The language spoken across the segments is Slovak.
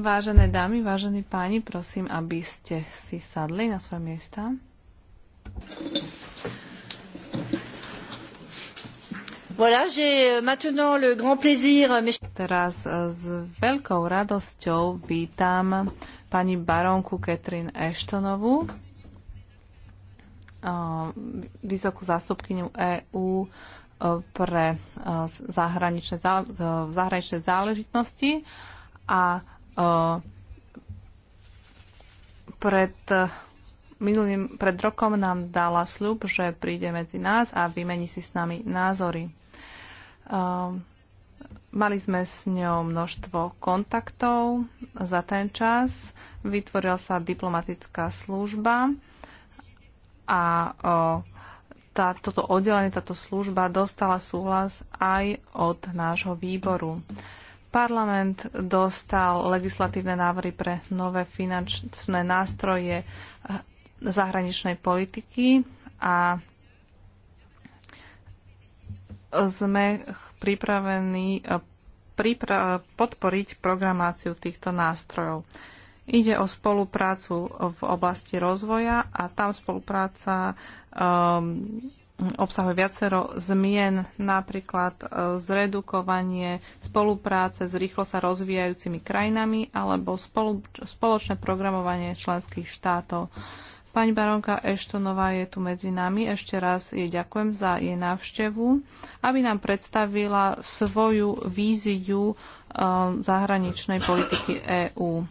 Vážené dámy, vážení páni, prosím, aby ste si sadli na svoje miesta. Voilà, j'ai euh, maintenant le grand plaisir. Teraz euh, s veľkou radosťou vítam pani baronku Catherine Eštonovú, euh, vysokú zástupkyniu EÚ pre eh, zahraničné, eh, zahraničné záležitosti a eh, pred minulým, pred rokom nám dala sľub, že príde medzi nás a vymení si s nami názory. Mali sme s ňou množstvo kontaktov za ten čas. Vytvorila sa diplomatická služba a o, tá, toto oddelenie, táto služba dostala súhlas aj od nášho výboru. Parlament dostal legislatívne návrhy pre nové finančné nástroje eh, zahraničnej politiky a sme pripravení eh, pripra- podporiť programáciu týchto nástrojov. Ide o spoluprácu v oblasti rozvoja a tam spolupráca um, obsahuje viacero zmien, napríklad uh, zredukovanie spolupráce s rýchlo sa rozvíjajúcimi krajinami alebo spolu, spoločné programovanie členských štátov. Pani baronka Eštonová je tu medzi nami. Ešte raz jej ďakujem za jej návštevu, aby nám predstavila svoju víziu um, zahraničnej politiky EÚ.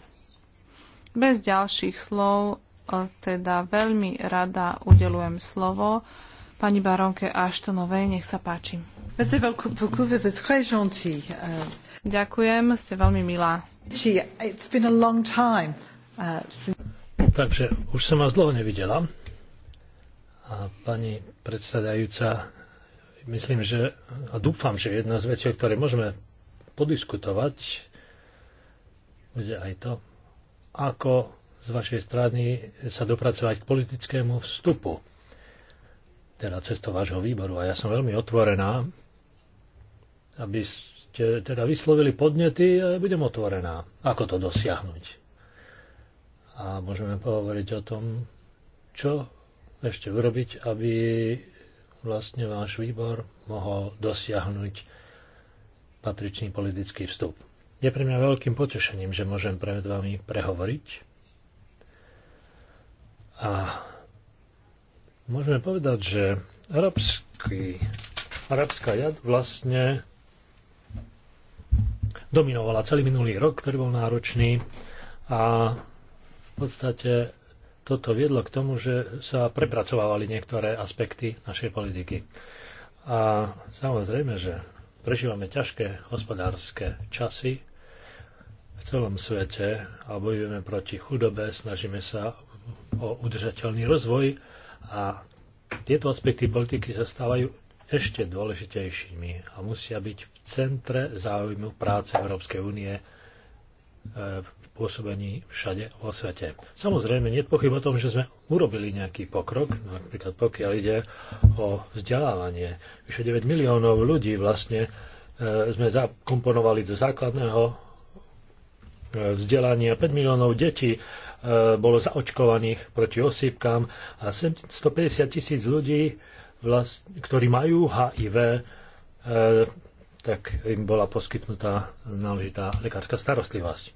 Bez ďalších slov teda veľmi rada udelujem slovo pani baronke Aštonovej. Nech sa páči. Euh, Ďakujem, ste veľmi milá. Uh, Takže už som vás dlho nevidela. A pani predsedajúca, myslím, že a dúfam, že jedna z vecí, o ktorej môžeme podiskutovať, bude aj to, ako z vašej strany sa dopracovať k politickému vstupu, teda cesto vášho výboru. A ja som veľmi otvorená, aby ste teda vyslovili podnety a ja budem otvorená, ako to dosiahnuť. A môžeme pohovoriť o tom, čo ešte urobiť, aby vlastne váš výbor mohol dosiahnuť patričný politický vstup. Je pre mňa veľkým potešením, že môžem pred vami prehovoriť a môžeme povedať, že arabský, arabská jad vlastne dominovala celý minulý rok, ktorý bol náročný a v podstate toto viedlo k tomu, že sa prepracovávali niektoré aspekty našej politiky. A samozrejme, že prežívame ťažké hospodárske časy v celom svete a bojujeme proti chudobe, snažíme sa o udržateľný rozvoj a tieto aspekty politiky sa stávajú ešte dôležitejšími a musia byť v centre záujmu práce Európskej únie e, v pôsobení všade vo svete. Samozrejme, nie je pochyb o tom, že sme urobili nejaký pokrok, napríklad pokiaľ ide o vzdelávanie. Vyše 9 miliónov ľudí vlastne e, sme zakomponovali do základného e, vzdelania 5 miliónov detí E, bolo zaočkovaných proti osýpkam a 150 tisíc ľudí, vlast, ktorí majú HIV, e, tak im bola poskytnutá náležitá lekárska starostlivosť.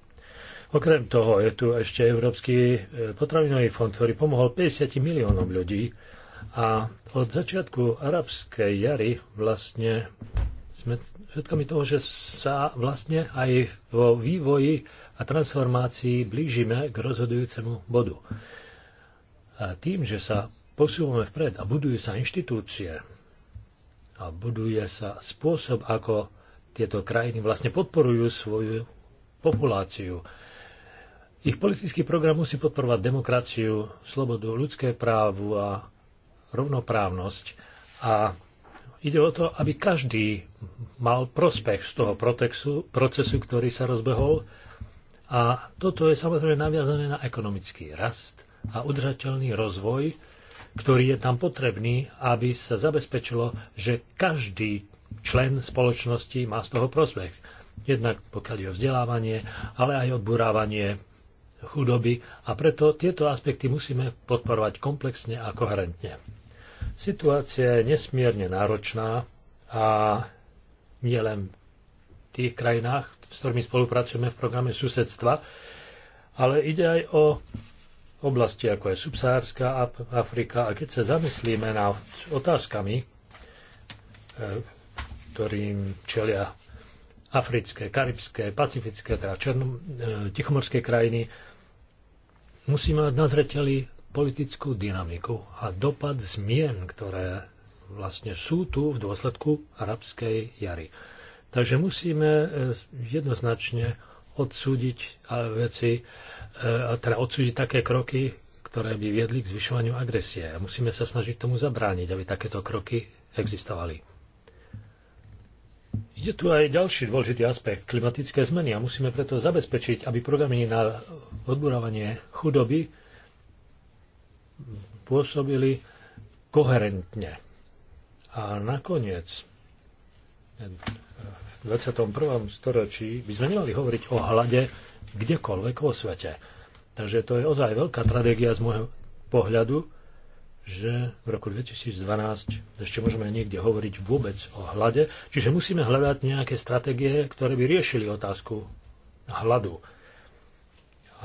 Okrem toho je tu ešte Európsky e, potravinový fond, ktorý pomohol 50 miliónom ľudí a od začiatku arabskej jary vlastne sme svetkami toho, že sa vlastne aj vo vývoji a transformácii blížime k rozhodujúcemu bodu. A tým, že sa posúvame vpred a budujú sa inštitúcie a buduje sa spôsob, ako tieto krajiny vlastne podporujú svoju populáciu. Ich politický program musí podporovať demokraciu, slobodu, ľudské právo a rovnoprávnosť. A ide o to, aby každý mal prospech z toho protexu, procesu, ktorý sa rozbehol. A toto je samozrejme naviazané na ekonomický rast a udržateľný rozvoj, ktorý je tam potrebný, aby sa zabezpečilo, že každý člen spoločnosti má z toho prospech. Jednak pokiaľ je o vzdelávanie, ale aj odburávanie chudoby a preto tieto aspekty musíme podporovať komplexne a koherentne. Situácia je nesmierne náročná a nie len v tých krajinách, s ktorými spolupracujeme v programe susedstva, ale ide aj o oblasti ako je subsahárska Afrika. A keď sa zamyslíme nad otázkami, e, ktorým čelia africké, karibské, pacifické, teda černom, e, tichomorské krajiny, musíme mať na zreteli politickú dynamiku a dopad zmien, ktoré vlastne sú tu v dôsledku arabskej jary. Takže musíme e, jednoznačne odsúdiť e, veci, e, teda odsúdiť také kroky, ktoré by viedli k zvyšovaniu agresie. A musíme sa snažiť tomu zabrániť, aby takéto kroky existovali. Je tu aj ďalší dôležitý aspekt, klimatické zmeny a musíme preto zabezpečiť, aby programy na odburávanie chudoby pôsobili koherentne. A nakoniec, v 21. storočí, by sme nemali hovoriť o hlade kdekoľvek vo svete. Takže to je ozaj veľká tragédia z môjho pohľadu, že v roku 2012 ešte môžeme niekde hovoriť vôbec o hlade, čiže musíme hľadať nejaké stratégie, ktoré by riešili otázku hladu.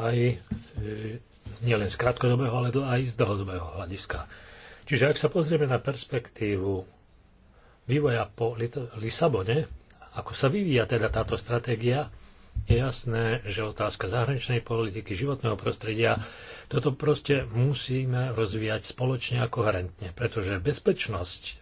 Aj e, nielen z krátkodobého, ale aj z dlhodobého hľadiska. Čiže ak sa pozrieme na perspektívu vývoja po Lisabone, ako sa vyvíja teda táto stratégia, je jasné, že otázka zahraničnej politiky, životného prostredia, toto proste musíme rozvíjať spoločne a koherentne, pretože bezpečnosť e,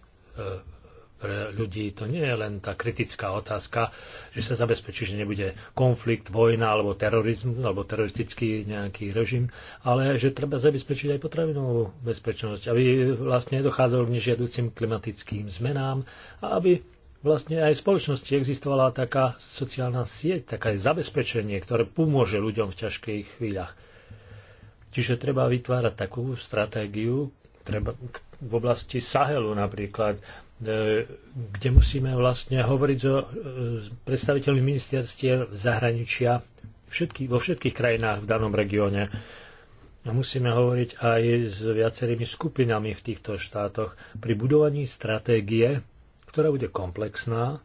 pre ľudí to nie je len tá kritická otázka, že sa zabezpečí, že nebude konflikt, vojna alebo terorizmus, alebo teroristický nejaký režim, ale že treba zabezpečiť aj potravinovú bezpečnosť, aby vlastne dochádzalo k nežiaducim klimatickým zmenám a aby vlastne aj v spoločnosti existovala taká sociálna sieť, také zabezpečenie, ktoré pomôže ľuďom v ťažkých chvíľach. Čiže treba vytvárať takú stratégiu, treba v oblasti Sahelu napríklad, E, kde musíme vlastne hovoriť so e, predstaviteľmi ministerstiev zahraničia všetky, vo všetkých krajinách v danom regióne. A musíme hovoriť aj s viacerými skupinami v týchto štátoch pri budovaní stratégie, ktorá bude komplexná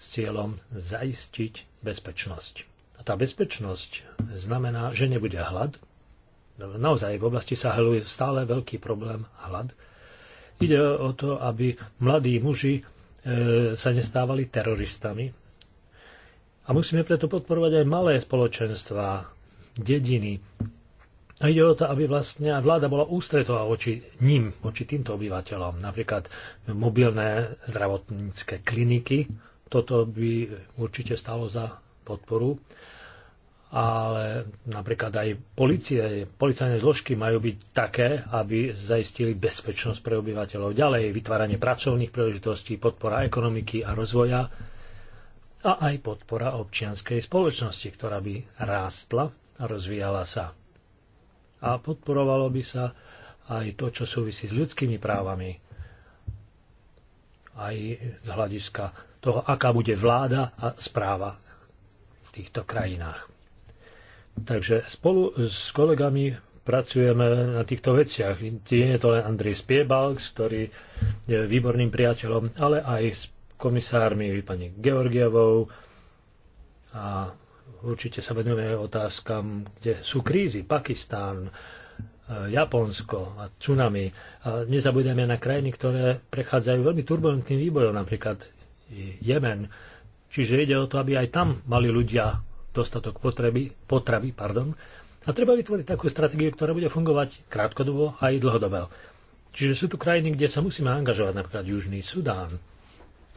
s cieľom zaistiť bezpečnosť. A tá bezpečnosť znamená, že nebude hlad. Naozaj v oblasti sa stále veľký problém hlad, Ide o to, aby mladí muži e, sa nestávali teroristami. A musíme preto podporovať aj malé spoločenstvá, dediny. A ide o to, aby vlastne vláda bola ústretová voči ním, voči týmto obyvateľom. Napríklad mobilné zdravotnícke kliniky. Toto by určite stalo za podporu ale napríklad aj policie, policajné zložky majú byť také, aby zaistili bezpečnosť pre obyvateľov. Ďalej vytváranie pracovných príležitostí, podpora ekonomiky a rozvoja a aj podpora občianskej spoločnosti, ktorá by rástla a rozvíjala sa. A podporovalo by sa aj to, čo súvisí s ľudskými právami, aj z hľadiska toho, aká bude vláda a správa v týchto krajinách. Takže spolu s kolegami pracujeme na týchto veciach. Nie je to len Andrej Spiebalks, ktorý je výborným priateľom, ale aj s komisármi pani Georgievou a určite sa venujeme otázkam, kde sú krízy. Pakistán, e, Japonsko a tsunami. A nezabudeme na krajiny, ktoré prechádzajú veľmi turbulentným vývojom, napríklad Jemen. Čiže ide o to, aby aj tam mali ľudia dostatok potreby, potravy pardon, a treba vytvoriť takú stratégiu, ktorá bude fungovať krátkodobo a aj dlhodobo. Čiže sú tu krajiny, kde sa musíme angažovať, napríklad Južný Sudán.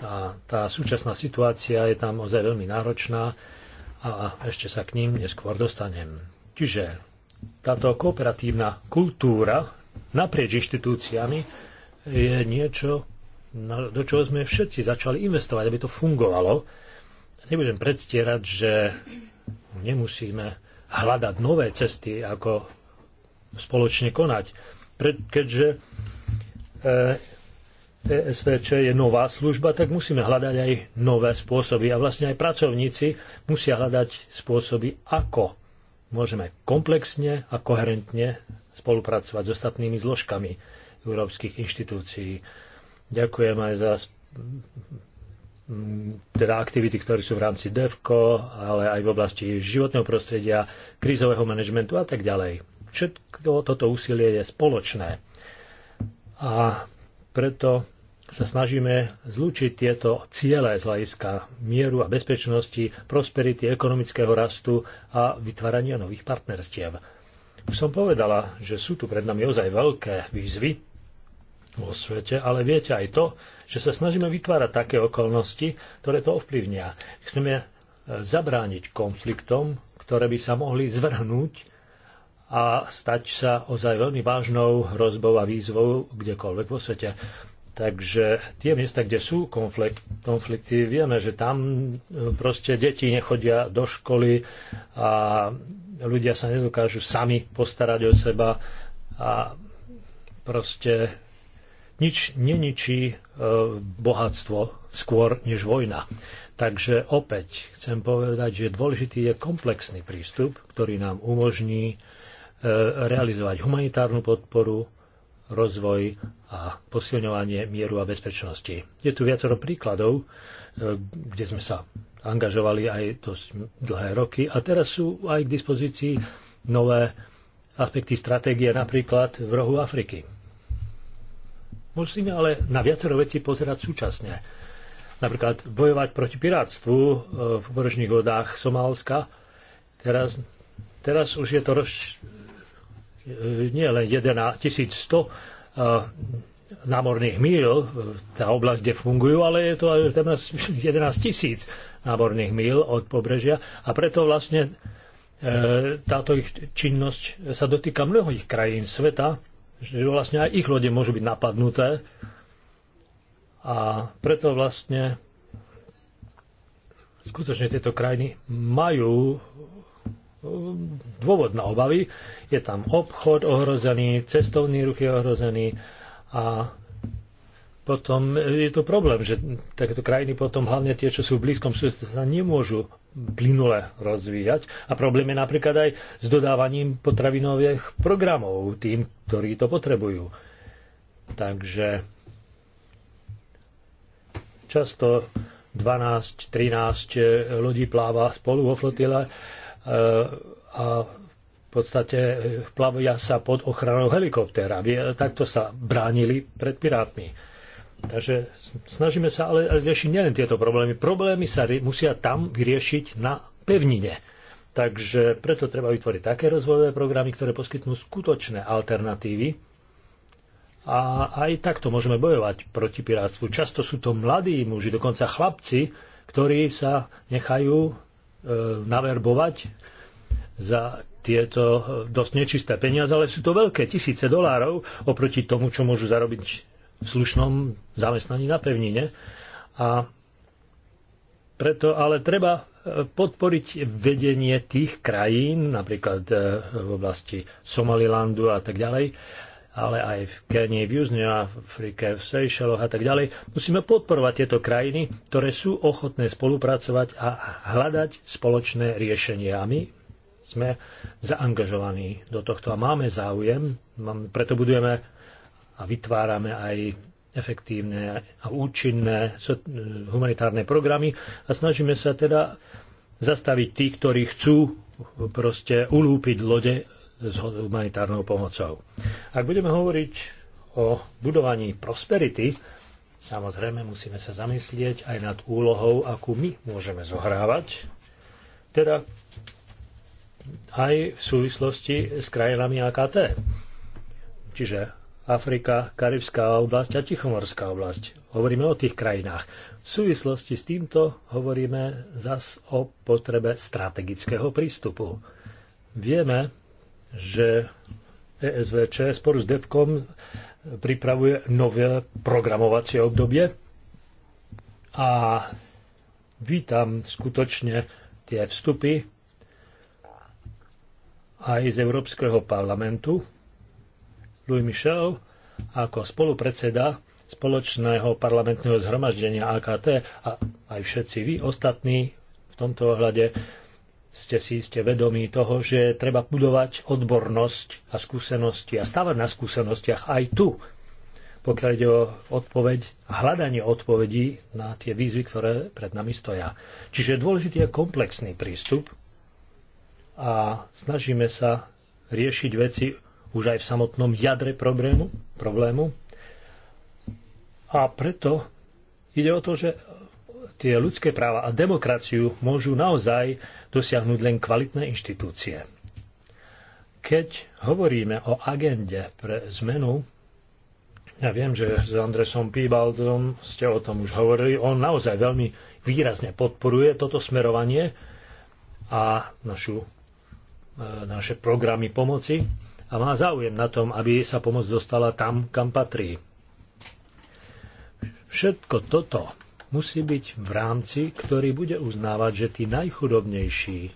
A tá súčasná situácia je tam ozaj veľmi náročná a ešte sa k ním neskôr dostanem. Čiže táto kooperatívna kultúra naprieč inštitúciami je niečo, do čoho sme všetci začali investovať, aby to fungovalo nebudem predstierať, že nemusíme hľadať nové cesty, ako spoločne konať. Keďže ESVČ e je nová služba, tak musíme hľadať aj nové spôsoby. A vlastne aj pracovníci musia hľadať spôsoby, ako môžeme komplexne a koherentne spolupracovať s ostatnými zložkami európskych inštitúcií. Ďakujem aj za teda aktivity, ktoré sú v rámci DEVCO, ale aj v oblasti životného prostredia, krízového manažmentu a tak ďalej. Všetko toto úsilie je spoločné. A preto sa snažíme zlúčiť tieto ciele z hľadiska mieru a bezpečnosti, prosperity, ekonomického rastu a vytvárania nových partnerstiev. Už som povedala, že sú tu pred nami ozaj veľké výzvy vo svete, ale viete aj to, že sa snažíme vytvárať také okolnosti, ktoré to ovplyvnia. Chceme e, zabrániť konfliktom, ktoré by sa mohli zvrhnúť a stať sa ozaj veľmi vážnou hrozbou a výzvou kdekoľvek vo svete. Takže tie miesta, kde sú konflikt, konflikty, vieme, že tam e, proste deti nechodia do školy a ľudia sa nedokážu sami postarať o seba a proste nič neničí e, bohatstvo skôr než vojna. Takže opäť chcem povedať, že dôležitý je komplexný prístup, ktorý nám umožní e, realizovať humanitárnu podporu, rozvoj a posilňovanie mieru a bezpečnosti. Je tu viacero príkladov, e, kde sme sa angažovali aj dosť dlhé roky a teraz sú aj k dispozícii nové aspekty stratégie napríklad v rohu Afriky. Musíme ale na viacero veci pozerať súčasne. Napríklad bojovať proti pirátstvu e, v pobrežných vodách Somálska. Teraz, teraz už je to roz... E, nie len 1100 e, námorných míl, tá oblasť, kde fungujú, ale je to aj 11 tisíc námorných míl od pobrežia a preto vlastne táto ich činnosť sa dotýka mnohých krajín sveta že vlastne aj ich lode môžu byť napadnuté a preto vlastne skutočne tieto krajiny majú um, dôvod na obavy. Je tam obchod ohrozený, cestovný ruch je ohrozený a potom je to problém, že takéto krajiny potom, hlavne tie, čo sú v blízkom susedstve, sa nemôžu plynule rozvíjať. A problém je napríklad aj s dodávaním potravinových programov tým, ktorí to potrebujú. Takže často 12-13 ľudí pláva spolu vo flotile e, a v podstate plavia sa pod ochranou helikoptéra. Takto sa bránili pred pirátmi. Takže snažíme sa ale riešiť nielen tieto problémy. Problémy sa musia tam vyriešiť na pevnine. Takže preto treba vytvoriť také rozvojové programy, ktoré poskytnú skutočné alternatívy. A aj takto môžeme bojovať proti pirátstvu. Často sú to mladí muži, dokonca chlapci, ktorí sa nechajú e, naverbovať za tieto e, dosť nečisté peniaze, ale sú to veľké tisíce dolárov oproti tomu, čo môžu zarobiť v slušnom zamestnaní na pevnine. A preto ale treba e, podporiť vedenie tých krajín, napríklad e, v oblasti Somalilandu a tak ďalej, ale aj v Kenii, v Južnej Afrike, v Seychelloch a tak ďalej. Musíme podporovať tieto krajiny, ktoré sú ochotné spolupracovať a hľadať spoločné riešenia. A my sme zaangažovaní do tohto a máme záujem, preto budujeme a vytvárame aj efektívne a účinné humanitárne programy a snažíme sa teda zastaviť tých, ktorí chcú proste ulúpiť lode s humanitárnou pomocou. Ak budeme hovoriť o budovaní prosperity, samozrejme musíme sa zamyslieť aj nad úlohou, akú my môžeme zohrávať, teda aj v súvislosti s krajinami AKT. Čiže Afrika, Karibská oblasť a Tichomorská oblasť. Hovoríme o tých krajinách. V súvislosti s týmto hovoríme zas o potrebe strategického prístupu. Vieme, že ESVČ spolu s DEVKom pripravuje nové programovacie obdobie a vítam skutočne tie vstupy aj z Európskeho parlamentu, Louis Michel ako spolupredseda spoločného parlamentného zhromaždenia AKT a aj všetci vy ostatní v tomto ohľade ste si ste vedomí toho, že treba budovať odbornosť a skúsenosti a stavať na skúsenostiach aj tu, pokiaľ ide o odpoveď a hľadanie odpovedí na tie výzvy, ktoré pred nami stoja. Čiže dôležitý je komplexný prístup a snažíme sa riešiť veci už aj v samotnom jadre problému, problému. A preto ide o to, že tie ľudské práva a demokraciu môžu naozaj dosiahnuť len kvalitné inštitúcie. Keď hovoríme o agende pre zmenu, ja viem, že s Andresom Píbaldom ste o tom už hovorili, on naozaj veľmi výrazne podporuje toto smerovanie a našu, e, naše programy pomoci a má záujem na tom, aby sa pomoc dostala tam, kam patrí. Všetko toto musí byť v rámci, ktorý bude uznávať, že tí najchudobnejší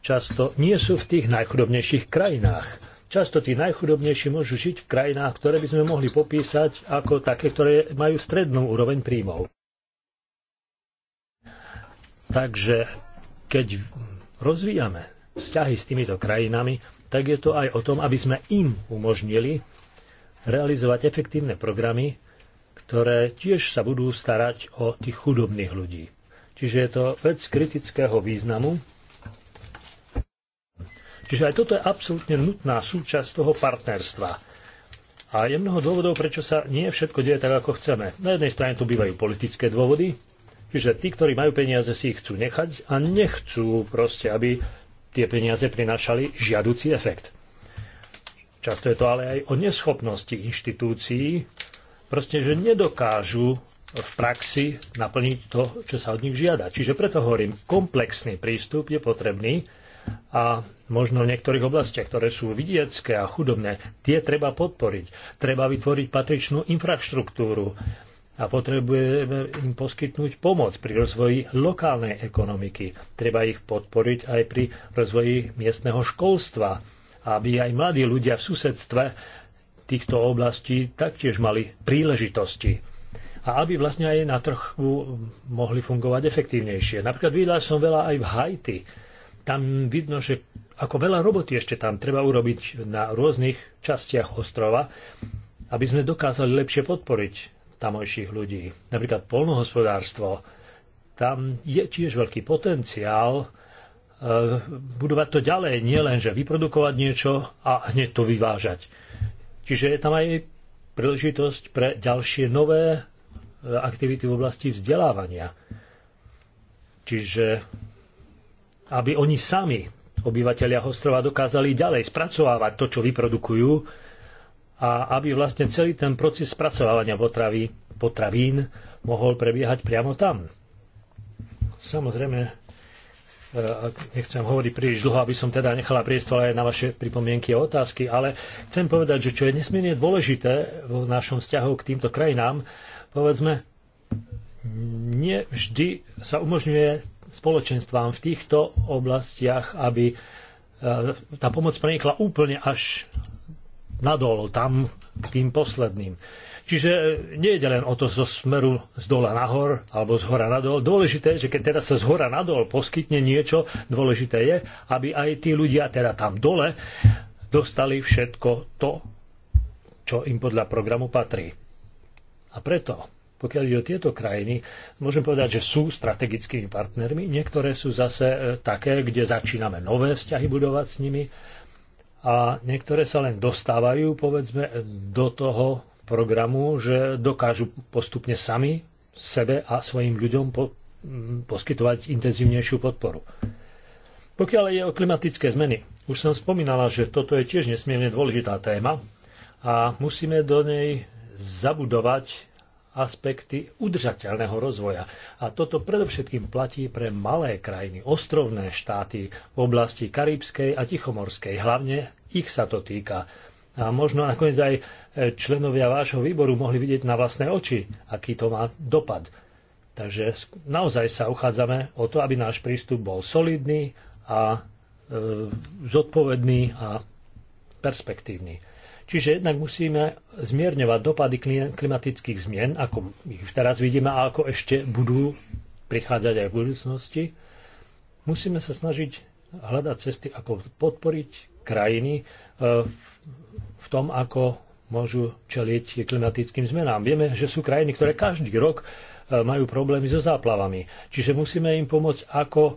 často nie sú v tých najchudobnejších krajinách. Často tí najchudobnejší môžu žiť v krajinách, ktoré by sme mohli popísať ako také, ktoré majú strednú úroveň príjmov. Takže keď rozvíjame vzťahy s týmito krajinami, tak je to aj o tom, aby sme im umožnili realizovať efektívne programy, ktoré tiež sa budú starať o tých chudobných ľudí. Čiže je to vec kritického významu. Čiže aj toto je absolútne nutná súčasť toho partnerstva. A je mnoho dôvodov, prečo sa nie všetko deje tak, ako chceme. Na jednej strane tu bývajú politické dôvody, čiže tí, ktorí majú peniaze, si ich chcú nechať a nechcú proste, aby tie peniaze prinášali žiaducí efekt. Často je to ale aj o neschopnosti inštitúcií, proste, že nedokážu v praxi naplniť to, čo sa od nich žiada. Čiže preto hovorím, komplexný prístup je potrebný a možno v niektorých oblastiach, ktoré sú vidiecké a chudobné, tie treba podporiť. Treba vytvoriť patričnú infraštruktúru, a potrebujeme im poskytnúť pomoc pri rozvoji lokálnej ekonomiky. Treba ich podporiť aj pri rozvoji miestneho školstva, aby aj mladí ľudia v susedstve týchto oblastí taktiež mali príležitosti a aby vlastne aj na trhu mohli fungovať efektívnejšie. Napríklad videl som veľa aj v Haiti. Tam vidno, že ako veľa roboty ešte tam treba urobiť na rôznych častiach ostrova, aby sme dokázali lepšie podporiť tamojších ľudí. Napríklad polnohospodárstvo. Tam je tiež veľký potenciál e, budovať to ďalej, nie len, že vyprodukovať niečo a hneď to vyvážať. Čiže je tam aj príležitosť pre ďalšie nové e, aktivity v oblasti vzdelávania. Čiže aby oni sami, obyvateľia ostrova, dokázali ďalej spracovávať to, čo vyprodukujú, a aby vlastne celý ten proces spracovávania potravy, potravín mohol prebiehať priamo tam. Samozrejme, e, nechcem hovoriť príliš dlho, aby som teda nechala priestor aj na vaše pripomienky a otázky, ale chcem povedať, že čo je nesmierne dôležité v našom vzťahu k týmto krajinám, povedzme, nie vždy sa umožňuje spoločenstvám v týchto oblastiach, aby e, tá pomoc prenikla úplne až nadol, tam k tým posledným. Čiže nie je len o to zo smeru z dola nahor alebo z hora nadol. Dôležité je, že keď teda sa z hora nadol poskytne niečo, dôležité je, aby aj tí ľudia teda tam dole dostali všetko to, čo im podľa programu patrí. A preto pokiaľ ide o tieto krajiny, môžem povedať, že sú strategickými partnermi. Niektoré sú zase e, také, kde začíname nové vzťahy budovať s nimi a niektoré sa len dostávajú, povedzme, do toho programu, že dokážu postupne sami sebe a svojim ľuďom po, mm, poskytovať intenzívnejšiu podporu. Pokiaľ je o klimatické zmeny, už som spomínala, že toto je tiež nesmierne dôležitá téma a musíme do nej zabudovať aspekty udržateľného rozvoja. A toto predovšetkým platí pre malé krajiny, ostrovné štáty v oblasti Karibskej a Tichomorskej. Hlavne ich sa to týka. A možno nakoniec aj e, členovia vášho výboru mohli vidieť na vlastné oči, aký to má dopad. Takže naozaj sa uchádzame o to, aby náš prístup bol solidný a e, zodpovedný a perspektívny. Čiže jednak musíme zmierňovať dopady klimatických zmien, ako ich teraz vidíme a ako ešte budú prichádzať aj v budúcnosti. Musíme sa snažiť hľadať cesty, ako podporiť krajiny e, v tom, ako môžu čeliť klimatickým zmenám. Vieme, že sú krajiny, ktoré každý rok e, majú problémy so záplavami. Čiže musíme im pomôcť, ako e,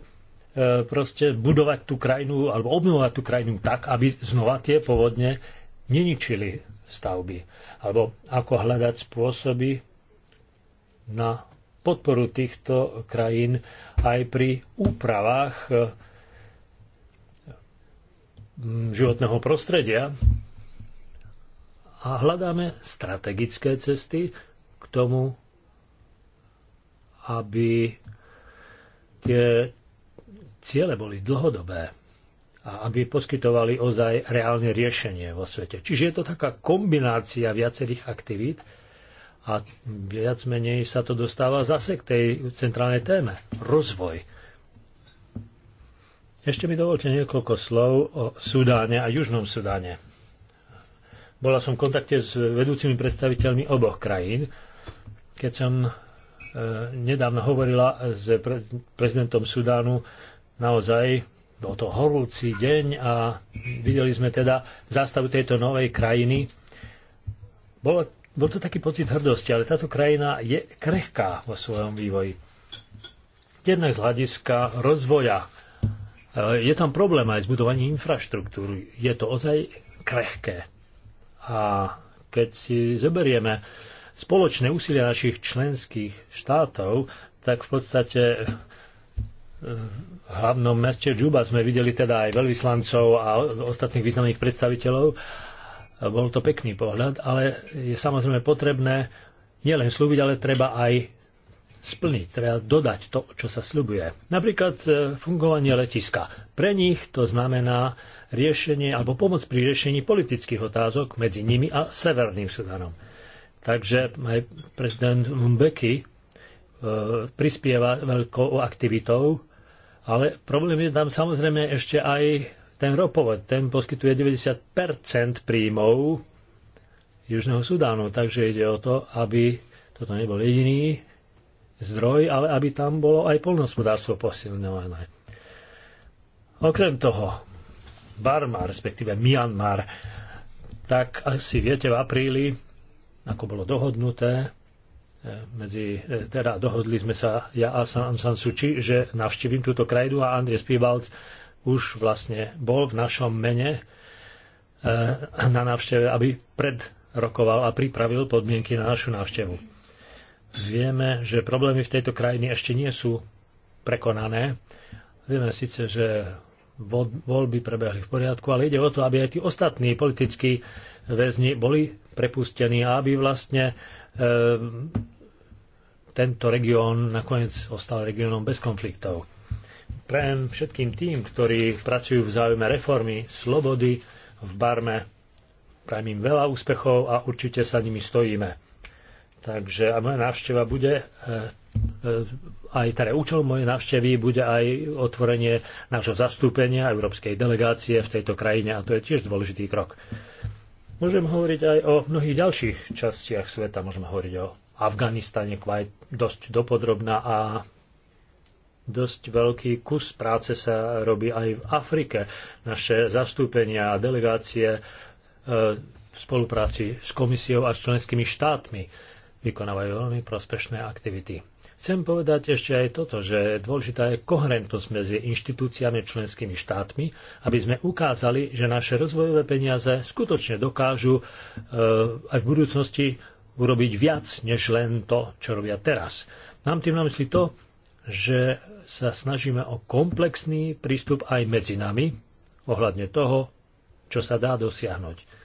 proste budovať tú krajinu alebo obnovať tú krajinu tak, aby znova tie povodne neničili stavby, alebo ako hľadať spôsoby na podporu týchto krajín aj pri úpravách eh, životného prostredia a hľadáme strategické cesty k tomu, aby tie ciele boli dlhodobé a aby poskytovali ozaj reálne riešenie vo svete. Čiže je to taká kombinácia viacerých aktivít a viac menej sa to dostáva zase k tej centrálnej téme. Rozvoj. Ešte mi dovolte niekoľko slov o Sudáne a Južnom Sudáne. Bola som v kontakte s vedúcimi predstaviteľmi oboch krajín, keď som e, nedávno hovorila s prezidentom Sudánu, naozaj bol to horúci deň a videli sme teda zástavu tejto novej krajiny. Bol, bol to taký pocit hrdosti, ale táto krajina je krehká vo svojom vývoji. Jednak z hľadiska rozvoja. E, je tam problém aj s budovaním infraštruktúry. Je to ozaj krehké. A keď si zoberieme spoločné úsilie našich členských štátov, tak v podstate v hlavnom meste Džuba sme videli teda aj veľvyslancov a ostatných významných predstaviteľov. Bol to pekný pohľad, ale je samozrejme potrebné nielen slúbiť, ale treba aj splniť, treba dodať to, čo sa sľubuje. Napríklad e, fungovanie letiska. Pre nich to znamená riešenie alebo pomoc pri riešení politických otázok medzi nimi a Severným Sudanom. Takže aj prezident Mbeki e, prispieva veľkou aktivitou ale problém je tam samozrejme ešte aj ten ropovod. Ten poskytuje 90 príjmov Južného Sudánu. Takže ide o to, aby toto nebol jediný zdroj, ale aby tam bolo aj polnohospodárstvo posilňované. Okrem toho, Barma, respektíve Myanmar, tak asi viete v apríli, ako bolo dohodnuté, medzi, e, teda dohodli sme sa ja a San San Suči, že navštívim túto krajinu a Andrej Spívalc už vlastne bol v našom mene e, na návšteve, aby predrokoval a pripravil podmienky na našu návštevu. Vieme, že problémy v tejto krajine ešte nie sú prekonané. Vieme síce, že voľby prebehli v poriadku, ale ide o to, aby aj tí ostatní politickí väzni boli prepustení a aby vlastne e, tento región nakoniec ostal regiónom bez konfliktov. Prajem všetkým tým, ktorí pracujú v záujme reformy, slobody v Barme, prajem im veľa úspechov a určite sa nimi stojíme. Takže a moja návšteva bude e, e, aj teda účel mojej návštevy bude aj otvorenie nášho zastúpenia európskej delegácie v tejto krajine a to je tiež dôležitý krok. Môžem hovoriť aj o mnohých ďalších častiach sveta. Môžeme hovoriť o Afganistane Kuwait dosť dopodrobná a dosť veľký kus práce sa robí aj v Afrike. Naše zastúpenia a delegácie e, v spolupráci s komisiou a s členskými štátmi vykonávajú veľmi prospešné aktivity. Chcem povedať ešte aj toto, že dôležitá je koherentnosť medzi inštitúciami a členskými štátmi, aby sme ukázali, že naše rozvojové peniaze skutočne dokážu e, aj v budúcnosti urobiť viac, než len to, čo robia teraz. Mám tým na mysli to, že sa snažíme o komplexný prístup aj medzi nami ohľadne toho, čo sa dá dosiahnuť.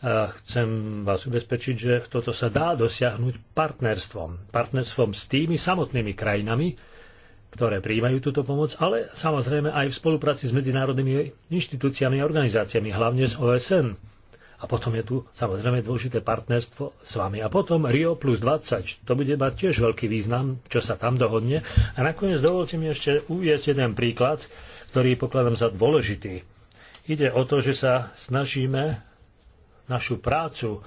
A chcem vás ubezpečiť, že toto sa dá dosiahnuť partnerstvom. Partnerstvom s tými samotnými krajinami, ktoré prijímajú túto pomoc, ale samozrejme aj v spolupráci s medzinárodnými inštitúciami a organizáciami, hlavne s OSN a potom je tu samozrejme dôležité partnerstvo s vami. A potom Rio plus 20. To bude mať tiež veľký význam, čo sa tam dohodne. A nakoniec dovolte mi ešte uvieť jeden príklad, ktorý pokladám za dôležitý. Ide o to, že sa snažíme našu prácu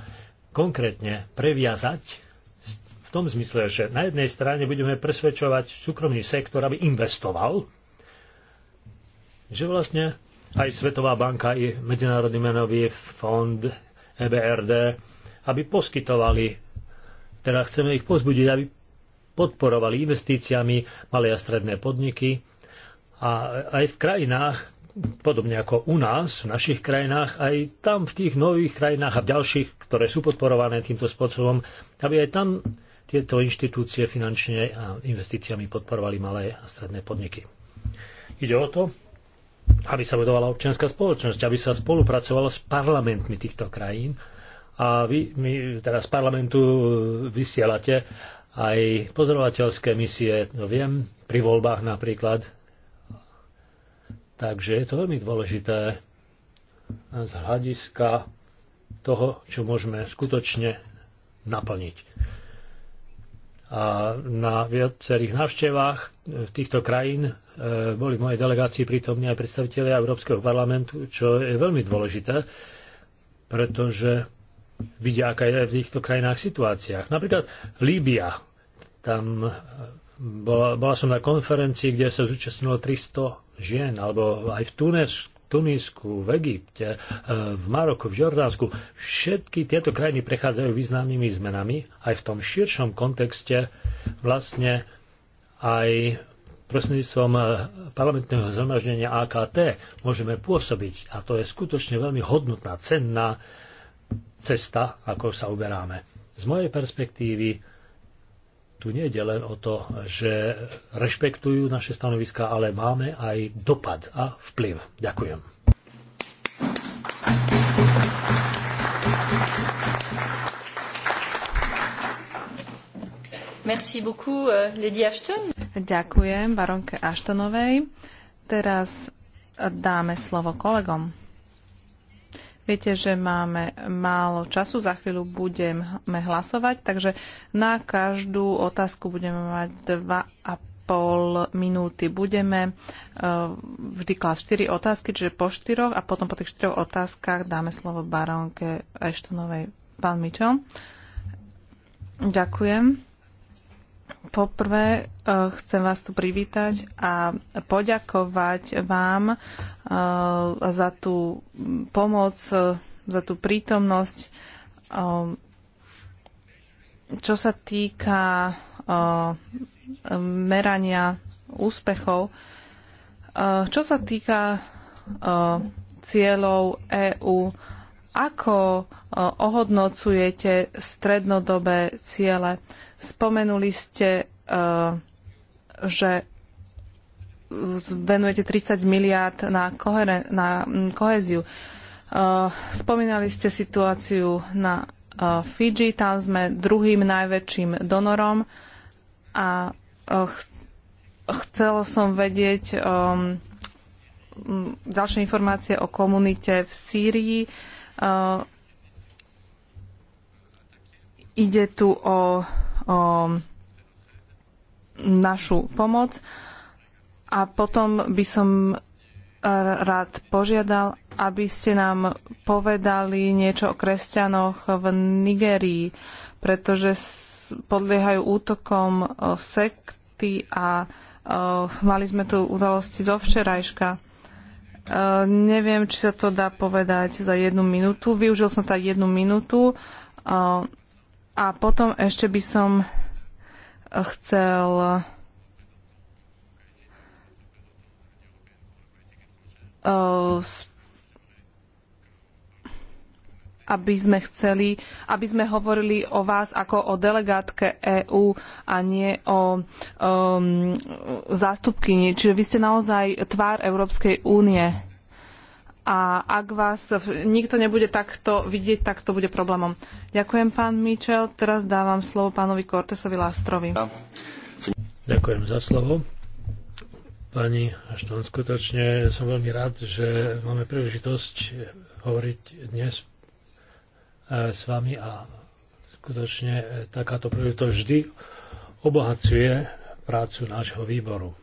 konkrétne previazať v tom zmysle, že na jednej strane budeme presvedčovať súkromný sektor, aby investoval, že vlastne aj Svetová banka, i Medzinárodný menový fond, EBRD, aby poskytovali, teda chceme ich pozbudiť, aby podporovali investíciami malé a stredné podniky a aj v krajinách, podobne ako u nás, v našich krajinách, aj tam v tých nových krajinách a v ďalších, ktoré sú podporované týmto spôsobom, aby aj tam tieto inštitúcie finančne a investíciami podporovali malé a stredné podniky. Ide o to, aby sa budovala občianská spoločnosť, aby sa spolupracovalo s parlamentmi týchto krajín. A vy my teraz z parlamentu vysielate aj pozorovateľské misie, no viem, pri voľbách napríklad. Takže je to veľmi dôležité z hľadiska toho, čo môžeme skutočne naplniť. A na viacerých návštevách e, týchto krajín e, boli v mojej delegácii prítomní aj predstavitelia Európskeho parlamentu, čo je veľmi dôležité, pretože vidia, aká je v týchto krajinách situáciách. Napríklad Líbia. Tam e, bola, bola som na konferencii, kde sa zúčastnilo 300 žien, alebo aj v Tunesku Tunisku, v Egypte, e, v Maroku, v Jordánsku. Všetky tieto krajiny prechádzajú významnými zmenami aj v tom širšom kontexte vlastne aj prostredníctvom e, parlamentného zhromaždenia AKT môžeme pôsobiť a to je skutočne veľmi hodnotná, cenná cesta, ako sa uberáme. Z mojej perspektívy tu nie je len o to, že rešpektujú naše stanoviska, ale máme aj dopad a vplyv. Ďakujem. Merci beaucoup, euh, Lady Ashton. Ďakujem baronke Ashtonovej. Teraz dáme slovo kolegom. Viete, že máme málo času, za chvíľu budeme hlasovať, takže na každú otázku budeme mať 2,5 minúty. Budeme e, vždy klas 4 otázky, čiže po 4 a potom po tých 4 otázkach dáme slovo barónke Eštonovej. Pán Mičo. Ďakujem. Poprvé e, chcem vás tu privítať a poďakovať vám e, za tú pomoc, e, za tú prítomnosť. Čo sa týka merania úspechov, čo sa týka cieľov EÚ, ako ohodnocujete strednodobé ciele? Spomenuli ste, eh, že venujete 30 miliárd na, mm, kohéziu. na eh, koheziu. Spomínali ste situáciu na eh, Fidži, tam sme druhým najväčším donorom a chcela som vedieť um, ďalšie informácie o komunite v Sýrii. Uh, ide tu o o našu pomoc. A potom by som rád požiadal, aby ste nám povedali niečo o kresťanoch v Nigerii, pretože podliehajú útokom sekty a mali sme tu udalosti zo včerajška. E, neviem, či sa to dá povedať za jednu minútu. Využil som tak jednu minútu a potom ešte by som chcel eh, aby sme chceli, aby sme hovorili o vás ako o delegátke EÚ a nie o um, zástupkyni. Čiže vy ste naozaj tvár Európskej únie a ak vás nikto nebude takto vidieť, tak to bude problémom. Ďakujem, pán Mitchell. Teraz dávam slovo pánovi Cortesovi Lástrovi. Ďakujem za slovo. Pani Ašton, skutočne som veľmi rád, že máme príležitosť hovoriť dnes e, s vami a skutočne takáto príležitosť vždy obohacuje prácu nášho výboru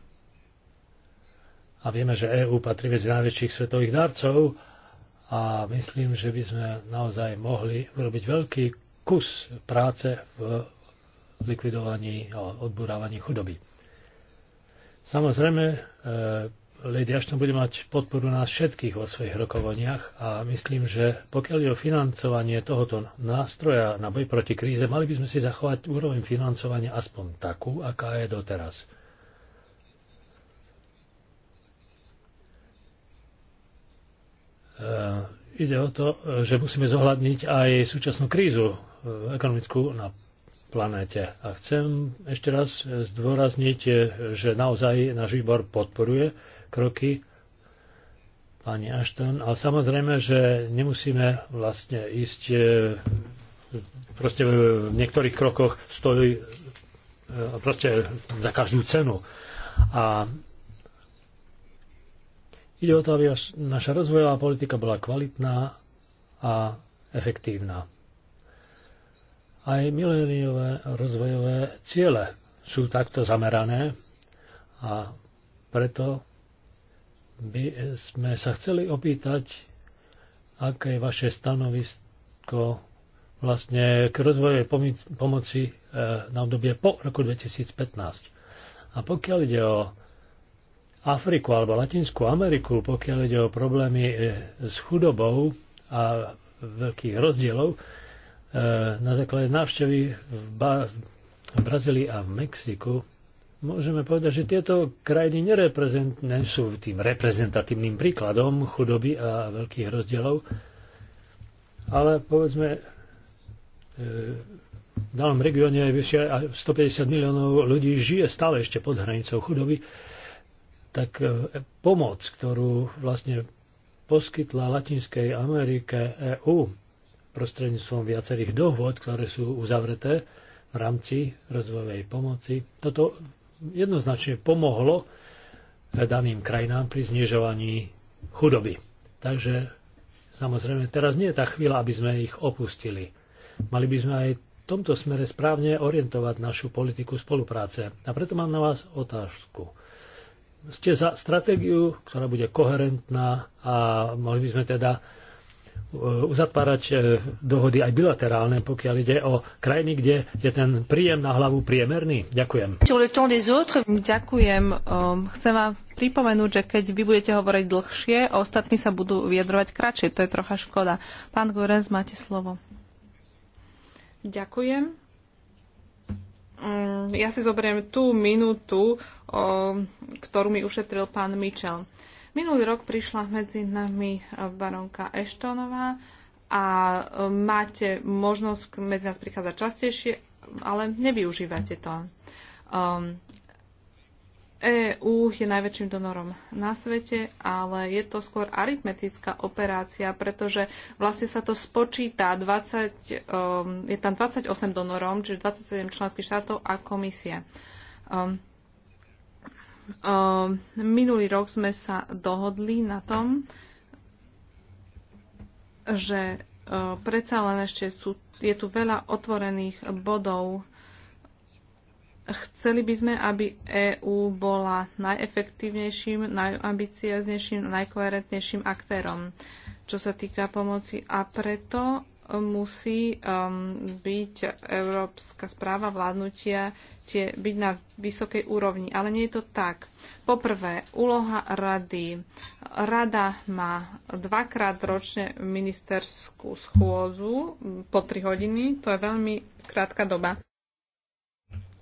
a vieme, že EÚ patrí medzi najväčších svetových darcov a myslím, že by sme naozaj mohli urobiť veľký kus práce v likvidovaní a odburávaní chudoby. Samozrejme, e, Lady Ashton bude mať podporu nás všetkých vo svojich rokovaniach a myslím, že pokiaľ je o financovanie tohoto nástroja na boj proti kríze, mali by sme si zachovať úroveň financovania aspoň takú, aká je doteraz. E, ide o to, že musíme zohľadniť aj súčasnú krízu e, ekonomickú na planéte. A chcem ešte raz zdôrazniť, e, že naozaj náš výbor podporuje kroky pani Ashton, ale samozrejme, že nemusíme vlastne ísť proste v niektorých krokoch stojí proste za každú cenu. A Ide o to, aby naša rozvojová politika bola kvalitná a efektívna. Aj mileniové rozvojové ciele sú takto zamerané a preto by sme sa chceli opýtať, aké je vaše stanovisko vlastne k rozvojovej pomoci eh, na obdobie po roku 2015. A pokiaľ ide o Afriku alebo Latinskú Ameriku, pokiaľ ide o problémy e, s chudobou a veľkých rozdielov, e, na základe návštevy v, ba- v Brazílii a v Mexiku, môžeme povedať, že tieto krajiny nie sú tým reprezentatívnym príkladom chudoby a veľkých rozdielov, ale povedzme, e, v danom regióne aj vyššie 150 miliónov ľudí žije stále ešte pod hranicou chudoby tak e, pomoc, ktorú vlastne poskytla Latinskej Amerike EU prostredníctvom viacerých dohôd, ktoré sú uzavreté v rámci rozvojovej pomoci, toto jednoznačne pomohlo e, daným krajinám pri znižovaní chudoby. Takže samozrejme teraz nie je tá chvíľa, aby sme ich opustili. Mali by sme aj v tomto smere správne orientovať našu politiku spolupráce. A preto mám na vás otázku ste za stratégiu, ktorá bude koherentná a mohli by sme teda e, uzatvárať e, dohody aj bilaterálne, pokiaľ ide o krajiny, kde je ten príjem na hlavu priemerný. Ďakujem. Ďakujem. Ehm, chcem vám pripomenúť, že keď vy budete hovoriť dlhšie, ostatní sa budú vyjadrovať kratšie. To je trocha škoda. Pán Gorenz, máte slovo. Ďakujem. Ehm, ja si zoberiem tú minútu, ktorú mi ušetril pán Mitchell. Minulý rok prišla medzi nami baronka Eštonová a e, máte možnosť medzi nás prichádzať častejšie, ale nevyužívate to. Um, ehm, EÚ je najväčším donorom na svete, ale je to skôr aritmetická operácia, pretože vlastne sa to spočíta, 20, um, ehm, je tam 28 donorom, čiže 27 členských štátov a komisie. Um, Ehm, minulý rok sme sa dohodli na tom, že e, predsa len ešte sú, je tu veľa otvorených bodov. Chceli by sme, aby EÚ bola najefektívnejším, najambicioznejším, najkoherentnejším aktérom, čo sa týka pomoci. A preto musí um, byť európska správa vládnutia tie, byť na vysokej úrovni. Ale nie je to tak. Poprvé, úloha rady. Rada má dvakrát ročne ministerskú schôzu po tri hodiny. To je veľmi krátka doba,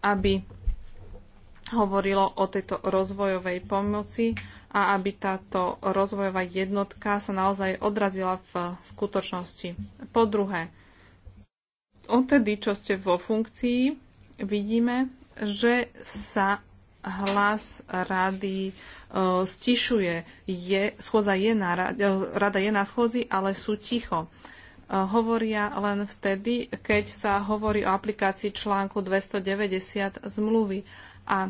aby hovorilo o tejto rozvojovej pomoci a aby táto rozvojová jednotka sa naozaj odrazila v skutočnosti. Po druhé, odtedy, čo ste vo funkcii, vidíme, že sa hlas rady e, stišuje. Je, schôdza je na, e, rada je na schôdzi, ale sú ticho. E, hovoria len vtedy, keď sa hovorí o aplikácii článku 290 zmluvy. A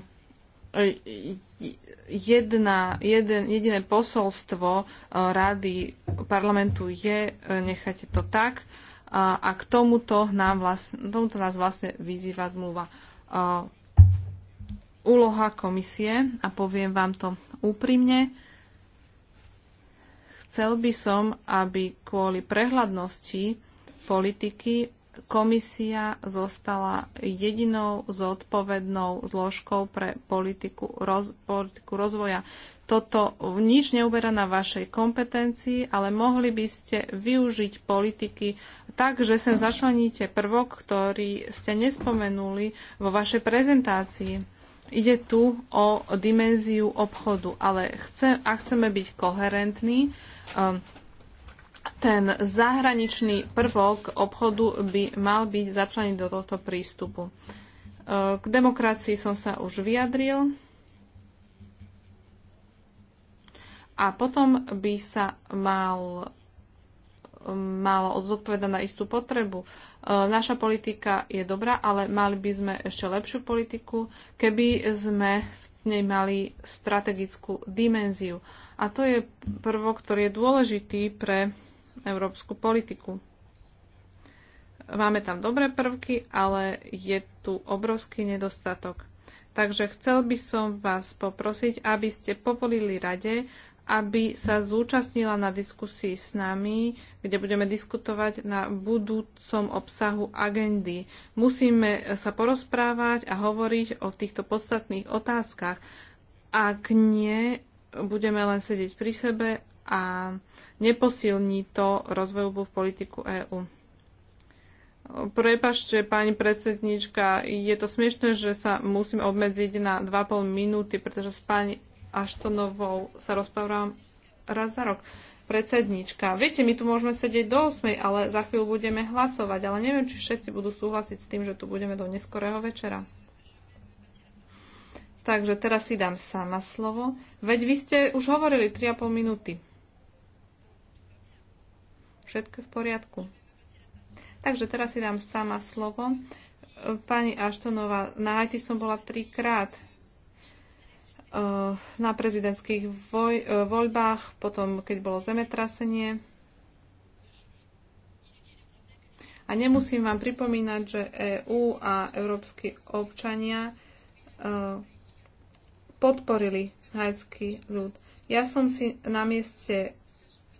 jedna, jeden, jediné posolstvo eh, rady parlamentu je, eh, nechajte to tak a, a k tomuto, nám vlastne, tomuto nás vlastne vyzýva zmluva. A, eh, úloha komisie, a poviem vám to úprimne, chcel by som, aby kvôli prehľadnosti politiky komisia zostala jedinou zodpovednou zložkou pre politiku, roz, politiku rozvoja. Toto nič neuberá na vašej kompetencii, ale mohli by ste využiť politiky tak, že sem začleníte prvok, ktorý ste nespomenuli vo vašej prezentácii. Ide tu o dimenziu obchodu, ale chce, ak chceme byť koherentní, um, ten zahraničný prvok obchodu by mal byť začlený do tohto prístupu. E, k demokracii som sa už vyjadril. A potom by sa mal malo odzodpovedať na istú potrebu. E, naša politika je dobrá, ale mali by sme ešte lepšiu politiku, keby sme v nej mali strategickú dimenziu. A to je prvok, ktorý je dôležitý pre európsku politiku. Máme tam dobré prvky, ale je tu obrovský nedostatok. Takže chcel by som vás poprosiť, aby ste povolili rade, aby sa zúčastnila na diskusii s nami, kde budeme diskutovať na budúcom obsahu agendy. Musíme sa porozprávať a hovoriť o týchto podstatných otázkach. Ak nie, budeme len sedieť pri sebe a neposilní to rozvojovú politiku EÚ. Prepašte, pani predsednička, je to smiešne, že sa musím obmedziť na 2,5 minúty, pretože s pani Aštonovou sa rozprávam raz za rok. Predsednička, viete, my tu môžeme sedieť do 8, ale za chvíľu budeme hlasovať, ale neviem, či všetci budú súhlasiť s tým, že tu budeme do neskorého večera. Takže teraz si dám sama slovo. Veď vy ste už hovorili 3,5 minúty. Všetko v poriadku. Takže teraz si dám sama slovo. Pani Aštonová, na Haiti som bola trikrát eh, na prezidentských voj, eh, voľbách, potom keď bolo zemetrasenie. A nemusím vám pripomínať, že EÚ a európsky občania eh, podporili haitský ľud. Ja som si na mieste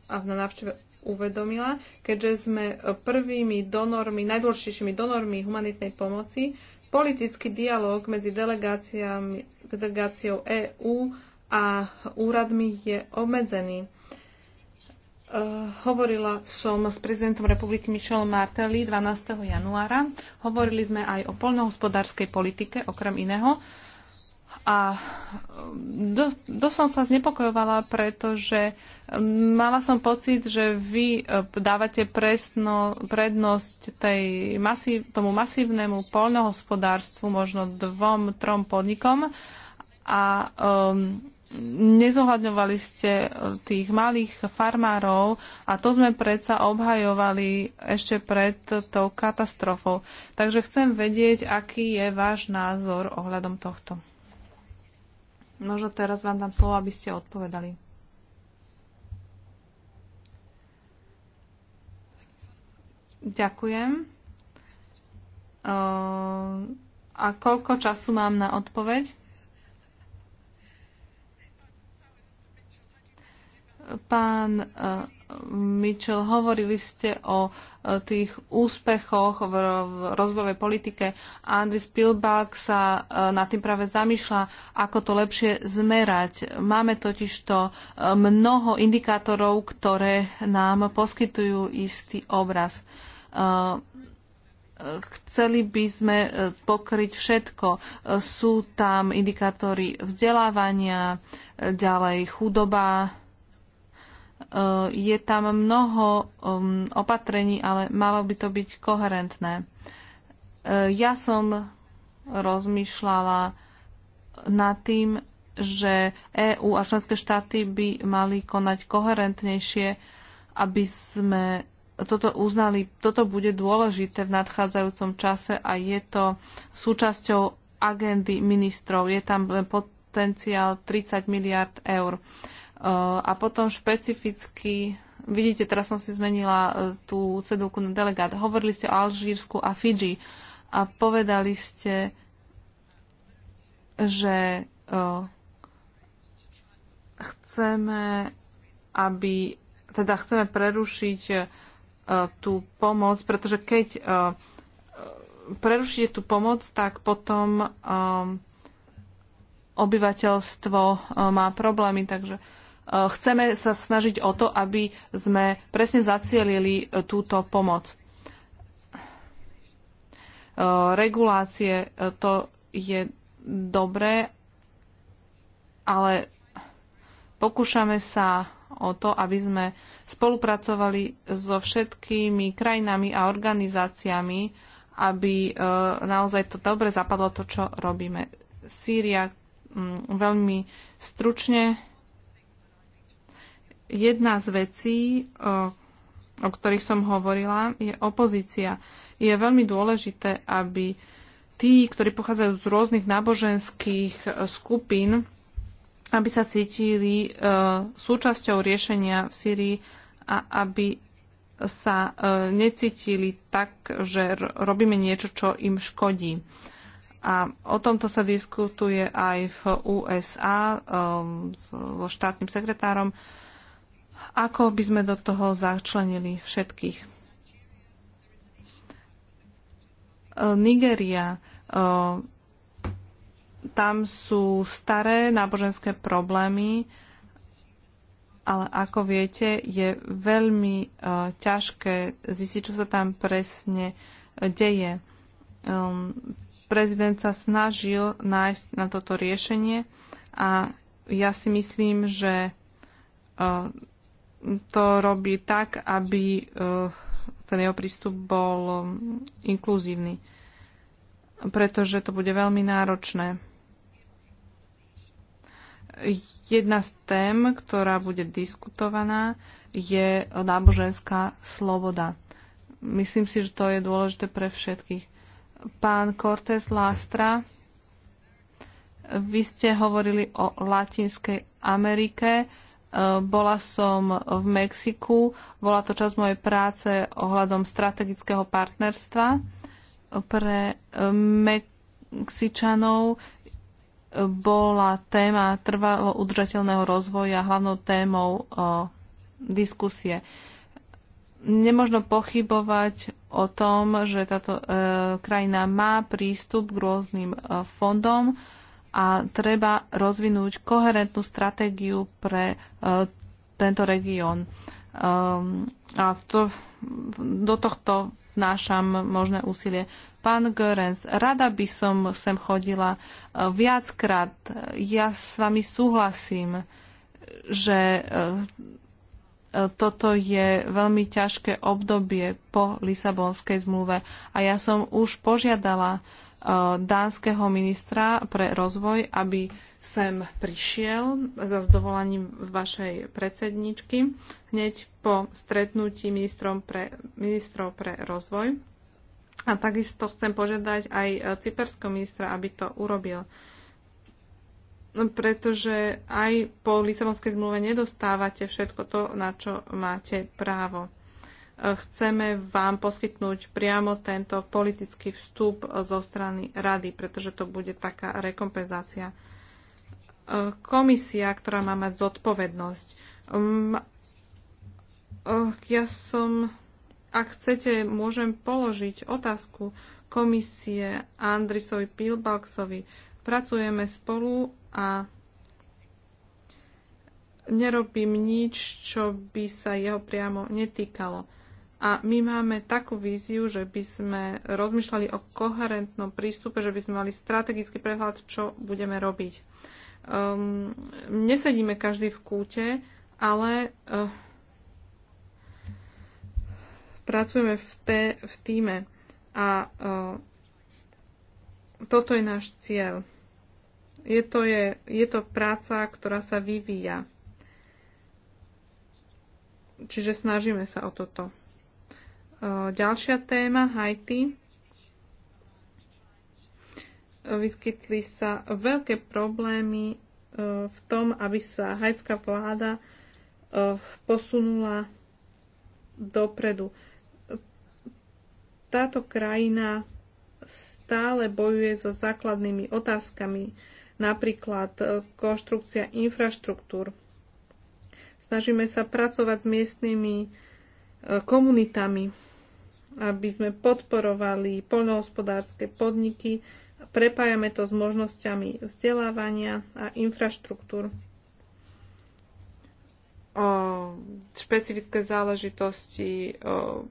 a na návšteve uvedomila, keďže sme prvými donormi, najdôležitejšími donormi humanitnej pomoci, politický dialog medzi delegáciou EÚ a úradmi je obmedzený. Uh, hovorila som s prezidentom republiky Michelom Martelly 12. januára. Hovorili sme aj o poľnohospodárskej politike, okrem iného. A um, do, do som sa znepokojovala, pretože um, mala som pocit, že vy uh, dávate presno, prednosť tej masív, tomu masívnemu poľnohospodárstvu, možno dvom, trom podnikom a um, nezohľadňovali ste uh, tých malých farmárov a to sme predsa obhajovali ešte pred tou katastrofou. Takže chcem vedieť, aký je váš názor ohľadom tohto. Možno teraz vám dám slovo, aby ste odpovedali. Ďakujem. Uh, a koľko času mám na odpoveď? Pán uh, Mitchell, hovorili ste o e, tých úspechoch v rozvojovej politike. Andris Spielberg sa e, nad tým práve zamýšľa, ako to lepšie zmerať. Máme totiž to e, mnoho indikátorov, ktoré nám poskytujú istý obraz chceli by sme pokryť všetko. Sú tam indikátory vzdelávania, ďalej chudoba, Eh, je tam mnoho um, opatrení, ale malo by to byť koherentné. Eh, ja som rozmýšľala nad tým, že EÚ a členské štáty by mali konať koherentnejšie, aby sme toto uznali. Toto bude dôležité v nadchádzajúcom čase a je to súčasťou agendy ministrov. Je tam potenciál 30 miliard eur. Eh, a potom špecificky, vidíte, teraz som si zmenila eh, tú cedulku na delegát. Hovorili ste o Alžírsku a Fidži a povedali ste, že eh, chceme, aby teda chceme prerušiť tú pomoc, pretože keď prerušíte tú pomoc, tak potom obyvateľstvo má problémy, takže Eh, chceme sa snažiť o to, aby sme presne zacielili eh, túto pomoc. Eh, regulácie to je dobré, ale pokúšame sa o to, aby sme spolupracovali so všetkými krajinami a organizáciami, aby naozaj to dobre zapadlo to, čo robíme. Sýria mm, veľmi stručne jedna z vecí, o, o ktorých som hovorila, je opozícia. Je veľmi dôležité, aby tí, ktorí pochádzajú z rôznych náboženských e, skupín, aby sa cítili e, súčasťou riešenia v Syrii a aby sa e, necítili tak, že robíme niečo, čo im škodí. A o tomto sa diskutuje aj v USA e, so štátnym sekretárom. E, ako by sme do toho začlenili všetkých. E, Nigeria. E, tam sú staré náboženské problémy, ale ako viete, je veľmi e, ťažké zistiť, čo sa tam presne deje. Prezident sa snažil nájsť na toto riešenie a ja si myslím, že to robí tak, aby eh, ten jeho prístup bol eh, inkluzívny, pretože to bude veľmi náročné. Jedna z tém, ktorá bude diskutovaná, je náboženská sloboda. Myslím si, že to je dôležité pre všetkých. Pán Cortés Lastra, vy ste hovorili o Latinskej Amerike Eh, bola som v Mexiku, bola to časť mojej práce ohľadom strategického partnerstva pre eh, Mexičanov. Eh, bola téma trvalo udržateľného rozvoja hlavnou témou diskusie. Nemožno pochybovať o tom, že táto krajina má prístup k rôznym fondom, a treba rozvinúť koherentnú stratégiu pre e, tento región. Ehm, a to, do tohto vnášam možné úsilie. Pán Görens, rada by som sem chodila e, viackrát. Ja s vami súhlasím, že e, toto je veľmi ťažké obdobie po Lisabonskej zmluve a ja som už požiadala uh, Eh, dánskeho ministra pre rozvoj, aby sem prišiel za zdovolaním vašej predsedničky hneď po stretnutí ministrom pre, ministrov pre rozvoj. A takisto chcem požiadať aj eh, cyperského ministra, aby to urobil. No, pretože aj po Lisabonskej zmluve nedostávate všetko to, na čo máte právo chceme vám poskytnúť priamo tento politický vstup zo strany rady, pretože to bude taká rekompenzácia. E, komisia, ktorá má mať zodpovednosť. Mm, e, ja som, ak chcete, môžem položiť otázku komisie Andrisovi Pilbalksovi. Pracujeme spolu a nerobím nič, čo by sa jeho priamo netýkalo a my máme takú víziu, že by sme rozmýšľali o koherentnom prístupe, že by sme mali strategický prehľad, čo budeme robiť. Um, nesedíme každý v kúte, ale uh, pracujeme v, té, v týme. A uh, toto je náš cieľ. Je to, je, je to práca, ktorá sa vyvíja. Čiže snažíme sa o toto. Ďalšia téma, Haiti. Vyskytli sa veľké problémy e, v tom, aby sa haitská vláda e, posunula dopredu. Táto krajina stále bojuje so základnými otázkami, napríklad e, konštrukcia infraštruktúr. Snažíme sa pracovať s miestnymi komunitami, aby sme podporovali poľnohospodárske podniky. Prepájame to s možnosťami vzdelávania a infraštruktúr. O špecifické záležitosti o,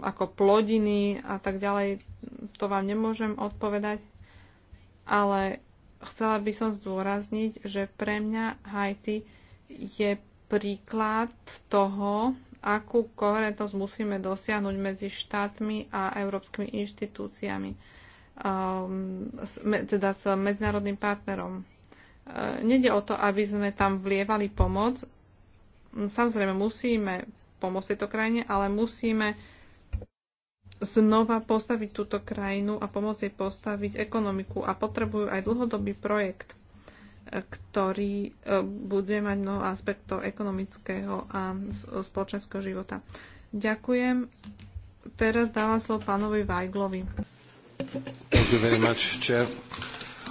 ako plodiny a tak ďalej, to vám nemôžem odpovedať, ale chcela by som zdôrazniť, že pre mňa Haiti je príklad toho, akú koherentnosť musíme dosiahnuť medzi štátmi a európskymi inštitúciami, um, teda s medzinárodným partnerom. Uh, Nede o to, aby sme tam vlievali pomoc. Samozrejme, musíme pomôcť tejto krajine, ale musíme znova postaviť túto krajinu a pomôcť jej postaviť ekonomiku a potrebujú aj dlhodobý projekt ktorý e, bude mať mnoho aspektov ekonomického a spoločenského života. Ďakujem. Teraz dávam slovo pánovi Vajglovi.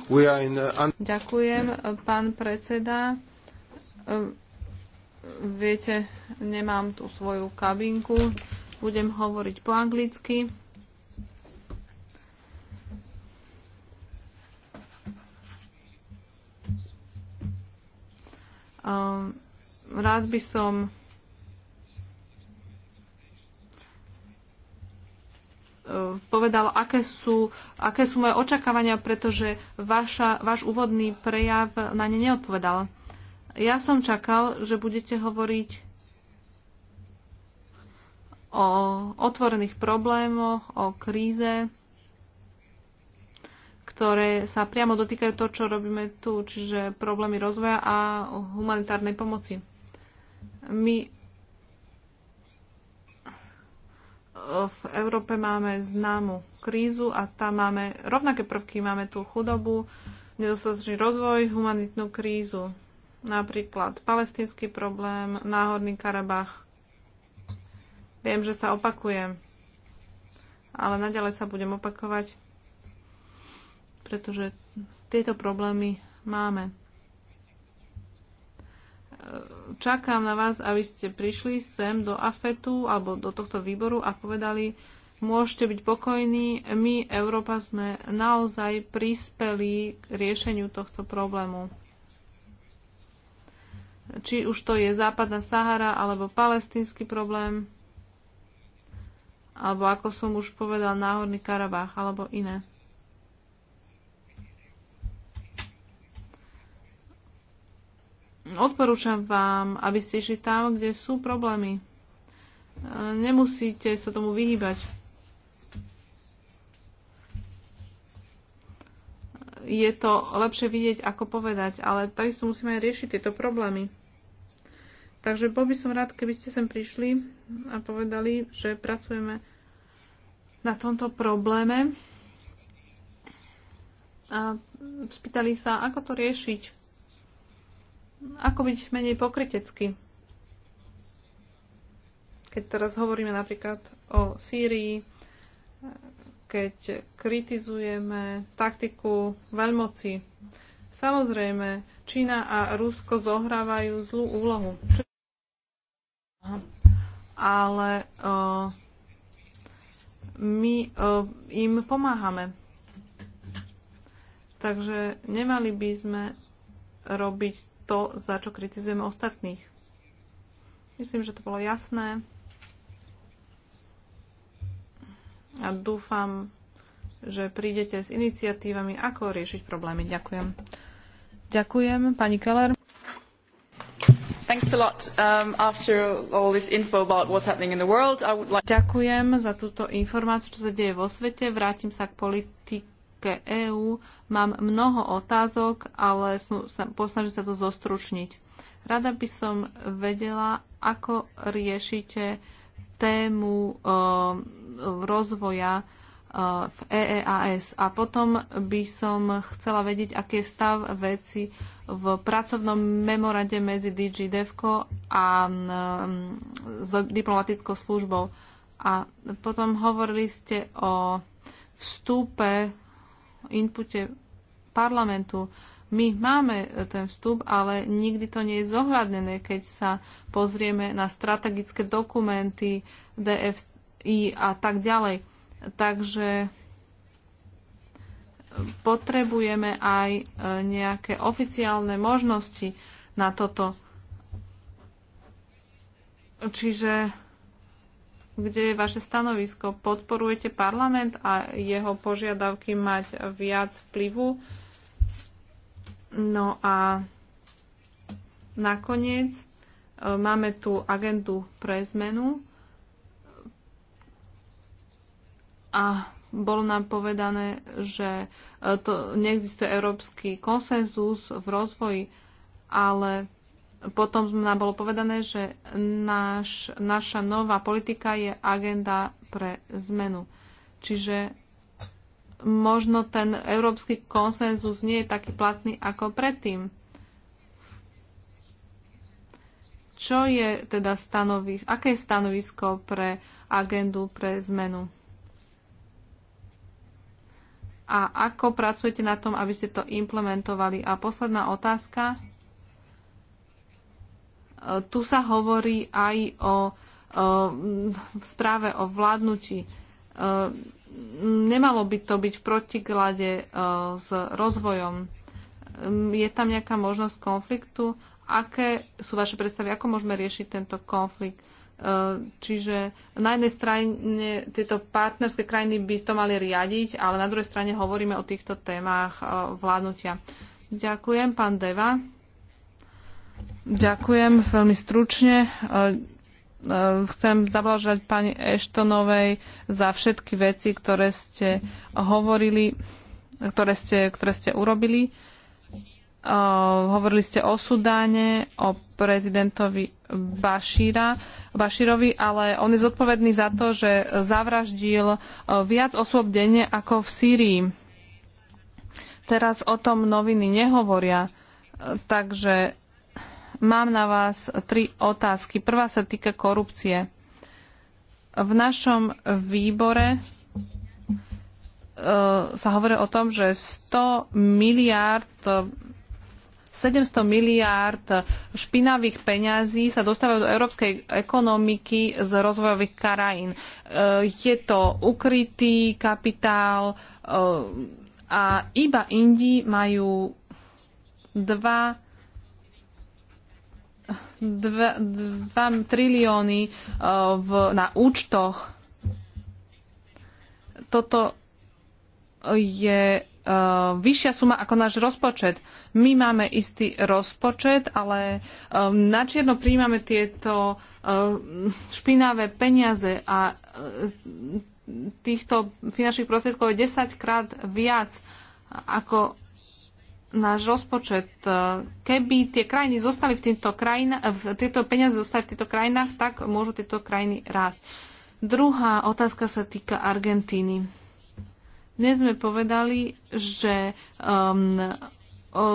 Uh, Ďakujem, e, pán predseda. E, viete, nemám tu svoju kabinku. Budem hovoriť po anglicky. Ehm, rád by som ehm, povedal, aké sú, aké sú moje očakávania, pretože vaša, váš úvodný prejav na ne neodpovedal. Ja som čakal, že budete hovoriť o otvorených problémoch, o kríze, ktoré sa priamo dotýkajú to, čo robíme tu, čiže problémy rozvoja a humanitárnej pomoci. My eh, v Európe máme známu krízu a tam máme rovnaké prvky. Máme tu chudobu, nedostatočný rozvoj, humanitnú krízu. Napríklad palestínsky problém, náhodný Karabach. Viem, že sa opakujem, ale naďalej sa budem opakovať pretože tieto problémy máme. Čakám na vás, aby ste prišli sem do AFETu alebo do tohto výboru a povedali, môžete byť pokojní, my, Európa, sme naozaj prispeli k riešeniu tohto problému. Či už to je západná Sahara alebo palestínsky problém, alebo ako som už povedal, náhorný Karabách alebo iné. odporúčam vám, aby ste išli tam, kde sú problémy. E, nemusíte sa tomu vyhýbať. Je to lepšie vidieť, ako povedať, ale takisto musíme aj riešiť tieto problémy. Takže bol by som rád, keby ste sem prišli a povedali, že pracujeme na tomto probléme a spýtali sa, ako to riešiť. Ako byť menej pokrytecký? Keď teraz hovoríme napríklad o Sýrii, keď kritizujeme taktiku veľmoci. Samozrejme, Čína a Rusko zohrávajú zlú úlohu. Ale my im pomáhame. Takže nemali by sme robiť to, za čo kritizujeme ostatných. Myslím, že to bolo jasné. A dúfam, že prídete s iniciatívami, ako riešiť problémy. Ďakujem. Ďakujem, pani Keller. Um, Ďakujem za túto informáciu, čo sa deje vo svete. Vrátim sa k politike politike EÚ mám mnoho otázok, ale posnažím sa to zostručniť. Rada by som vedela, ako riešite tému uh, rozvoja uh, v EEAS. A potom by som chcela vedieť, aký je stav veci v pracovnom memorande medzi DG DEVCO a uh, diplomatickou službou. A potom hovorili ste o vstupe inpute parlamentu. My máme e, ten vstup, ale nikdy to nie je zohľadnené, keď sa pozrieme na strategické dokumenty DFI a tak ďalej. Takže e, potrebujeme aj e, nejaké oficiálne možnosti na toto. Čiže kde je vaše stanovisko. Podporujete parlament a jeho požiadavky mať viac vplyvu? No a nakoniec e, máme tu agendu pre zmenu a bolo nám povedané, že e, to neexistuje európsky konsenzus v rozvoji, ale potom nám bolo povedané, že náš, naša nová politika je agenda pre zmenu. Čiže možno ten európsky konsenzus nie je taký platný ako predtým. Čo je teda stanovisko, aké je stanovisko pre agendu pre zmenu? A ako pracujete na tom, aby ste to implementovali? A posledná otázka tu sa hovorí aj o, v správe o vládnutí. E, nemalo by to byť v protiklade e, s rozvojom. E, je tam nejaká možnosť konfliktu? Aké sú vaše predstavy? Ako môžeme riešiť tento konflikt? Čiže na jednej strane tieto partnerské krajiny by to mali riadiť, ale na druhej strane hovoríme o týchto témach vládnutia. Ďakujem, pán Deva. Ďakujem veľmi stručne. E, e, chcem zablažať pani Eštonovej za všetky veci, ktoré ste hovorili, ktoré ste, ktoré ste urobili. E, hovorili ste o Sudáne, o prezidentovi Bašíra, Bašírovi, ale on je zodpovedný za to, že zavraždil viac osôb denne ako v Sýrii. Teraz o tom noviny nehovoria, takže Mám na vás tri otázky. Prvá sa týka korupcie. V našom výbore e, sa hovorí o tom, že 100 miliárd 700 miliárd špinavých peňazí sa dostávajú do európskej ekonomiky z rozvojových krajín. E, je to ukrytý kapitál e, a iba Indii majú 2 2 trilióny e, v, na účtoch. Toto je e, vyššia suma ako náš rozpočet. My máme istý rozpočet, ale e, čierno príjmame tieto špinavé peniaze a týchto finančných prostriedkov je 10 krát viac ako náš rozpočet. Keby tie krajiny zostali v týchto krajinách, tieto peniaze zostali v týchto krajinách, tak môžu tieto krajiny rásť. Druhá otázka sa týka Argentíny. Dnes sme povedali, že um,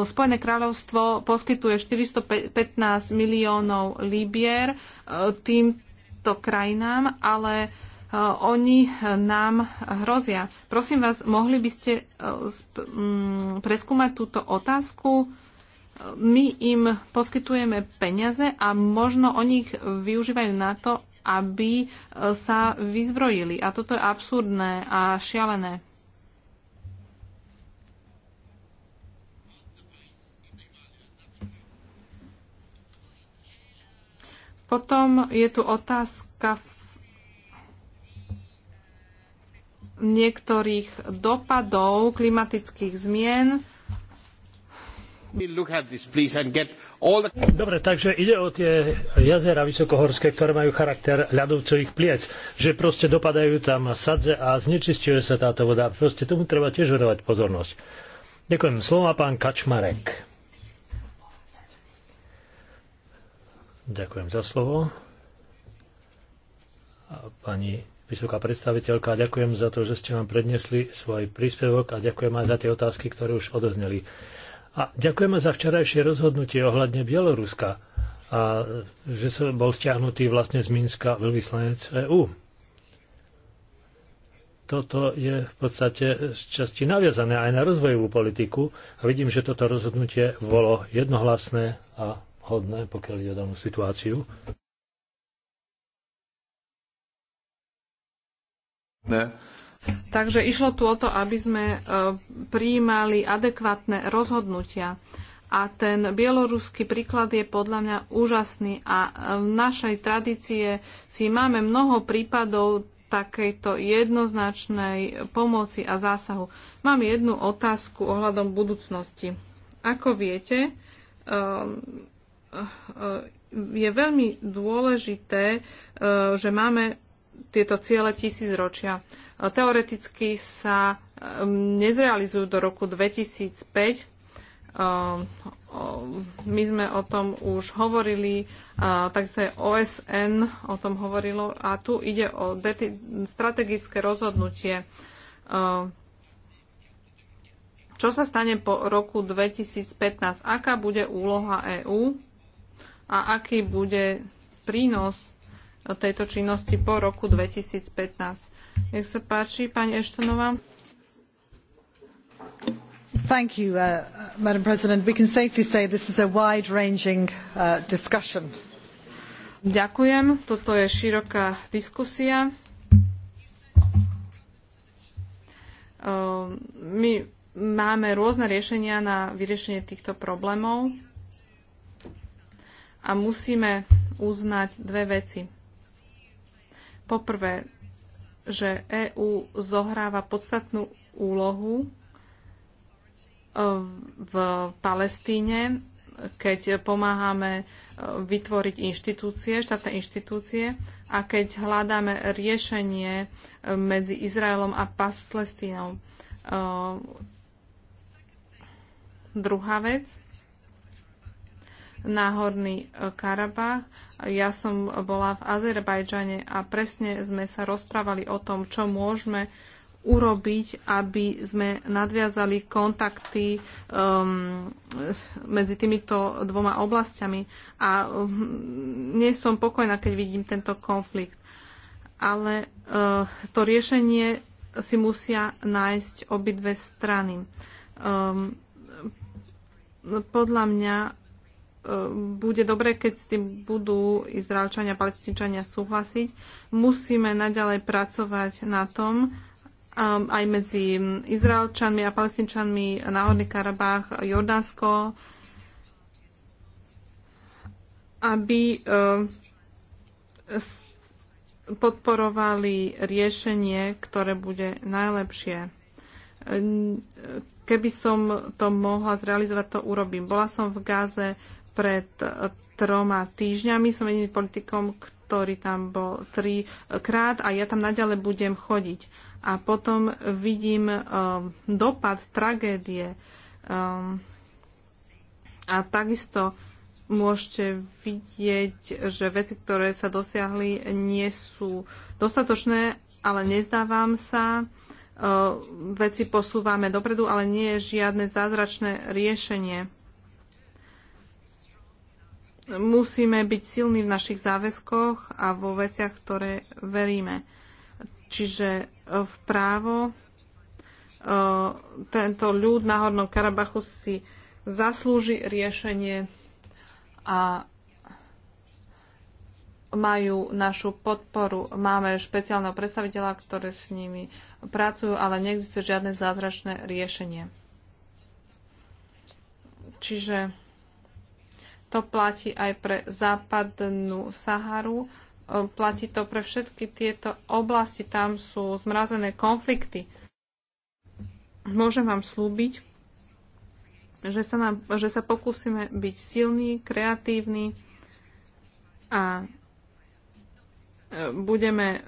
Spojené kráľovstvo poskytuje 415 miliónov libier e, týmto krajinám, ale uh, Eh, oni eh, nám hrozia. Prosím vás, mohli by ste eh, mm, preskúmať túto otázku? My im poskytujeme peniaze a možno oni ich využívajú na to, aby sa vyzbrojili. A toto je absurdné a šialené. Potom je tu otázka v niektorých dopadov klimatických zmien. Dobre, takže ide o tie jazera vysokohorské, ktoré majú charakter ľadovcových pliec, že proste dopadajú tam sadze a znečistuje sa táto voda. Proste tomu treba tiež venovať pozornosť. Ďakujem. Slova pán Kačmarek. Ďakujem za slovo. A pani vysoká predstaviteľka. Ďakujem za to, že ste nám prednesli svoj príspevok a ďakujem aj za tie otázky, ktoré už odozneli. A ďakujem aj za včerajšie rozhodnutie ohľadne Bieloruska a že sa bol stiahnutý vlastne z Minska veľvyslanec EÚ. Toto je v podstate z časti naviazané aj na rozvojovú politiku a vidím, že toto rozhodnutie bolo jednohlasné a hodné, pokiaľ ide o danú situáciu. Ne. Takže išlo tu o to, aby sme e, prijímali adekvátne rozhodnutia. A ten bieloruský príklad je podľa mňa úžasný a e, v našej tradície si máme mnoho prípadov takejto jednoznačnej pomoci a zásahu. Mám jednu otázku ohľadom budúcnosti. Ako viete, e, je veľmi dôležité, že máme tieto ciele tisícročia. Teoreticky sa nezrealizujú do roku 2005. My sme o tom už hovorili, takže OSN o tom hovorilo a tu ide o strategické rozhodnutie. Čo sa stane po roku 2015? Aká bude úloha EÚ a aký bude prínos tejto činnosti po roku 2015. Nech sa páči, pani Eštonová. Thank you, uh, Madam President. We can safely say this is a wide-ranging uh, discussion. Ďakujem. Toto je široká diskusia. Uh, my máme rôzne riešenia na vyriešenie týchto problémov a musíme uznať dve veci. Poprvé, že EÚ zohráva podstatnú úlohu e, v Palestíne, keď pomáhame e, vytvoriť inštitúcie, štátne inštitúcie a keď hľadáme riešenie e, medzi Izraelom a Palestínou. Druhá vec, Náhorný e, Karabach. Ja som bola v Azerbajdžane a presne sme sa rozprávali o tom, čo môžeme urobiť, aby sme nadviazali kontakty um, medzi týmito dvoma oblastiami. A um, nie som pokojná, keď vidím tento konflikt. Ale uh, to riešenie si musia nájsť obidve strany. Um, podľa mňa bude dobre, keď s tým budú Izraelčania a Palestínčania súhlasiť. Musíme naďalej pracovať na tom, um, aj medzi Izraelčanmi a Palestínčanmi na Horný Karabách, Jordánsko, aby um, podporovali riešenie, ktoré bude najlepšie. Keby som to mohla zrealizovať, to urobím. Bola som v Gáze pred troma týždňami. Som jediným politikom, ktorý tam bol tri krát a ja tam naďalej budem chodiť. A potom vidím uh, dopad tragédie. Um, a takisto môžete vidieť, že veci, ktoré sa dosiahli, nie sú dostatočné, ale nezdávam sa. Uh, veci posúvame dopredu, ale nie je žiadne zázračné riešenie musíme byť silní v našich záväzkoch a vo veciach, ktoré veríme. Čiže e, v právo e, tento ľud na Hornom Karabachu si zaslúži riešenie a majú našu podporu. Máme špeciálneho predstaviteľa, ktoré s nimi pracujú, ale neexistuje žiadne zázračné riešenie. Čiže to platí aj pre západnú Saharu, e, platí to pre všetky tieto oblasti, tam sú zmrazené konflikty. Môžem vám slúbiť, že sa, nám, že sa pokúsime byť silní, kreatívni a e, budeme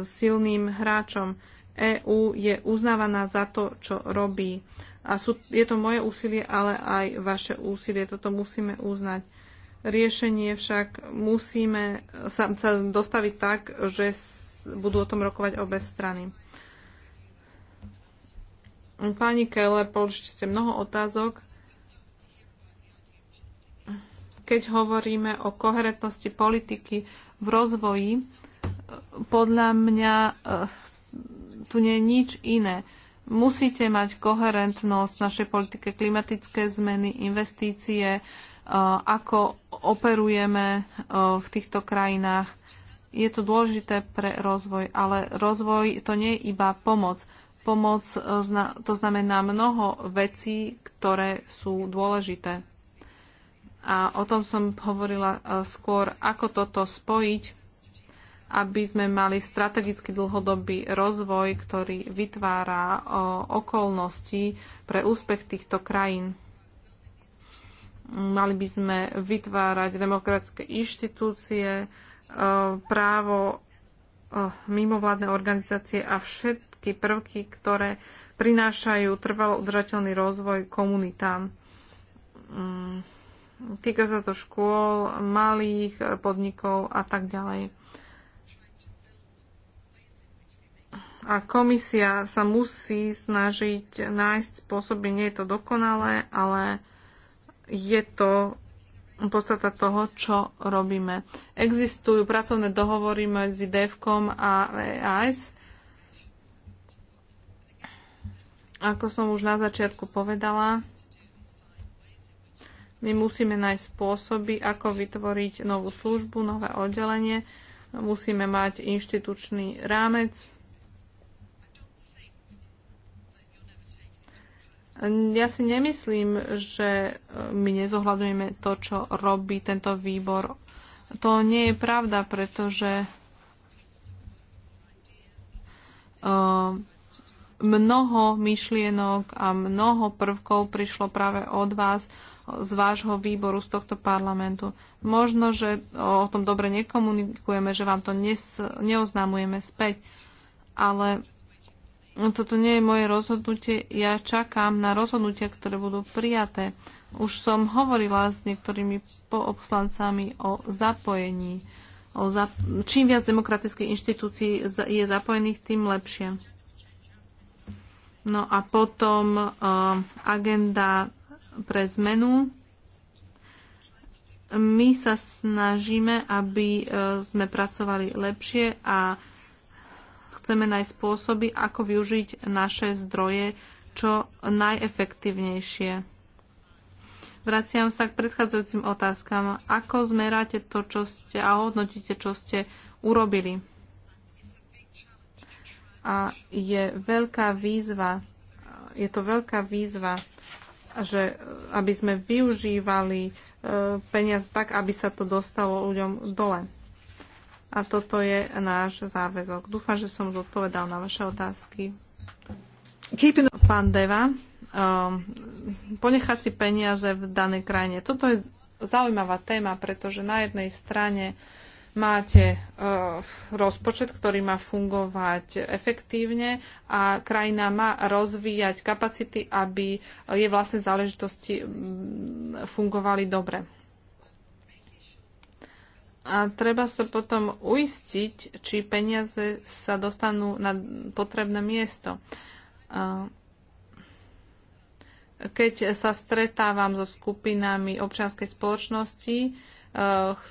e, silným hráčom. EÚ je uznávaná za to, čo robí a sú, je to moje úsilie, ale aj vaše úsilie. Toto musíme uznať. Riešenie však musíme sa, sa dostaviť tak, že budú o tom rokovať obe strany. Pani Keller, položite ste mnoho otázok. Keď hovoríme o koherentnosti politiky v rozvoji, podľa mňa eh, tu nie je nič iné. Musíte mať koherentnosť našej politike klimatické zmeny, investície, e, ako operujeme e, v týchto krajinách. Je to dôležité pre rozvoj, ale rozvoj to nie je iba pomoc. Pomoc e, to znamená mnoho vecí, ktoré sú dôležité. A o tom som hovorila skôr, ako toto spojiť aby sme mali strategicky dlhodobý rozvoj, ktorý vytvára okolnosti pre úspech týchto krajín. Mali by sme vytvárať demokratické inštitúcie, právo mimovládne organizácie a všetky prvky, ktoré prinášajú trvalo udržateľný rozvoj komunitám. Mm, týka sa to škôl, malých podnikov a tak ďalej. a komisia sa musí snažiť nájsť spôsoby, nie je to dokonalé, ale je to podstata toho, čo robíme. Existujú pracovné dohovory medzi DEVKom a EIS. Ako som už na začiatku povedala, my musíme nájsť spôsoby, ako vytvoriť novú službu, nové oddelenie. Musíme mať inštitučný rámec, Ja si nemyslím, že e, my nezohľadujeme to, čo robí tento výbor. To nie je pravda, pretože e, mnoho myšlienok a mnoho prvkov prišlo práve od vás, z vášho výboru, z tohto parlamentu. Možno, že o tom dobre nekomunikujeme, že vám to neoznámujeme späť, ale No, toto nie je moje rozhodnutie. Ja čakám na rozhodnutia, ktoré budú prijaté. Už som hovorila s niektorými poobslancami o zapojení. O zap- čím viac demokratických inštitúcií je zapojených, tým lepšie. No a potom uh, agenda pre zmenu. My sa snažíme, aby uh, sme pracovali lepšie a Chceme nájsť spôsoby, ako využiť naše zdroje čo najefektívnejšie. Vraciam sa k predchádzajúcim otázkam. Ako zmeráte to, čo ste a hodnotíte, čo ste urobili? A je veľká výzva, je to veľká výzva, že aby sme využívali e, peniaz tak, aby sa to dostalo ľuďom dole. A toto je náš záväzok. Dúfam, že som zodpovedal na vaše otázky. Pán Deva, um, ponechať si peniaze v danej krajine. Toto je zaujímavá téma, pretože na jednej strane máte uh, rozpočet, ktorý má fungovať efektívne a krajina má rozvíjať kapacity, aby jej vlastné záležitosti mm, fungovali dobre a treba sa potom uistiť, či peniaze sa dostanú na potrebné miesto. Keď sa stretávam so skupinami občianskej spoločnosti, e,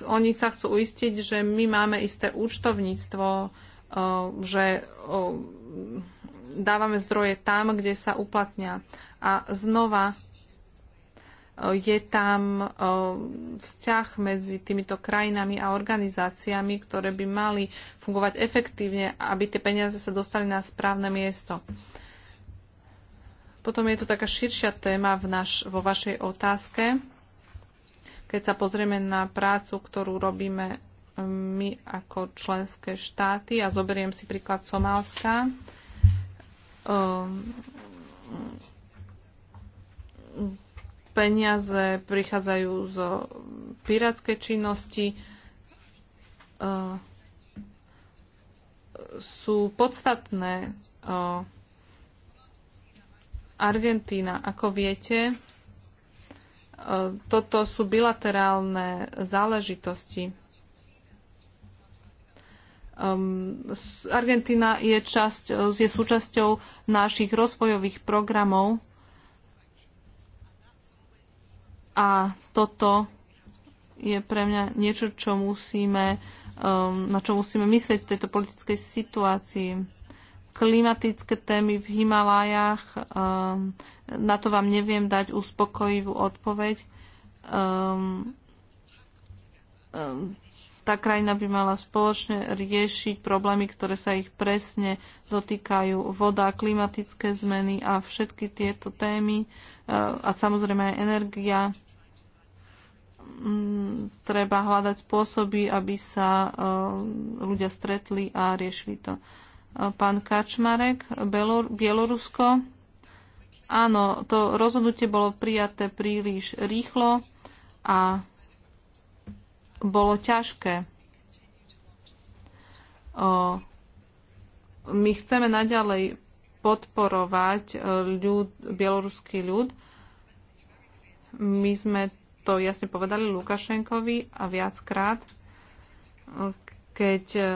oni sa chcú uistiť, že my máme isté účtovníctvo, e, že dávame zdroje tam, kde sa uplatnia. A znova je tam vzťah medzi týmito krajinami a organizáciami, ktoré by mali fungovať efektívne, aby tie peniaze sa dostali na správne miesto. Potom je tu taká širšia téma v naš, vo vašej otázke, keď sa pozrieme na prácu, ktorú robíme my ako členské štáty a zoberiem si príklad Somálska. Um, peniaze prichádzajú zo pirátskej činnosti, sú podstatné. Argentína, ako viete, toto sú bilaterálne záležitosti. Um, Argentína je, časť, je súčasťou našich rozvojových programov A toto je pre mňa niečo, čo musíme, um, na čo musíme myslieť v tejto politickej situácii. Klimatické témy v Himalájach, um, na to vám neviem dať uspokojivú odpoveď. Um, tá krajina by mala spoločne riešiť problémy, ktoré sa ich presne dotýkajú. Voda, klimatické zmeny a všetky tieto témy uh, a samozrejme aj energia Mm, treba hľadať spôsoby, aby sa eh, ľudia stretli a riešili to. Eh, pán Kačmarek, Bielorusko. Áno, to rozhodnutie bolo prijaté príliš rýchlo a bolo ťažké. Eh, my chceme naďalej podporovať ľud, bieloruský ľud. My sme to jasne povedali Lukašenkovi a viackrát, keď eh,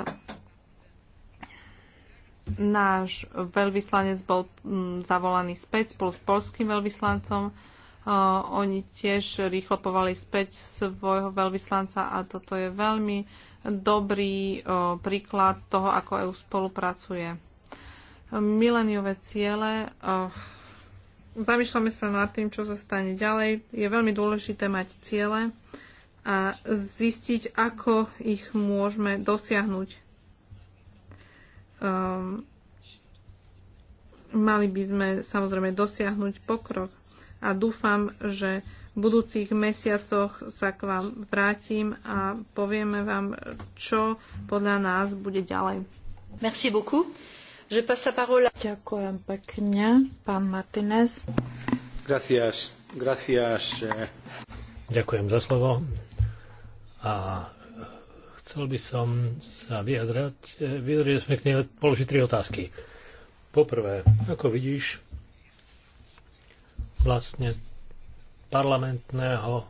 náš veľvyslanec bol mm, zavolaný späť spolu s polským veľvyslancom. Eh, oni tiež rýchlo povali späť svojho veľvyslanca a toto je veľmi dobrý eh, príklad toho, ako EU spolupracuje. Mileniové ciele zamýšľame sa nad tým, čo sa stane ďalej. Je veľmi dôležité mať ciele a zistiť, ako ich môžeme dosiahnuť. Um, mali by sme samozrejme dosiahnuť pokrok a dúfam, že v budúcich mesiacoch sa k vám vrátim a povieme vám, čo podľa nás bude ďalej. Merci beaucoup. Je passe la parole. Ďakujem pekne, pán Martinez. Gracias, gracias. Eh. Ďakujem za slovo. A chcel by som sa vyjadrať. Eh, vyjadrili sme k nej položiť tri otázky. Poprvé, ako vidíš, vlastne parlamentného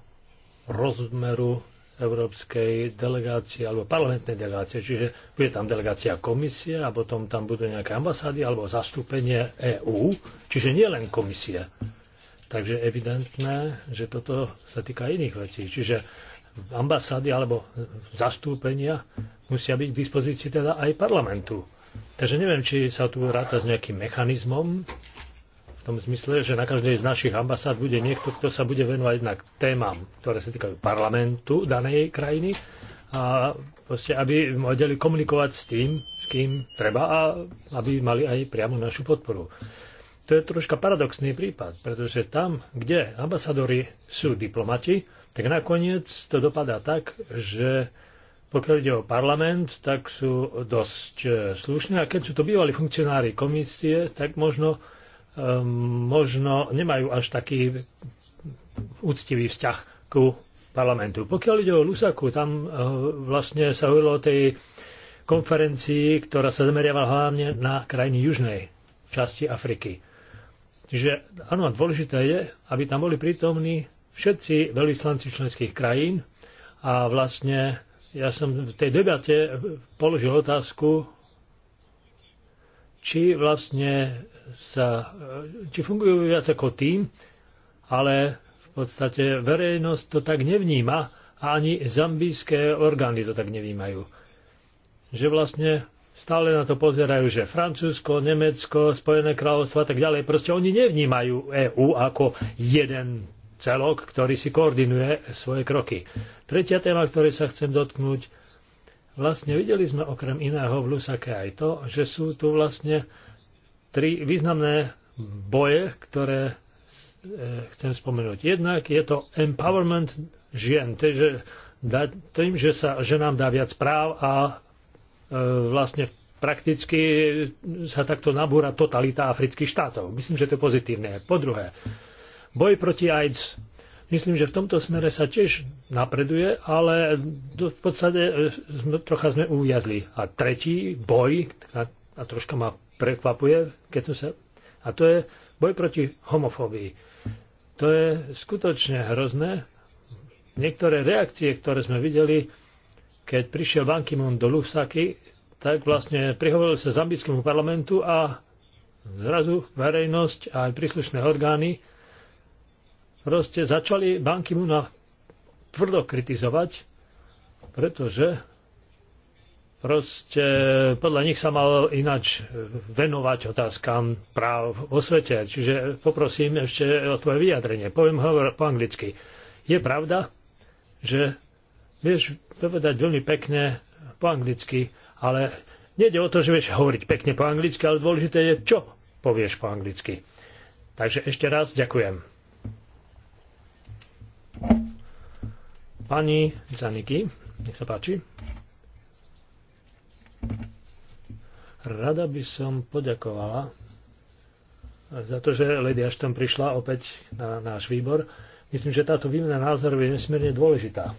rozmeru európskej delegácie alebo parlamentnej delegácie. Čiže bude tam delegácia komisie a potom tam budú nejaké ambasády alebo zastúpenie EÚ, čiže nie len komisie. Takže evidentné, že toto sa týka iných vecí. Čiže ambasády alebo zastúpenia musia byť k dispozícii teda aj parlamentu. Takže neviem, či sa tu ráta s nejakým mechanizmom, v tom zmysle, že na každej z našich ambasád bude niekto, kto sa bude venovať jednak témam, ktoré sa týkajú parlamentu danej krajiny a proste, aby vedeli komunikovať s tým, s kým treba a aby mali aj priamu našu podporu. To je troška paradoxný prípad, pretože tam, kde ambasadori sú diplomati, tak nakoniec to dopadá tak, že pokiaľ ide o parlament, tak sú dosť eh, slušní a keď sú to bývalí funkcionári komisie, tak možno Ehm, možno nemajú až taký úctivý vzťah ku parlamentu. Pokiaľ ide o Lusaku, tam eh, vlastne sa hovorilo o tej konferencii, ktorá sa zameriavala hlavne na krajiny južnej časti Afriky. Čiže áno, dôležité je, aby tam boli prítomní všetci veľvyslanci členských krajín a vlastne ja som v tej debate položil otázku, či vlastne sa, e, či fungujú viac ako tým, ale v podstate verejnosť to tak nevníma a ani zambijské orgány to tak nevnímajú. Že vlastne stále na to pozerajú, že Francúzsko, Nemecko, Spojené kráľovstvo a tak ďalej, proste oni nevnímajú EÚ ako jeden celok, ktorý si koordinuje svoje kroky. Tretia téma, ktorej sa chcem dotknúť, vlastne videli sme okrem iného v Lusake aj to, že sú tu vlastne tri významné boje, ktoré e, chcem spomenúť. Jednak je to empowerment žien, takže tým, že sa ženám dá viac práv a e, vlastne prakticky sa takto nabúra totalita afrických štátov. Myslím, že to je pozitívne. Po druhé, boj proti AIDS. Myslím, že v tomto smere sa tiež napreduje, ale v podstate e, trocha sme uviazli. A tretí boj, a troška ma prekvapuje, keď tu sa... A to je boj proti homofóbii. To je skutočne hrozné. Niektoré reakcie, ktoré sme videli, keď prišiel Ban Ki-moon do Lusaky, tak vlastne prihovoril sa zambickému parlamentu a zrazu verejnosť a aj príslušné orgány proste začali Ban Ki-moona tvrdo kritizovať, pretože Proste podľa nich sa mal inač venovať otázkam práv vo svete. Čiže poprosím ešte o tvoje vyjadrenie. Poviem hovor po anglicky. Je pravda, že vieš povedať veľmi pekne po anglicky, ale nejde o to, že vieš hovoriť pekne po anglicky, ale dôležité je, čo povieš po anglicky. Takže ešte raz ďakujem. Pani Zaniky, nech sa páči. Rada by som poďakovala za to, že Lady Ashton prišla opäť na náš výbor. Myslím, že táto výmena názorov je nesmierne dôležitá.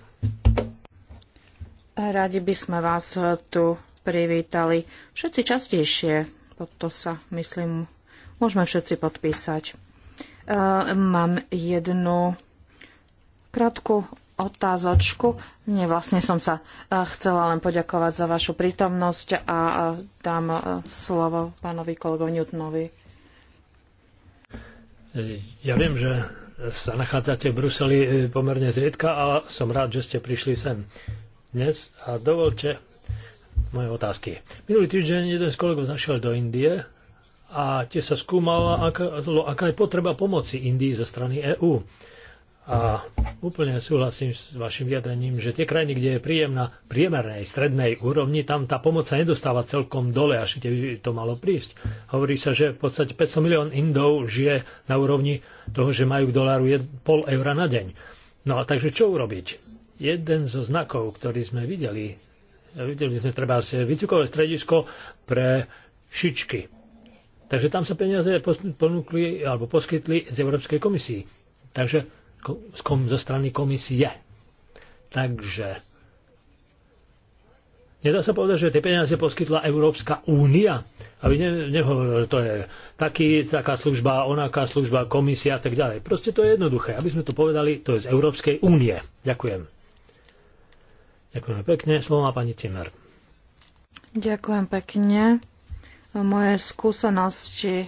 Radi by sme vás tu privítali všetci častejšie. Pod to sa, myslím, môžeme všetci podpísať. Ehm, mám jednu krátku otázočku. Nie, vlastne som sa e, chcela len poďakovať za vašu prítomnosť a dám e, slovo pánovi kolegovi Newtonovi. Ja viem, že sa nachádzate v Bruseli e, pomerne zriedka a som rád, že ste prišli sem dnes a dovolte moje otázky. Minulý týždeň jeden z kolegov zašiel do Indie a tie sa skúmala, aká, aká je potreba pomoci Indii zo strany EÚ. A úplne súhlasím s vašim vyjadrením, že tie krajiny, kde je príjem na priemernej, strednej úrovni, tam tá pomoc sa nedostáva celkom dole, až kde by to malo prísť. Hovorí sa, že v podstate 500 milión Indov žije na úrovni toho, že majú k doláru 15 eura na deň. No a takže čo urobiť? Jeden zo znakov, ktorý sme videli, videli sme treba asi výcukové stredisko pre šičky. Takže tam sa peniaze ponúkli alebo poskytli z Európskej komisii. Takže zo strany komisie. Takže nedá sa povedať, že tie peniaze poskytla Európska únia. Aby ne, že to je taký, taká služba, onaká služba, komisia a tak ďalej. Proste to je jednoduché. Aby sme to povedali, to je z Európskej únie. Ďakujem. Ďakujeme pekne. Slovo má pani Cimer. Ďakujem pekne. Moje skúsenosti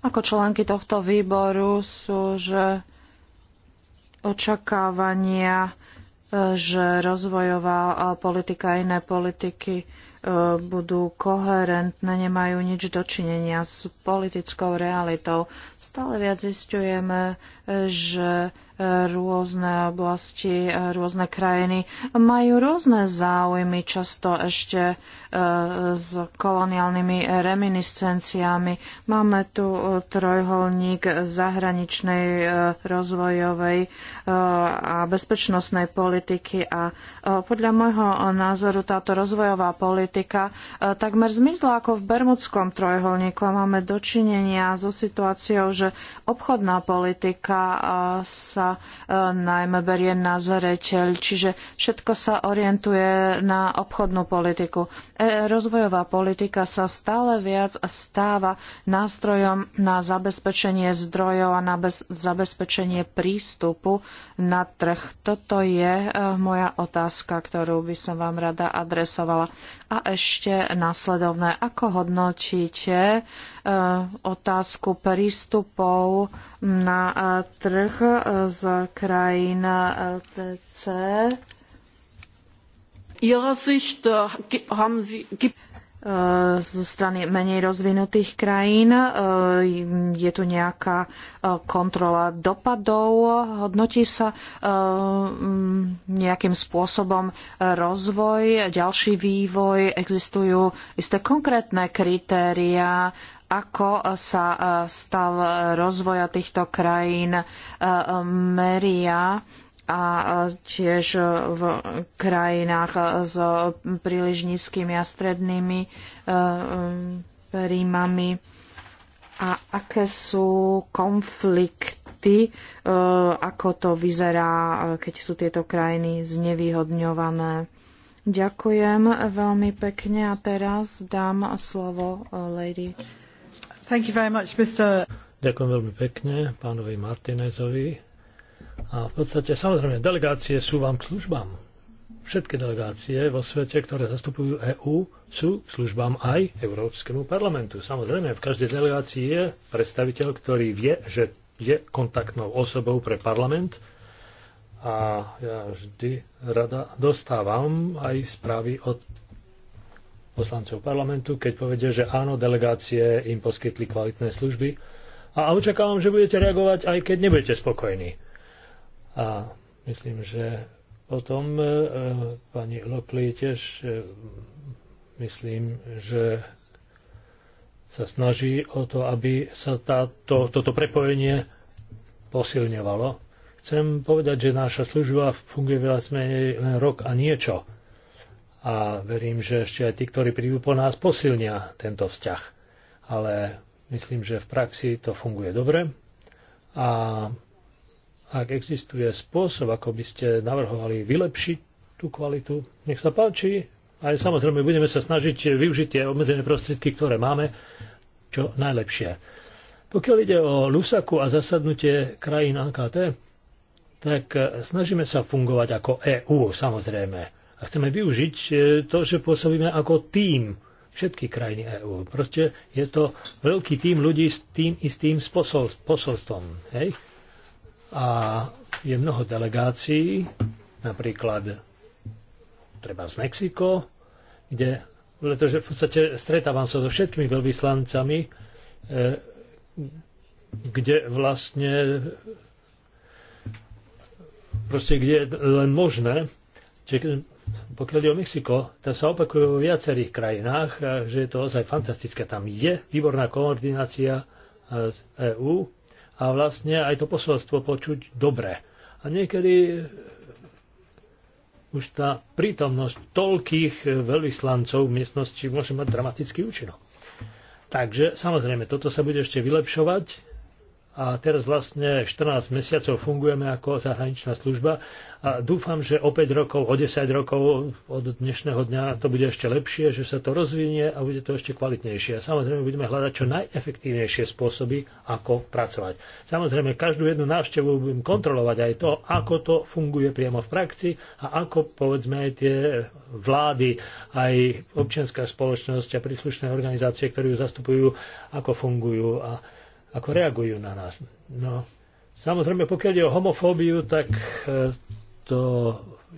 ako členky tohto výboru sú, že očakávania, e, že rozvojová e, politika a iné politiky e, budú koherentné, nemajú nič dočinenia s politickou realitou. Stále viac zistujeme, že rôzne oblasti, rôzne krajiny majú rôzne záujmy, často ešte e, s koloniálnymi reminiscenciami. Máme tu e, trojholník zahraničnej e, rozvojovej a bezpečnostnej politiky a podľa môjho názoru táto rozvojová politika takmer zmizla ako v Bermudskom trojholníku a máme dočinenia so situáciou, že obchodná politika sa E, najmä berie na zreteľ, čiže všetko sa orientuje na obchodnú politiku. E, rozvojová politika sa stále viac stáva nástrojom na zabezpečenie zdrojov a na zabezpečenie prístupu na trh. Toto je e, moja otázka, ktorú by som vám rada adresovala. A ešte nasledovné. Ako hodnotíte Eh, otázku prístupov na eh, trh eh, z krajín TC. zo strany menej rozvinutých krajín. Je tu nejaká kontrola dopadov, hodnotí sa mm, nejakým spôsobom rozvoj, ďalší vývoj, existujú isté konkrétne kritériá ako e, sa e, stav rozvoja týchto krajín e, meria a tiež v krajinách s príliš nízkymi a strednými príjmami a aké sú konflikty, ako to vyzerá, keď sú tieto krajiny znevýhodňované. Ďakujem veľmi pekne a teraz dám slovo lady. Much, Ďakujem veľmi pekne pánovi Martinezovi. A v podstate, samozrejme, delegácie sú vám k službám. Všetky delegácie vo svete, ktoré zastupujú EÚ, sú k službám aj Európskemu parlamentu. Samozrejme, v každej delegácii je predstaviteľ, ktorý vie, že je kontaktnou osobou pre parlament a ja vždy rada dostávam aj správy od poslancov parlamentu, keď povedia, že áno, delegácie im poskytli kvalitné služby a očakávam, že budete reagovať, aj keď nebudete spokojní. A myslím, že o tom e, e, pani Lokli tiež e, myslím, že sa snaží o to, aby sa táto, toto prepojenie posilňovalo. Chcem povedať, že naša služba funguje viac menej len rok a niečo a verím, že ešte aj tí, ktorí prídu po nás, posilnia tento vzťah. Ale myslím, že v praxi to funguje dobre a ak existuje spôsob, ako by ste navrhovali vylepšiť tú kvalitu, nech sa páči. Aj samozrejme budeme sa snažiť využiť tie obmedzené prostriedky, ktoré máme, čo najlepšie. Pokiaľ ide o Lusaku a zasadnutie krajín AKT, tak snažíme sa fungovať ako EÚ, samozrejme a chceme využiť e, to, že pôsobíme ako tým všetky krajiny EÚ. Proste je to veľký tým ľudí s tým istým posol, posolstvom. Hej? A je mnoho delegácií, napríklad treba z Mexiko, kde pretože v podstate stretávam sa so všetkými veľvyslancami, e, kde vlastne proste kde je len možné, pokiaľ je o Mexiko, tak sa opakuje vo viacerých krajinách, že je to ozaj fantastické. Tam je výborná koordinácia z EÚ a vlastne aj to posolstvo počuť dobre. A niekedy už tá prítomnosť toľkých veľvyslancov v miestnosti môže mať dramatický účinok. Takže samozrejme, toto sa bude ešte vylepšovať a teraz vlastne 14 mesiacov fungujeme ako zahraničná služba a dúfam, že o 5 rokov, o 10 rokov od dnešného dňa to bude ešte lepšie, že sa to rozvinie a bude to ešte kvalitnejšie. A samozrejme budeme hľadať čo najefektívnejšie spôsoby, ako pracovať. Samozrejme, každú jednu návštevu budem kontrolovať aj to, ako to funguje priamo v praxi a ako povedzme aj tie vlády, aj občianská spoločnosť a príslušné organizácie, ktoré ju zastupujú, ako fungujú a ako reagujú na nás. No, samozrejme, pokiaľ je o homofóbiu, tak e, to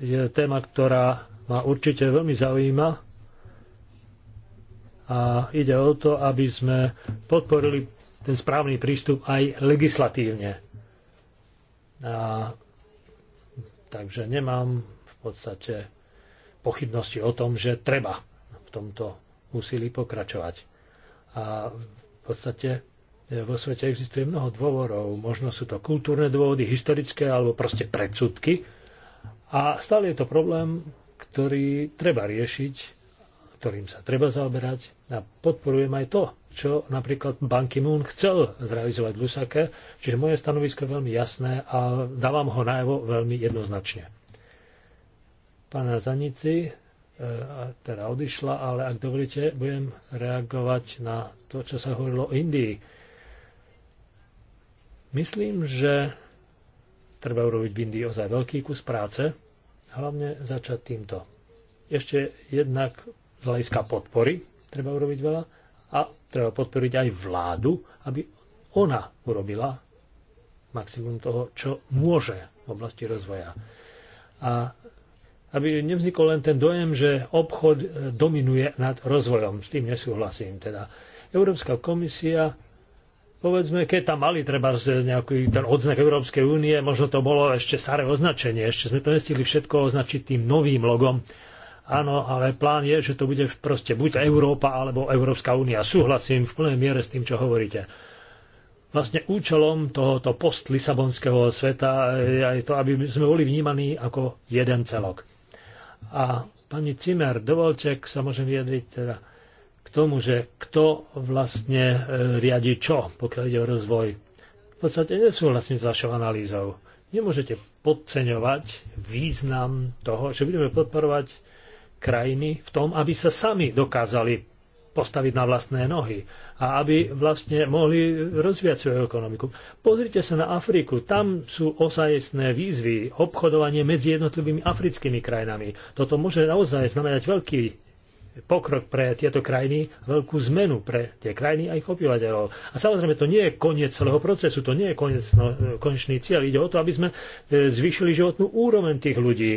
je téma, ktorá ma určite veľmi zaujíma. A ide o to, aby sme podporili ten správny prístup aj legislatívne. A, takže nemám v podstate pochybnosti o tom, že treba v tomto úsilí pokračovať. A v podstate E, vo svete existuje mnoho dôvorov. Možno sú to kultúrne dôvody, historické alebo proste predsudky. A stále je to problém, ktorý treba riešiť, ktorým sa treba zaoberať. A podporujem aj to, čo napríklad Ban Ki-moon chcel zrealizovať v Lusake. Čiže moje stanovisko je veľmi jasné a dávam ho najavo veľmi jednoznačne. Pána Zanici, e, teda odišla, ale ak dovolíte, budem reagovať na to, čo sa hovorilo o Indii. Myslím, že treba urobiť v Indii ozaj veľký kus práce, hlavne začať týmto. Ešte jednak z hľadiska podpory treba urobiť veľa a treba podporiť aj vládu, aby ona urobila maximum toho, čo môže v oblasti rozvoja. A aby nevznikol len ten dojem, že obchod dominuje nad rozvojom. S tým nesúhlasím. Teda Európska komisia povedzme, keď tam mali treba nejaký ten odznak Európskej únie, možno to bolo ešte staré označenie, ešte sme to nestihli všetko označiť tým novým logom. Áno, ale plán je, že to bude proste buď Európa alebo Európska únia. Súhlasím v plnej miere s tým, čo hovoríte. Vlastne účelom tohoto post-Lisabonského sveta je aj to, aby sme boli vnímaní ako jeden celok. A pani Cimer, dovolte, ak sa môžem vyjadriť teda tomu, že kto vlastne e, riadi čo, pokiaľ ide o rozvoj. V podstate nesúhlasím s vašou analýzou. Nemôžete podceňovať význam toho, že budeme podporovať krajiny v tom, aby sa sami dokázali postaviť na vlastné nohy a aby vlastne mohli rozvíjať svoju ekonomiku. Pozrite sa na Afriku. Tam sú osajestné výzvy, obchodovanie medzi jednotlivými africkými krajinami. Toto môže naozaj znamenať veľký pokrok pre tieto krajiny, veľkú zmenu pre tie krajiny a ich obyvateľov. A samozrejme, to nie je koniec celého procesu, to nie je koniec, no, konečný cieľ. Ide o to, aby sme e, zvýšili životnú úroveň tých ľudí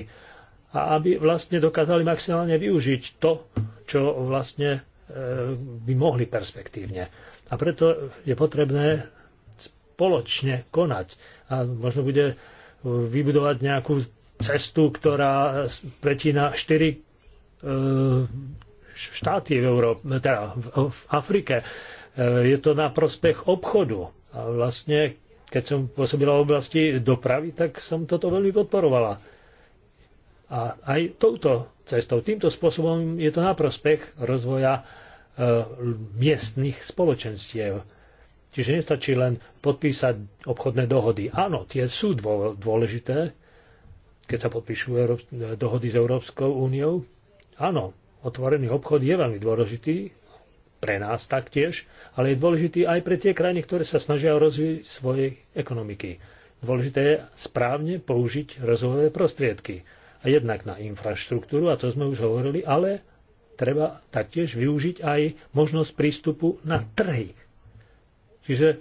a aby vlastne dokázali maximálne využiť to, čo vlastne e, by mohli perspektívne. A preto je potrebné spoločne konať. A možno bude vybudovať nejakú cestu, ktorá pretína štyri e, štáty v, Európe, teda v Afrike. E, je to na prospech obchodu. A vlastne, keď som pôsobila v oblasti dopravy, tak som toto veľmi podporovala. A aj touto cestou, týmto spôsobom je to na prospech rozvoja e, miestnych spoločenstiev. Čiže nestačí len podpísať obchodné dohody. Áno, tie sú dôležité, keď sa podpíšu dohody s Európskou úniou. Áno, otvorený obchod je veľmi dôležitý, pre nás taktiež, ale je dôležitý aj pre tie krajiny, ktoré sa snažia o rozvoj svojej ekonomiky. Dôležité je správne použiť rozvojové prostriedky. A jednak na infraštruktúru, a to sme už hovorili, ale treba taktiež využiť aj možnosť prístupu na trhy. Čiže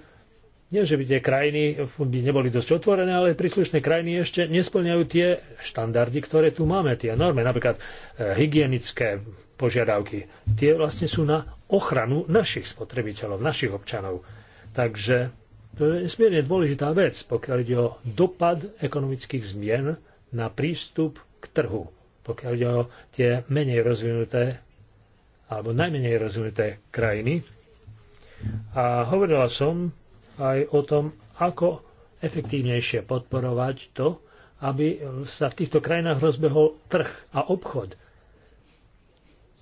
nie, že by tie krajiny eh, by neboli dosť otvorené, ale príslušné krajiny ešte nesplňajú tie štandardy, ktoré tu máme, tie normy, napríklad eh, hygienické požiadavky. Tie vlastne sú na ochranu našich spotrebiteľov, našich občanov. Takže to je nesmierne dôležitá vec, pokiaľ ide o dopad ekonomických zmien na prístup k trhu, pokiaľ ide o tie menej rozvinuté alebo najmenej rozvinuté krajiny. A hovorila som aj o tom, ako efektívnejšie podporovať to, aby sa v týchto krajinách rozbehol trh a obchod.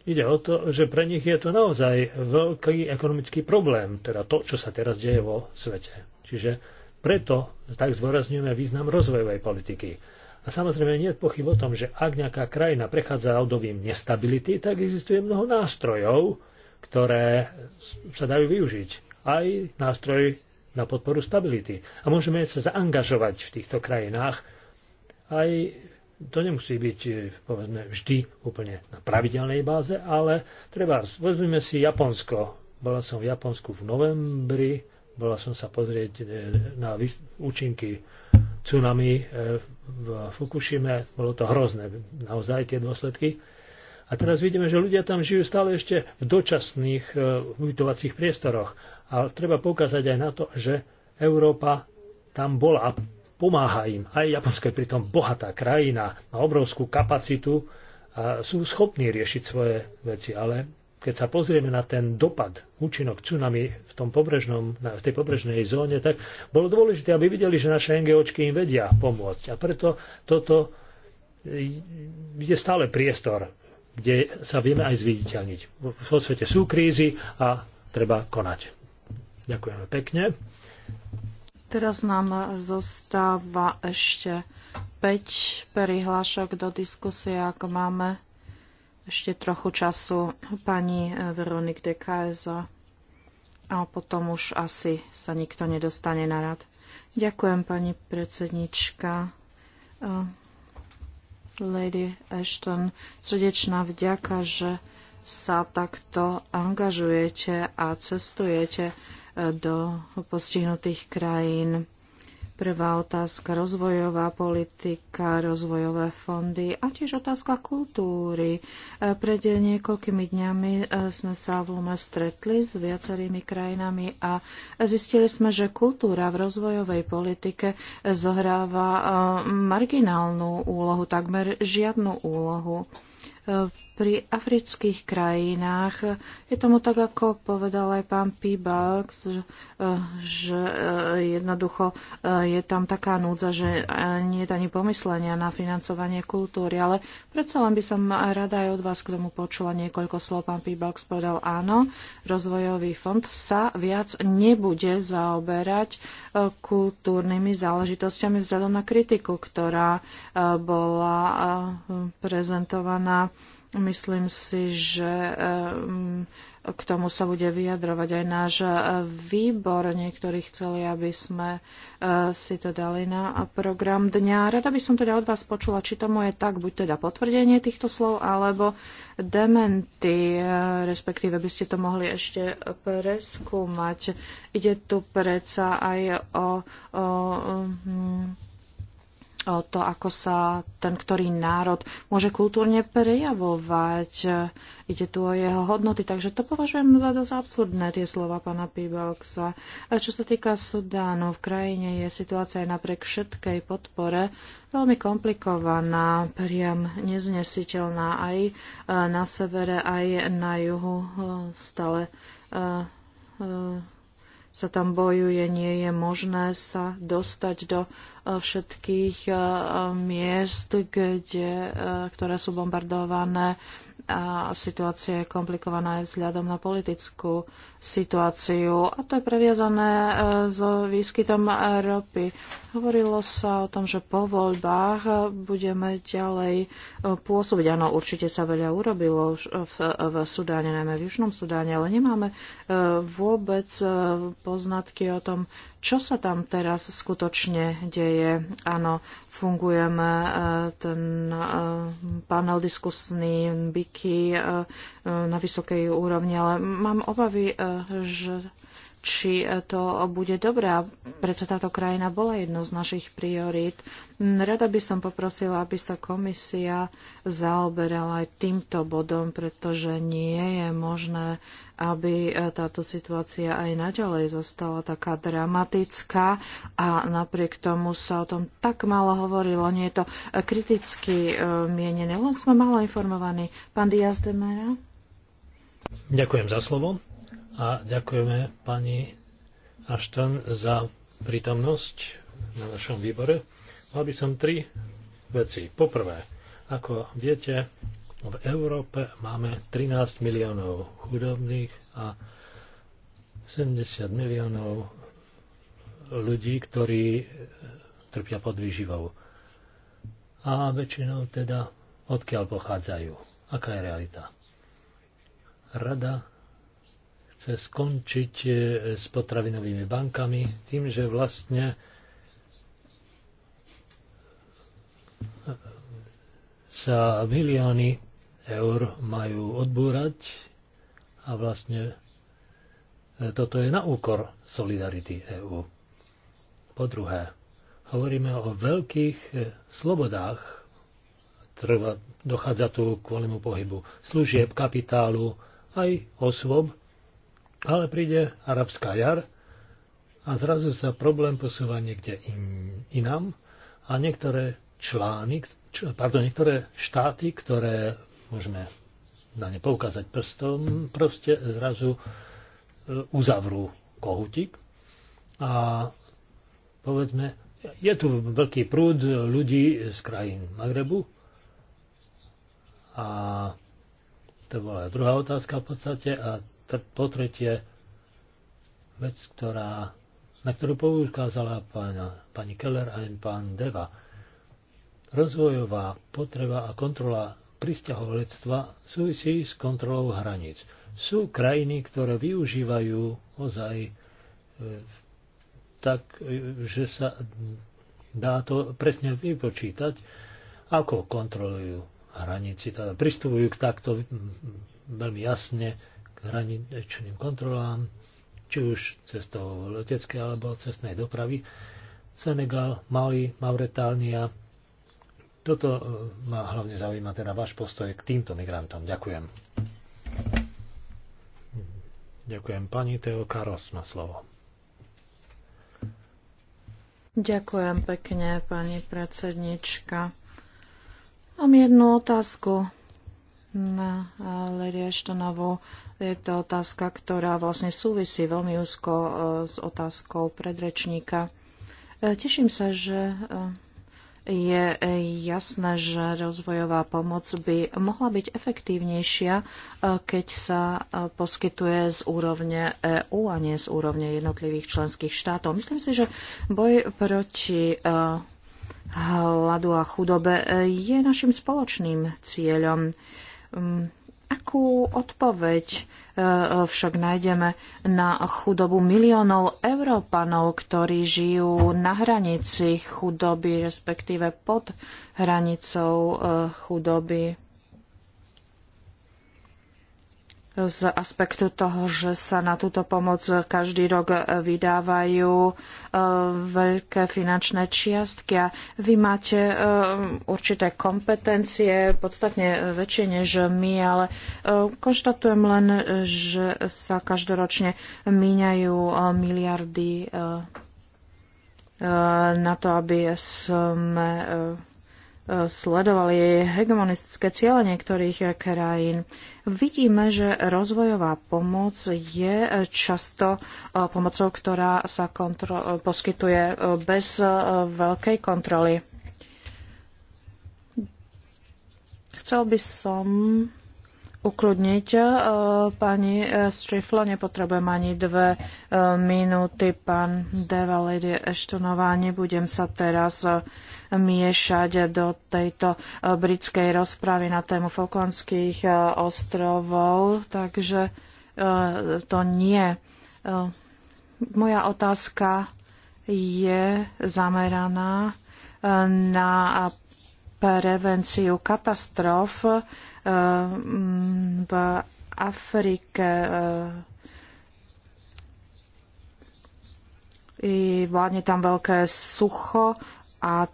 Ide o to, že pre nich je to naozaj veľký ekonomický problém, teda to, čo sa teraz deje vo svete. Čiže preto tak zdôrazňujeme význam rozvojovej politiky. A samozrejme nie je pochyb o tom, že ak nejaká krajina prechádza obdobím nestability, tak existuje mnoho nástrojov, ktoré sa dajú využiť. Aj nástroj na podporu stability. A môžeme sa zaangažovať v týchto krajinách. Aj to nemusí byť e, povedzme, vždy úplne na pravidelnej báze, ale treba, vezmeme si Japonsko. Bola som v Japonsku v novembri, bola som sa pozrieť e, na účinky tsunami e, v Fukushime. Bolo to hrozné, naozaj tie dôsledky. A teraz vidíme, že ľudia tam žijú stále ešte v dočasných ubytovacích priestoroch ale treba poukázať aj na to, že Európa tam bola a pomáha im. Aj Japonsko je pritom bohatá krajina, má obrovskú kapacitu a sú schopní riešiť svoje veci, ale keď sa pozrieme na ten dopad, účinok tsunami v, tom pobrežnom, v tej pobrežnej zóne, tak bolo dôležité, aby videli, že naše NGOčky im vedia pomôcť. A preto toto je stále priestor, kde sa vieme aj zviditeľniť. Vo svete sú krízy a treba konať. Ďakujeme pekne. Teraz nám zostáva ešte 5 prihlášok do diskusie, ak máme ešte trochu času pani eh, Veronik de a potom už asi sa nikto nedostane na rad. Ďakujem, pani predsednička. Eh, Lady Ashton, srdečná vďaka, že sa takto angažujete a cestujete do postihnutých krajín. Prvá otázka rozvojová politika, rozvojové fondy a tiež otázka kultúry. E, pred niekoľkými dňami e, sme sa v Lume stretli s viacerými krajinami a zistili sme, že kultúra v rozvojovej politike zohráva e, marginálnu úlohu, takmer žiadnu úlohu pri afrických krajinách. Je tomu tak, ako povedal aj pán Pibalx, že eh, eh, jednoducho eh, je tam taká núdza, že nie je ani pomyslenia na financovanie kultúry, ale predsa len by som rada aj od vás k tomu počula niekoľko slov. Pán Pibalx povedal áno, rozvojový fond sa viac nebude zaoberať kultúrnymi záležitosťami vzhľadom na kritiku, ktorá bola prezentovaná Myslím si, že eh, k tomu sa bude vyjadrovať aj náš eh, výbor. Niektorí chceli, aby sme eh, si to dali na program dňa. Rada by som teda od vás počula, či tomu je tak, buď teda potvrdenie týchto slov, alebo dementy, respektíve by ste to mohli ešte preskúmať. Ide tu predsa aj o, o, o mm, o to, ako sa ten ktorý národ môže kultúrne prejavovať. Ide tu o jeho hodnoty, takže to považujem za dosť absurdné, tie slova pána Pibalksa. A čo sa týka Sudánu, v krajine je situácia aj napriek všetkej podpore veľmi komplikovaná, priam neznesiteľná aj e, na severe, aj na juhu e, stále e, sa tam bojuje, nie je možné sa dostať do e, všetkých e, miest, kde, e, ktoré sú bombardované a situácia je komplikovaná aj vzhľadom na politickú situáciu. A to je previazané s výskytom ropy. Hovorilo sa o tom, že po voľbách eh, budeme ďalej eh, pôsobiť. Áno, určite sa veľa urobilo v, v Sudáne, najmä v Južnom Sudáne, ale nemáme eh, vôbec poznatky o tom, čo sa tam teraz skutočne deje. Áno, fungujeme ten panel diskusný BIKY na vysokej úrovni, ale mám obavy, že či to bude dobré. A prečo táto krajina bola jednou z našich priorít. Mm, Rada by som poprosila, aby sa komisia zaoberala aj týmto bodom, pretože nie je možné, aby e, táto situácia aj naďalej zostala taká dramatická a napriek tomu sa o tom tak málo hovorilo. Nie je to e, kriticky e, mienené, len sme málo informovaní. Pán Diaz de Mera? Ďakujem za slovo a ďakujeme pani Ashton za prítomnosť na našom výbore. Mal by som tri veci. Poprvé, ako viete, v Európe máme 13 miliónov chudobných a 70 miliónov ľudí, ktorí trpia pod výživou. A väčšinou teda odkiaľ pochádzajú? Aká je realita? Rada chce skončiť e, s potravinovými bankami tým, že vlastne e, sa milióny eur majú odbúrať a vlastne e, toto je na úkor solidarity EÚ. Po druhé, hovoríme o veľkých slobodách. Trva, dochádza tu k voľnému pohybu služieb, kapitálu, aj osôb, ale príde arabská jar a zrazu sa problém posúva niekde in, inám a niektoré člány, pardon, niektoré štáty, ktoré môžeme na ne poukázať prstom, proste zrazu e, uzavrú kohutík a povedzme, je tu veľký prúd ľudí z krajín Magrebu a to bola druhá otázka v podstate a po tretie, vec, ktorá, na ktorú poukázala pána, pani Keller a pán Deva. Rozvojová potreba a kontrola pristahovalectva súvisí s kontrolou hraníc. Sú krajiny, ktoré využívajú ozaj e, tak, e, že sa dá to presne vypočítať, ako kontrolujú hranici, teda pristupujú k takto veľmi jasne hraničným kontrolám, či už cestou leteckej alebo cestnej dopravy. Senegal, Mali, Mauretánia. Toto e, ma hlavne zaujíma teda váš postoj k týmto migrantom. Ďakujem. Ďakujem. Pani Teo Karos má slovo. Ďakujem pekne, pani predsednička. Mám jednu otázku na Lady Ashtonovú. Je to otázka, ktorá vlastne súvisí veľmi úzko e, s otázkou predrečníka. E, teším sa, že e, je jasné, že rozvojová pomoc by mohla byť efektívnejšia, keď sa poskytuje z úrovne EÚ a nie z úrovne jednotlivých členských štátov. Myslím si, že boj proti hladu a chudobe je našim spoločným cieľom. Hm, akú odpoveď e, e, však nájdeme na chudobu miliónov Európanov, ktorí žijú na hranici chudoby, respektíve pod hranicou e, chudoby? z aspektu toho, že sa na túto pomoc každý rok vydávajú e, veľké finančné čiastky a vy máte e, určité kompetencie, podstatne väčšie než my, ale e, konštatujem len, že sa každoročne míňajú miliardy na to, aby sme sledovali hegemonistické ciele niektorých krajín. Vidíme, že rozvojová pomoc je často e, pomocou, ktorá sa e, poskytuje e, bez veľkej kontroly. Chcel by som ukludniť. E, pani Strifla, e, nepotrebujem ani dve e, minúty. Pán Deva, Lady Eštonová, nebudem sa teraz miešať do tejto britskej rozpravy na tému Falklandských ostrovov, takže to nie. Moja otázka je zameraná na prevenciu katastrof eh, v Afrike. Eh, I vládne tam veľké sucho a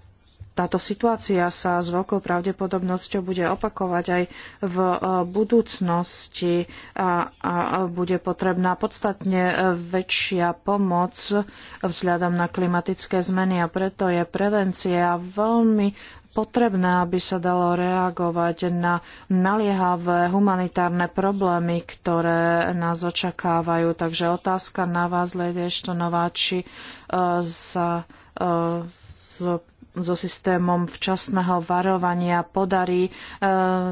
táto situácia sa s veľkou pravdepodobnosťou bude opakovať aj v eh, budúcnosti a, a bude potrebná podstatne väčšia pomoc vzhľadom na klimatické zmeny a preto je prevencia veľmi potrebné, aby sa dalo reagovať na naliehavé humanitárne problémy, ktoré nás očakávajú. Takže otázka na vás, lede Eštonová, či eh, sa eh, z so systémom včasného varovania podarí e,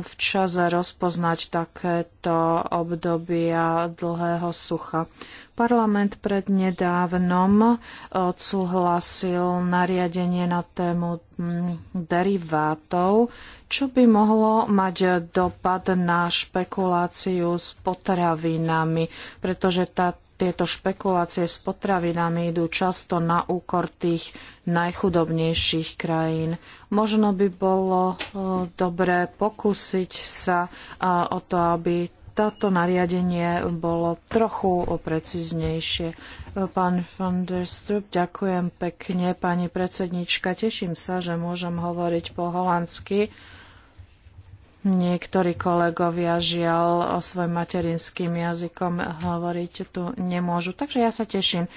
včas rozpoznať takéto obdobia dlhého sucha. Parlament prednedávnom odsúhlasil nariadenie na tému mm, derivátov, čo by mohlo mať dopad na špekuláciu s potravinami, pretože táto tieto špekulácie s potravinami idú často na úkor tých najchudobnejších krajín. Možno by bolo e, dobré pokúsiť sa e, o to, aby táto nariadenie bolo trochu preciznejšie. E, pán van der Strup, ďakujem pekne, pani predsednička. Teším sa, že môžem hovoriť po holandsky Niektorí kolegovia žiaľ o svojim materinským jazykom hovoriť tu nemôžu. Takže ja sa teším. E,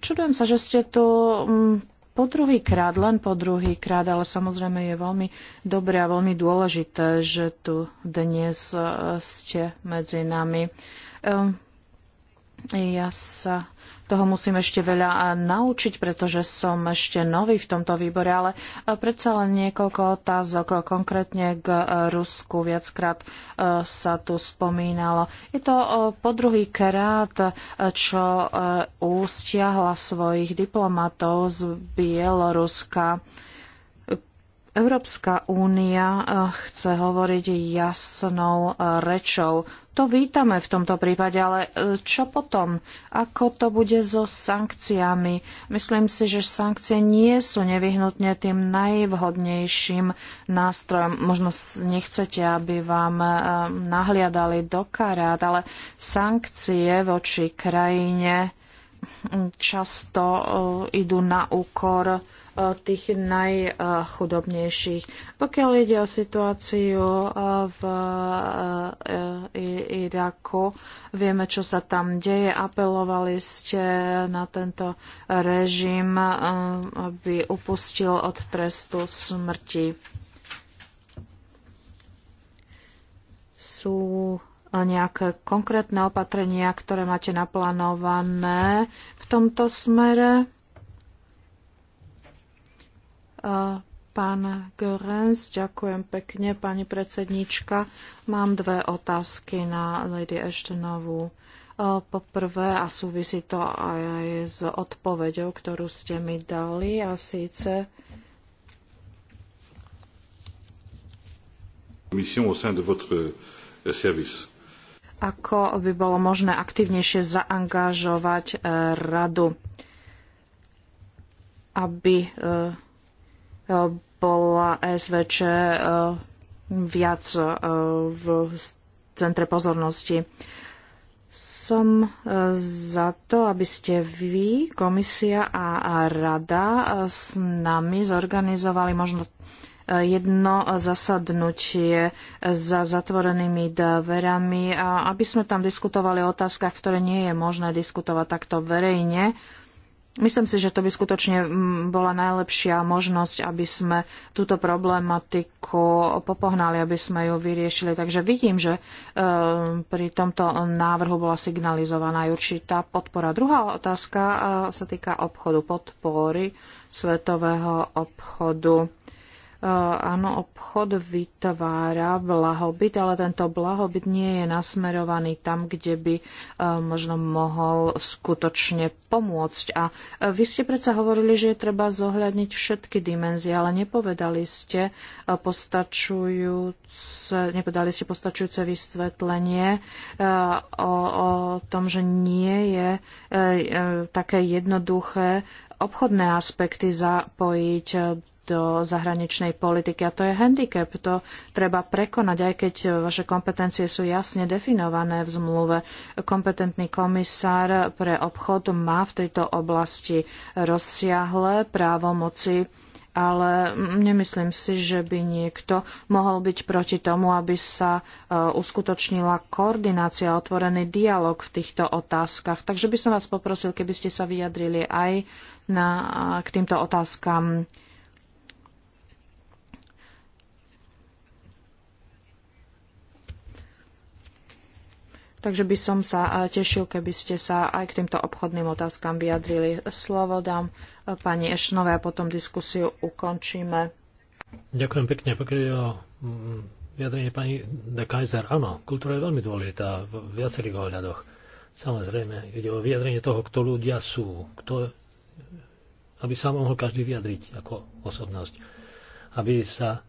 čudujem sa, že ste tu mm, po druhý krát, len po druhý krát, ale samozrejme je veľmi dobré a veľmi dôležité, že tu dnes e, ste medzi nami. E, ja sa toho musím ešte veľa naučiť, pretože som ešte nový v tomto výbore, ale e, predsa len niekoľko otázok e, konkrétne k e, Rusku. Viackrát sa tu spomínalo. Je to po druhý krát, čo ústiahla svojich diplomatov z Bieloruska. Európska únia eh, chce hovoriť jasnou eh, rečou. To vítame v tomto prípade, ale eh, čo potom? Ako to bude so sankciami? Myslím si, že sankcie nie sú nevyhnutne tým najvhodnejším nástrojom. Možno nechcete, aby vám nahliadali do karát, ale sankcie voči krajine mm, často idú na úkor tých najchudobnejších. Pokiaľ ide o situáciu v Iraku, vieme, čo sa tam deje. Apelovali ste na tento režim, aby upustil od trestu smrti. Sú nejaké konkrétne opatrenia, ktoré máte naplánované v tomto smere? Pán Görens, ďakujem pekne, pani predsednička. Mám dve otázky na Lady Eštenovú. E, poprvé, a súvisí to aj s odpoveďou, ktorú ste mi dali, a síce... Euh, Ako by bolo možné aktívnejšie zaangažovať e, radu, aby e, bola SVČ e, viac e, v centre pozornosti. Som e, za to, aby ste vy, komisia a rada s nami zorganizovali možno jedno zasadnutie za zatvorenými dverami, aby sme tam diskutovali o otázkach, ktoré nie je možné diskutovať takto verejne Myslím si, že to by skutočne mm, bola najlepšia možnosť, aby sme túto problematiku popohnali, aby sme ju vyriešili. Takže vidím, že e, pri tomto návrhu bola signalizovaná aj určitá podpora. Druhá otázka e, sa týka obchodu podpory svetového obchodu. Eh, áno, obchod vytvára blahobyt, ale tento blahobyt nie je nasmerovaný tam, kde by eh, možno mohol skutočne pomôcť. A eh, vy ste predsa hovorili, že je treba zohľadniť všetky dimenzie, ale nepovedali ste postačujúce, nepovedali ste postačujúce vysvetlenie o, o tom, že nie je také jednoduché obchodné aspekty zapojiť do zahraničnej politiky. A to je handicap, to treba prekonať, aj keď vaše kompetencie sú jasne definované v zmluve. Kompetentný komisár pre obchod má v tejto oblasti rozsiahle právomoci ale nemyslím si, že by niekto mohol byť proti tomu, aby sa e, uskutočnila koordinácia, otvorený dialog v týchto otázkach. Takže by som vás poprosil, keby ste sa vyjadrili aj na, k týmto otázkam Takže by som sa eh, tešil, keby ste sa aj k týmto obchodným otázkam vyjadrili. Slovo dám eh, pani Ešnovej a potom diskusiu ukončíme. Ďakujem pekne. Pokiaľ je o mm, vyjadrenie pani de Kaiser, áno, kultúra je veľmi dôležitá v viacerých ohľadoch. Samozrejme, ide o vyjadrenie toho, kto ľudia sú, kto, aby sa mohol každý vyjadriť ako osobnosť, aby sa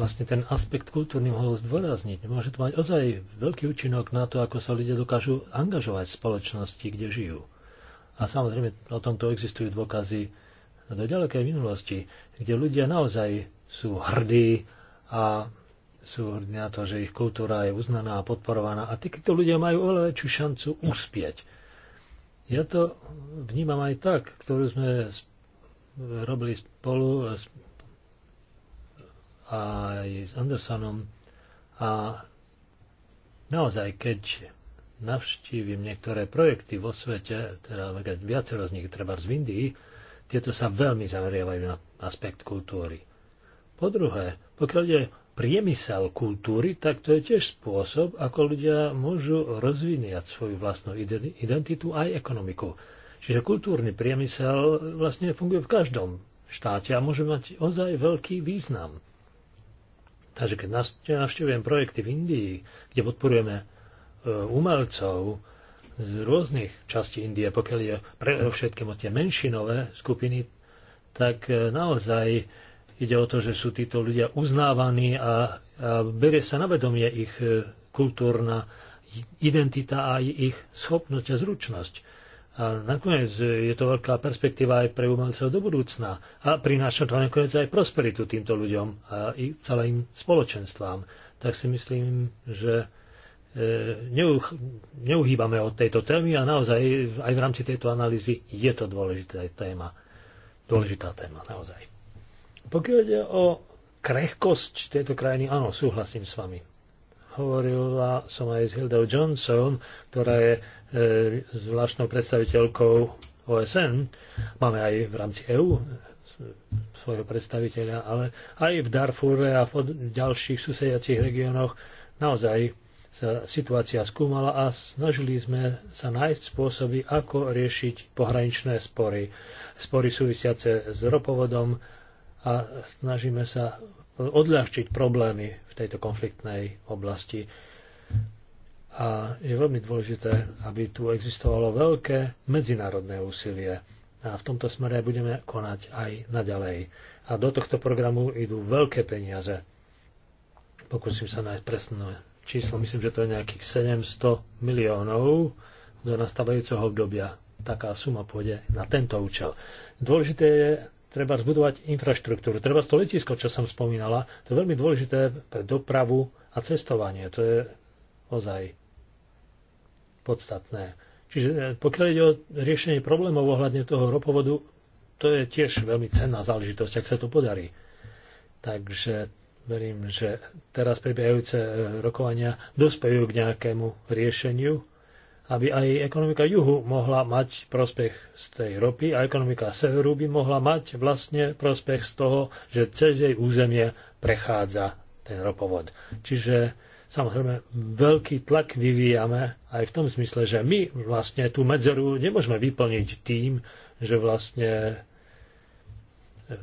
vlastne ten aspekt kultúrny mohol zdôrazniť. Môže to mať ozaj veľký účinok na to, ako sa ľudia dokážu angažovať v spoločnosti, kde žijú. A samozrejme, o tomto existujú dôkazy do ďalekej minulosti, kde ľudia naozaj sú hrdí a sú hrdí na to, že ich kultúra je uznaná a podporovaná. A títo ľudia majú oveľa väčšiu šancu uspieť. Ja to vnímam aj tak, ktorú sme robili spolu aj s Andersonom. A naozaj, keď navštívim niektoré projekty vo svete, teda viacero z nich treba z Indii, tieto sa veľmi zameriavajú na aspekt kultúry. Po druhé, pokiaľ je priemysel kultúry, tak to je tiež spôsob, ako ľudia môžu rozvíjať svoju vlastnú identitu aj ekonomiku. Čiže kultúrny priemysel vlastne funguje v každom štáte a môže mať ozaj veľký význam. Takže keď navštevujem projekty v Indii, kde podporujeme e, umelcov z rôznych častí Indie, pokiaľ je predovšetkým o tie menšinové skupiny, tak e, naozaj ide o to, že sú títo ľudia uznávaní a, a berie sa na vedomie ich e, kultúrna identita a ich schopnosť a zručnosť. A nakoniec e, je to veľká perspektíva aj pre umelcov do budúcna. A prináša to nakoniec aj prosperitu týmto ľuďom a i celým spoločenstvám. Tak si myslím, že e, neuch- neuhýbame od tejto témy a naozaj aj v rámci tejto analýzy je to dôležitá téma. Dôležitá téma, naozaj. Pokiaľ ide o krehkosť tejto krajiny, áno, súhlasím s vami. Hovorila som aj s Hildou Johnson, ktorá je E, zvláštnou predstaviteľkou OSN. Máme aj v rámci EÚ svojho predstaviteľa, ale aj v Darfúre a v ďalších susediacich regiónoch naozaj sa situácia skúmala a snažili sme sa nájsť spôsoby, ako riešiť pohraničné spory. Spory súvisiace s ropovodom a snažíme sa odľahčiť problémy v tejto konfliktnej oblasti a je veľmi dôležité, aby tu existovalo veľké medzinárodné úsilie. A v tomto smere budeme konať aj naďalej. A do tohto programu idú veľké peniaze. Pokúsim sa nájsť presné číslo. Myslím, že to je nejakých 700 miliónov do nastavajúceho obdobia. Taká suma pôjde na tento účel. Dôležité je treba zbudovať infraštruktúru. Treba to letisko, čo som spomínala, to je veľmi dôležité pre dopravu a cestovanie. To je ozaj podstatné. Čiže e, pokiaľ ide o riešenie problémov ohľadne toho ropovodu, to je tiež veľmi cenná záležitosť, ak sa to podarí. Takže verím, že teraz prebiehajúce e, rokovania dospejú k nejakému riešeniu, aby aj ekonomika juhu mohla mať prospech z tej ropy a ekonomika severu by mohla mať vlastne prospech z toho, že cez jej územie prechádza ten ropovod. Čiže samozrejme veľký tlak vyvíjame aj v tom zmysle, že my vlastne tú medzeru nemôžeme vyplniť tým, že vlastne e,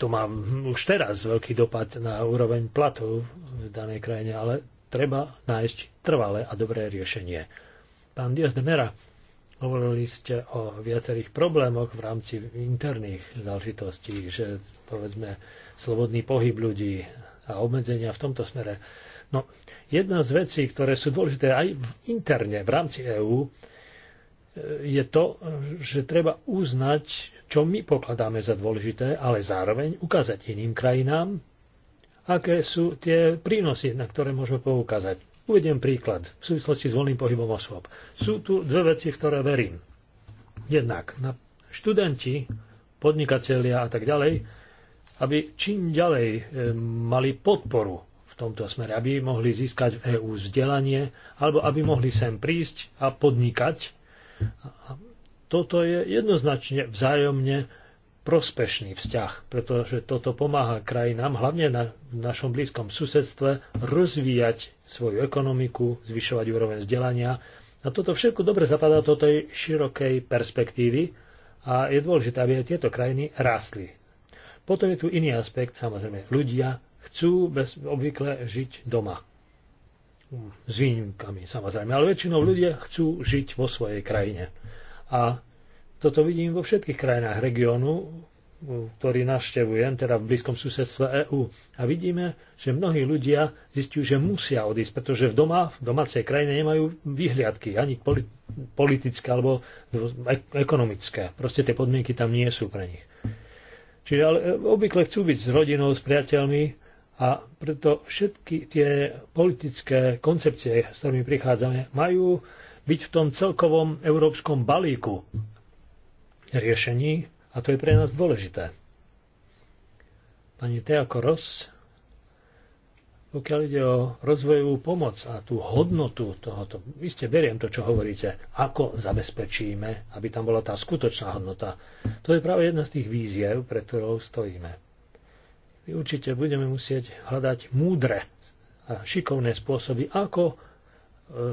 to má už teraz veľký dopad na úroveň platov v danej krajine, ale treba nájsť trvalé a dobré riešenie. Pán Diaz de Mera, hovorili ste o viacerých problémoch v rámci interných záležitostí, že povedzme slobodný pohyb ľudí a obmedzenia v tomto smere. No, jedna z vecí, ktoré sú dôležité aj v interne, v rámci EÚ, e, je to, že treba uznať, čo my pokladáme za dôležité, ale zároveň ukázať iným krajinám, aké sú tie prínosy, na ktoré môžeme poukázať. Uvediem príklad v súvislosti s voľným pohybom osôb. Sú tu dve veci, v ktoré verím. Jednak na študenti, podnikatelia a tak ďalej, aby čím ďalej e, mali podporu tomto smere, aby mohli získať v EÚ vzdelanie, alebo aby mohli sem prísť a podnikať. Toto je jednoznačne vzájomne prospešný vzťah, pretože toto pomáha krajinám, hlavne na, v našom blízkom susedstve, rozvíjať svoju ekonomiku, zvyšovať úroveň vzdelania. A toto všetko dobre zapadá do tej širokej perspektívy a je dôležité, aby aj tieto krajiny rástli. Potom je tu iný aspekt, samozrejme, ľudia, chcú bez, obvykle žiť doma. S výnimkami samozrejme, ale väčšinou ľudia chcú žiť vo svojej krajine. A toto vidím vo všetkých krajinách regiónu, ktorý navštevujem, teda v blízkom susedstve EÚ. A vidíme, že mnohí ľudia zistiu, že musia odísť, pretože v doma, v domácej krajine nemajú vyhliadky, ani politické alebo e-, ekonomické. Proste tie podmienky tam nie sú pre nich. Čiže ale e, obvykle chcú byť s rodinou, s priateľmi, a preto všetky tie politické koncepcie, s ktorými prichádzame, majú byť v tom celkovom európskom balíku riešení a to je pre nás dôležité. Pani Teako Ross, pokiaľ ide o rozvojovú pomoc a tú hodnotu tohoto, vy ste beriem to, čo hovoríte, ako zabezpečíme, aby tam bola tá skutočná hodnota. To je práve jedna z tých víziev, pre ktorou stojíme určite budeme musieť hľadať múdre a šikovné spôsoby, ako e,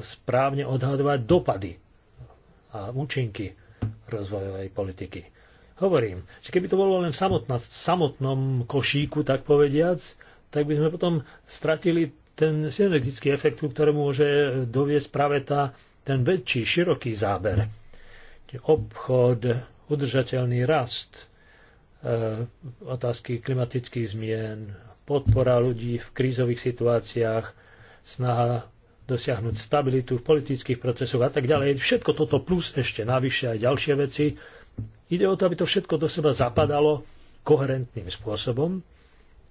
správne odhadovať dopady a účinky rozvojovej politiky. Hovorím, že keby to bolo len v, samotnom košíku, tak povediac, tak by sme potom stratili ten synergický efekt, ktorý môže doviesť práve tá, ten väčší, široký záber. Obchod, udržateľný rast, E, otázky klimatických zmien, podpora ľudí v krízových situáciách, snaha dosiahnuť stabilitu v politických procesoch a tak ďalej. Všetko toto plus ešte navyše aj ďalšie veci. Ide o to, aby to všetko do seba zapadalo koherentným spôsobom,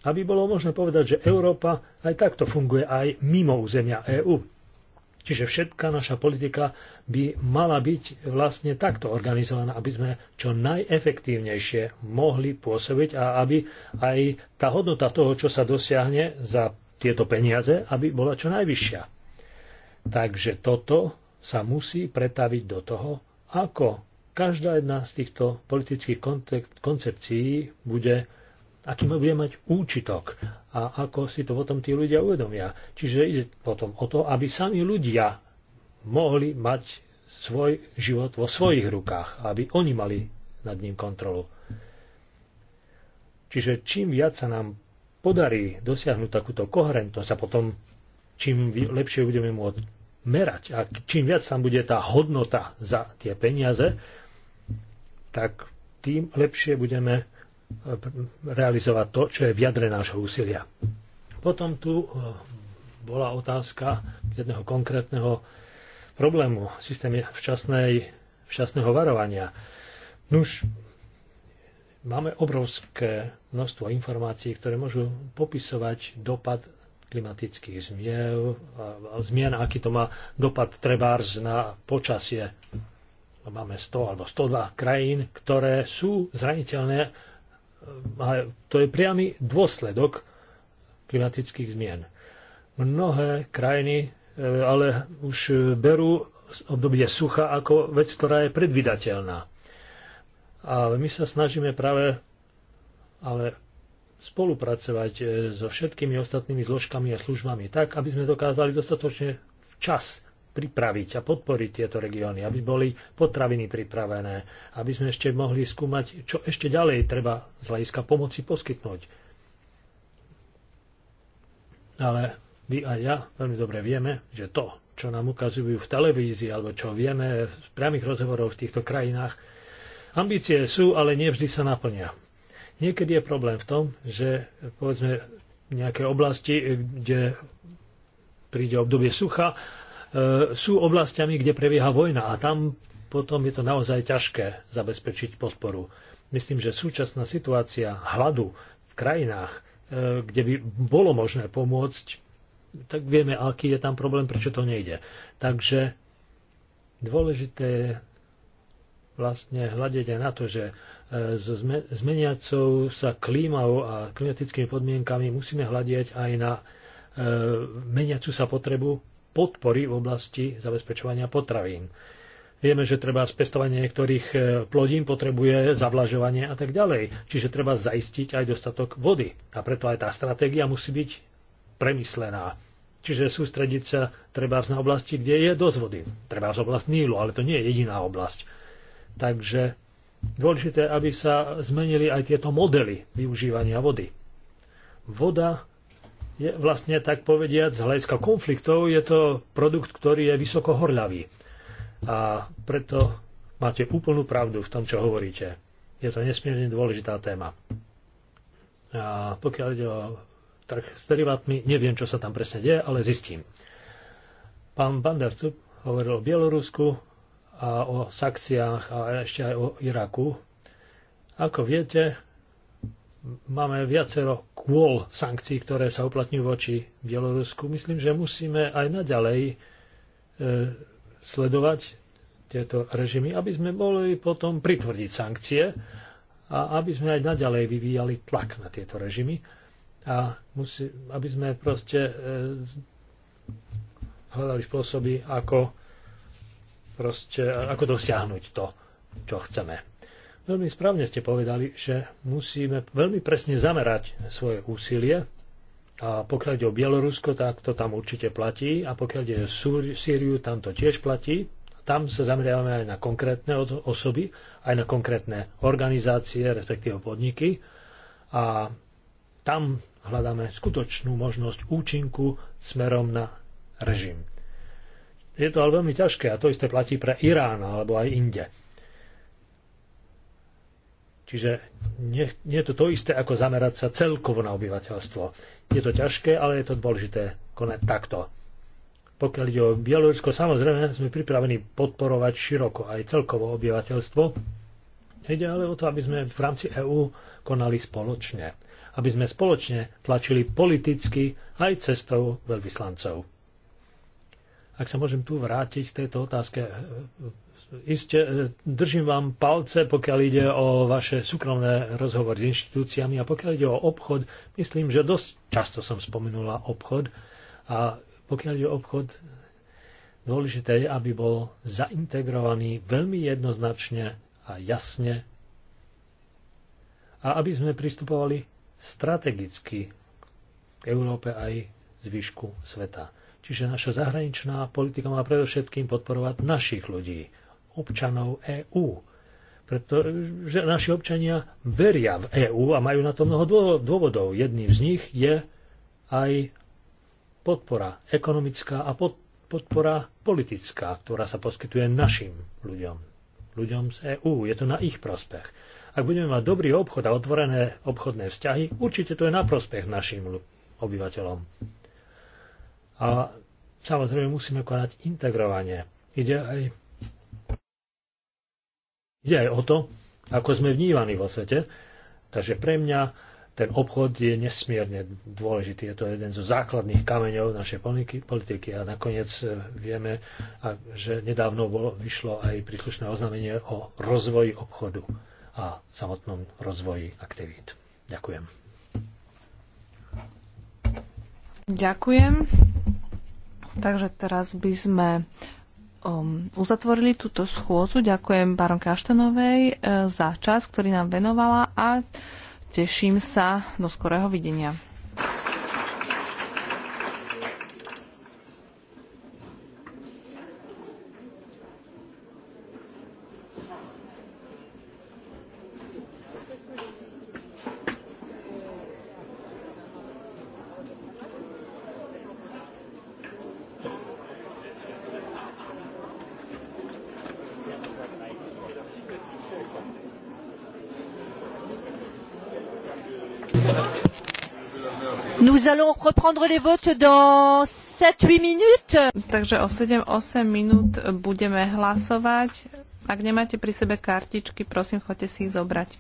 aby bolo možné povedať, že Európa aj takto funguje aj mimo územia EÚ. Čiže všetká naša politika by mala byť vlastne takto organizovaná, aby sme čo najefektívnejšie mohli pôsobiť a aby aj tá hodnota toho, čo sa dosiahne za tieto peniaze, aby bola čo najvyššia. Takže toto sa musí pretaviť do toho, ako každá jedna z týchto politických koncepcií bude aký bude mať účitok a ako si to potom tí ľudia uvedomia. Čiže ide potom o to, aby sami ľudia mohli mať svoj život vo svojich rukách, aby oni mali nad ním kontrolu. Čiže čím viac sa nám podarí dosiahnuť takúto koherentnosť a potom čím lepšie budeme môcť merať a čím viac tam bude tá hodnota za tie peniaze, tak tým lepšie budeme realizovať to, čo je v jadre nášho úsilia. Potom tu e, bola otázka jedného konkrétneho problému v systéme včasnej, včasného varovania. Nuž, máme obrovské množstvo informácií, ktoré môžu popisovať dopad klimatických zmien, zmien aký to má dopad trebárs na počasie. Máme 100 alebo 102 krajín, ktoré sú zraniteľné a to je priamy dôsledok klimatických zmien. Mnohé krajiny e, ale už berú obdobie sucha ako vec, ktorá je predvydateľná. A my sa snažíme práve ale spolupracovať e, so všetkými ostatnými zložkami a službami tak, aby sme dokázali dostatočne včas pripraviť a podporiť tieto regióny, aby boli potraviny pripravené, aby sme ešte mohli skúmať, čo ešte ďalej treba z hľadiska pomoci poskytnúť. Ale vy a ja veľmi dobre vieme, že to, čo nám ukazujú v televízii alebo čo vieme z priamých rozhovorov v týchto krajinách, ambície sú, ale nevždy sa naplnia. Niekedy je problém v tom, že povedzme nejaké oblasti, kde príde obdobie sucha E, sú oblastiami, kde prebieha vojna a tam potom je to naozaj ťažké zabezpečiť podporu. Myslím, že súčasná situácia hladu v krajinách, e, kde by bolo možné pomôcť, tak vieme, aký je tam problém, prečo to nejde. Takže dôležité je vlastne hľadiť aj na to, že e, s zmeniacou sa klímou a klimatickými podmienkami musíme hľadiť aj na meniacu sa potrebu podpory v oblasti zabezpečovania potravín. Vieme, že treba spestovanie niektorých e, plodín potrebuje zavlažovanie a tak ďalej. Čiže treba zaistiť aj dostatok vody. A preto aj tá stratégia musí byť premyslená. Čiže sústrediť sa treba na oblasti, kde je dosť vody. Treba z oblasti Nílu, ale to nie je jediná oblasť. Takže dôležité, aby sa zmenili aj tieto modely využívania vody. Voda je vlastne tak povediať z hľadiska konfliktov je to produkt, ktorý je vysoko horľavý. A preto máte úplnú pravdu v tom, čo hovoríte. Je to nesmierne dôležitá téma. A pokiaľ ide o trh s derivátmi, neviem, čo sa tam presne deje, ale zistím. Pán Bandertup hovoril o Bielorusku a o sankciách a ešte aj o Iraku. Ako viete, máme viacero kôl sankcií, ktoré sa uplatňujú voči Bielorusku. Myslím, že musíme aj naďalej e, sledovať tieto režimy, aby sme mohli potom pritvrdiť sankcie a aby sme aj naďalej vyvíjali tlak na tieto režimy a musí, aby sme proste e, hľadali spôsoby, ako, proste, ako dosiahnuť to, čo chceme. Veľmi správne ste povedali, že musíme veľmi presne zamerať svoje úsilie a pokiaľ ide o Bielorusko, tak to tam určite platí. A pokiaľ ide o Sýriu, tam to tiež platí. Tam sa zameriavame aj na konkrétne osoby, aj na konkrétne organizácie, respektíve podniky. A tam hľadáme skutočnú možnosť účinku smerom na režim. Je to ale veľmi ťažké a to isté platí pre Irán alebo aj inde. Čiže nie, nie je to to isté, ako zamerať sa celkovo na obyvateľstvo. Je to ťažké, ale je to dôležité konať takto. Pokiaľ ide o Bielorusko, samozrejme sme pripravení podporovať široko aj celkovo obyvateľstvo. Ide ale o to, aby sme v rámci EÚ konali spoločne. Aby sme spoločne tlačili politicky aj cestou veľvyslancov. Ak sa môžem tu vrátiť k tejto otázke iste držím vám palce, pokiaľ ide o vaše súkromné rozhovory s inštitúciami a pokiaľ ide o obchod, myslím, že dosť často som spomenula obchod a pokiaľ ide o obchod, dôležité je, aby bol zaintegrovaný veľmi jednoznačne a jasne a aby sme pristupovali strategicky k Európe aj zvyšku sveta. Čiže naša zahraničná politika má predovšetkým podporovať našich ľudí občanov EÚ. Pretože naši občania veria v EÚ a majú na to mnoho dôvodov. Jedným z nich je aj podpora ekonomická a podpora politická, ktorá sa poskytuje našim ľuďom, ľuďom z EÚ. Je to na ich prospech. Ak budeme mať dobrý obchod a otvorené obchodné vzťahy, určite to je na prospech našim obyvateľom. A samozrejme musíme konať integrovanie. Ide aj Ide aj o to, ako sme vnívaní vo svete. Takže pre mňa ten obchod je nesmierne dôležitý. Je to jeden zo základných kameňov našej politiky a nakoniec e, vieme, že nedávno bolo, vyšlo aj príslušné oznámenie o rozvoji obchodu a samotnom rozvoji aktivít. Ďakujem. Ďakujem. Takže teraz by sme um, uzatvorili túto schôdzu. Ďakujem Baron Kaštanovej e, eh, za čas, ktorý nám venovala a teším sa do skorého videnia. prendre les votes dans 7-8 minutes. Takže o 7-8 minút budeme hlasovať. Ak nemáte pri sebe kartičky, prosím, choďte si ich zobrať.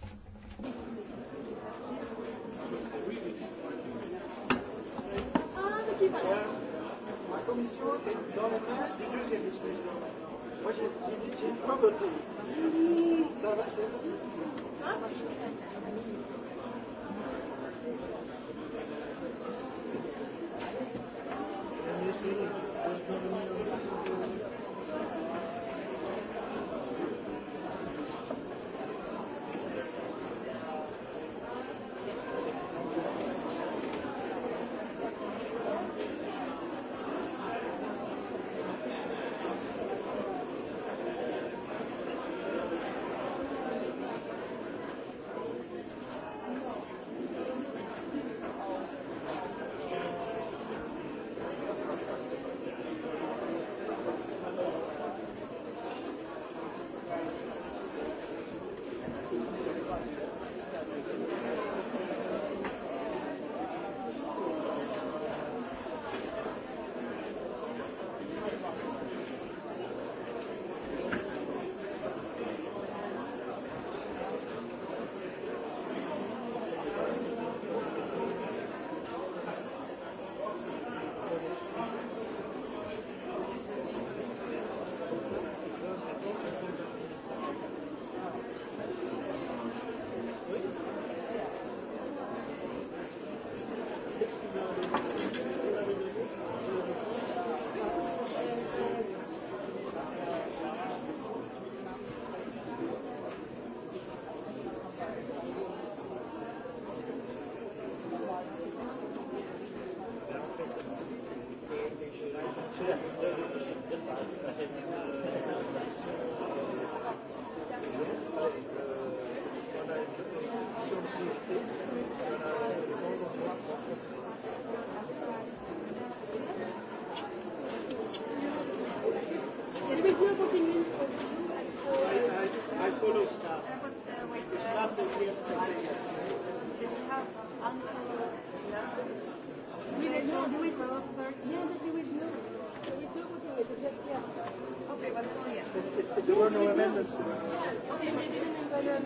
Ah,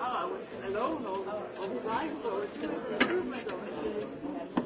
I was alone all, all the time, so it's just an improvement it.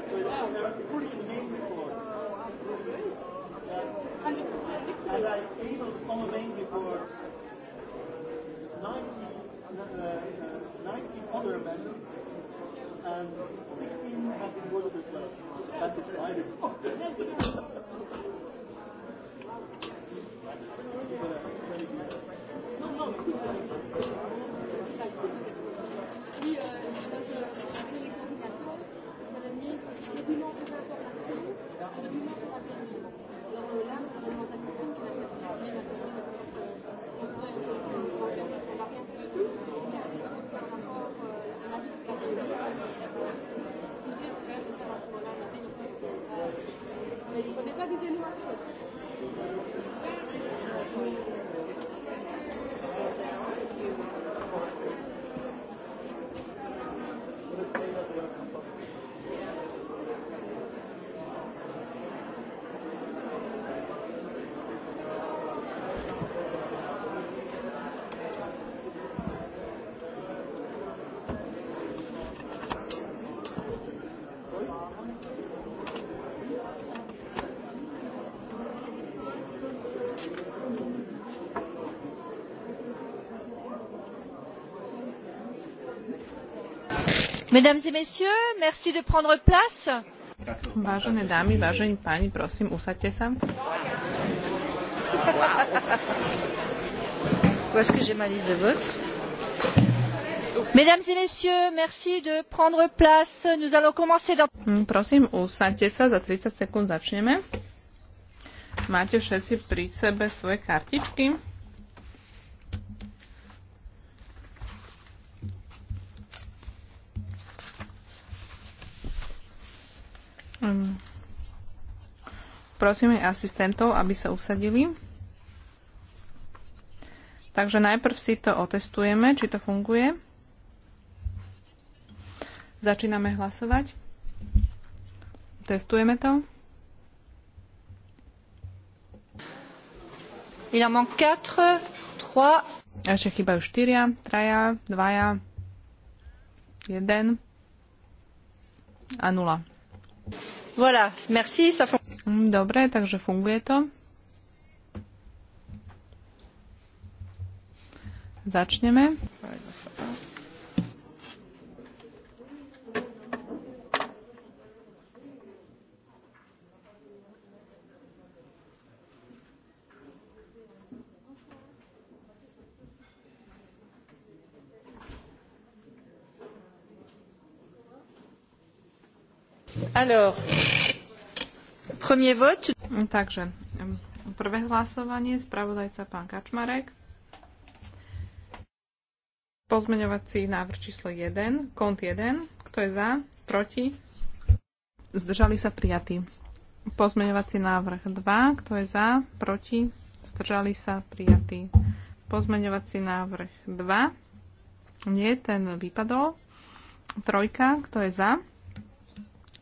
And I emailed on the main reports 90, uh, uh, 19 other amendments and 16 have been voted as well. So that is why they No, no, écoute, oui, euh, je, le bilan des importations et le bilan de la permise. Donc là, nous avons Mesdames et messieurs, merci de prendre place. Vážené dámy, vážení páni, prosím, usaďte sa. Mesdames et messieurs, merci de prendre place. Nous allons commencer dans... Hm, prosím, usaďte sa, za 30 sekúnd začneme. Máte všetci pri sebe svoje kartičky? Prosíme asistentov, aby sa usadili. Takže najprv si to otestujeme, či to funguje. Začíname hlasovať. Testujeme to. Il en manque 4, 3. Ešte chýbajú 4, 3, 2, 1 a 0. Voilà, merci, ça fun- Dobre, takže funguje to. Začneme. Alors, premier vote. Takže prvé hlasovanie, spravodajca pán Kačmarek. Pozmeňovací návrh číslo 1, kont 1. Kto je za? Proti? Zdržali sa prijatí. Pozmeňovací návrh 2. Kto je za? Proti? Zdržali sa prijatí. Pozmeňovací návrh 2. Nie, ten vypadol. Trojka. Kto je za?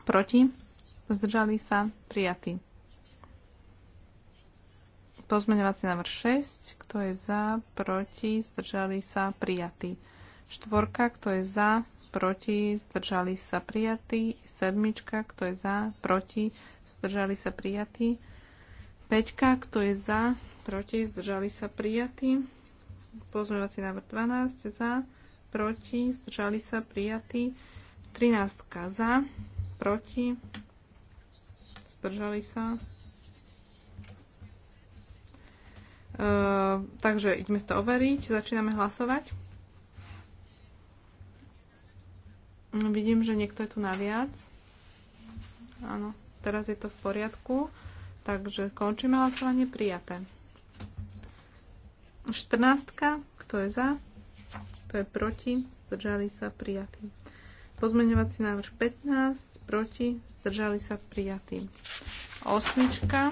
Proti? zdržali sa, prijatí. Pozmeňovací návrh 6, kto je za, proti, zdržali sa, prijatí. Štvorka, kto je za, proti, zdržali sa, prijatí, Sedmička, kto je za, proti, zdržali sa, prijatí. Peťka, kto je za, proti, zdržali sa, prijatí, Pozmeňovací návrh 12, za, proti, zdržali sa, prijatí, 13 za, proti, zdržali sa. E, takže ideme to overiť, začíname hlasovať. Vidím, že niekto je tu naviac. Áno, teraz je to v poriadku. Takže končíme hlasovanie prijaté. 14. Kto je za? Kto je proti? Zdržali sa prijatý. Pozmeňovací návrh 15, proti, zdržali sa prijatí. Osmička,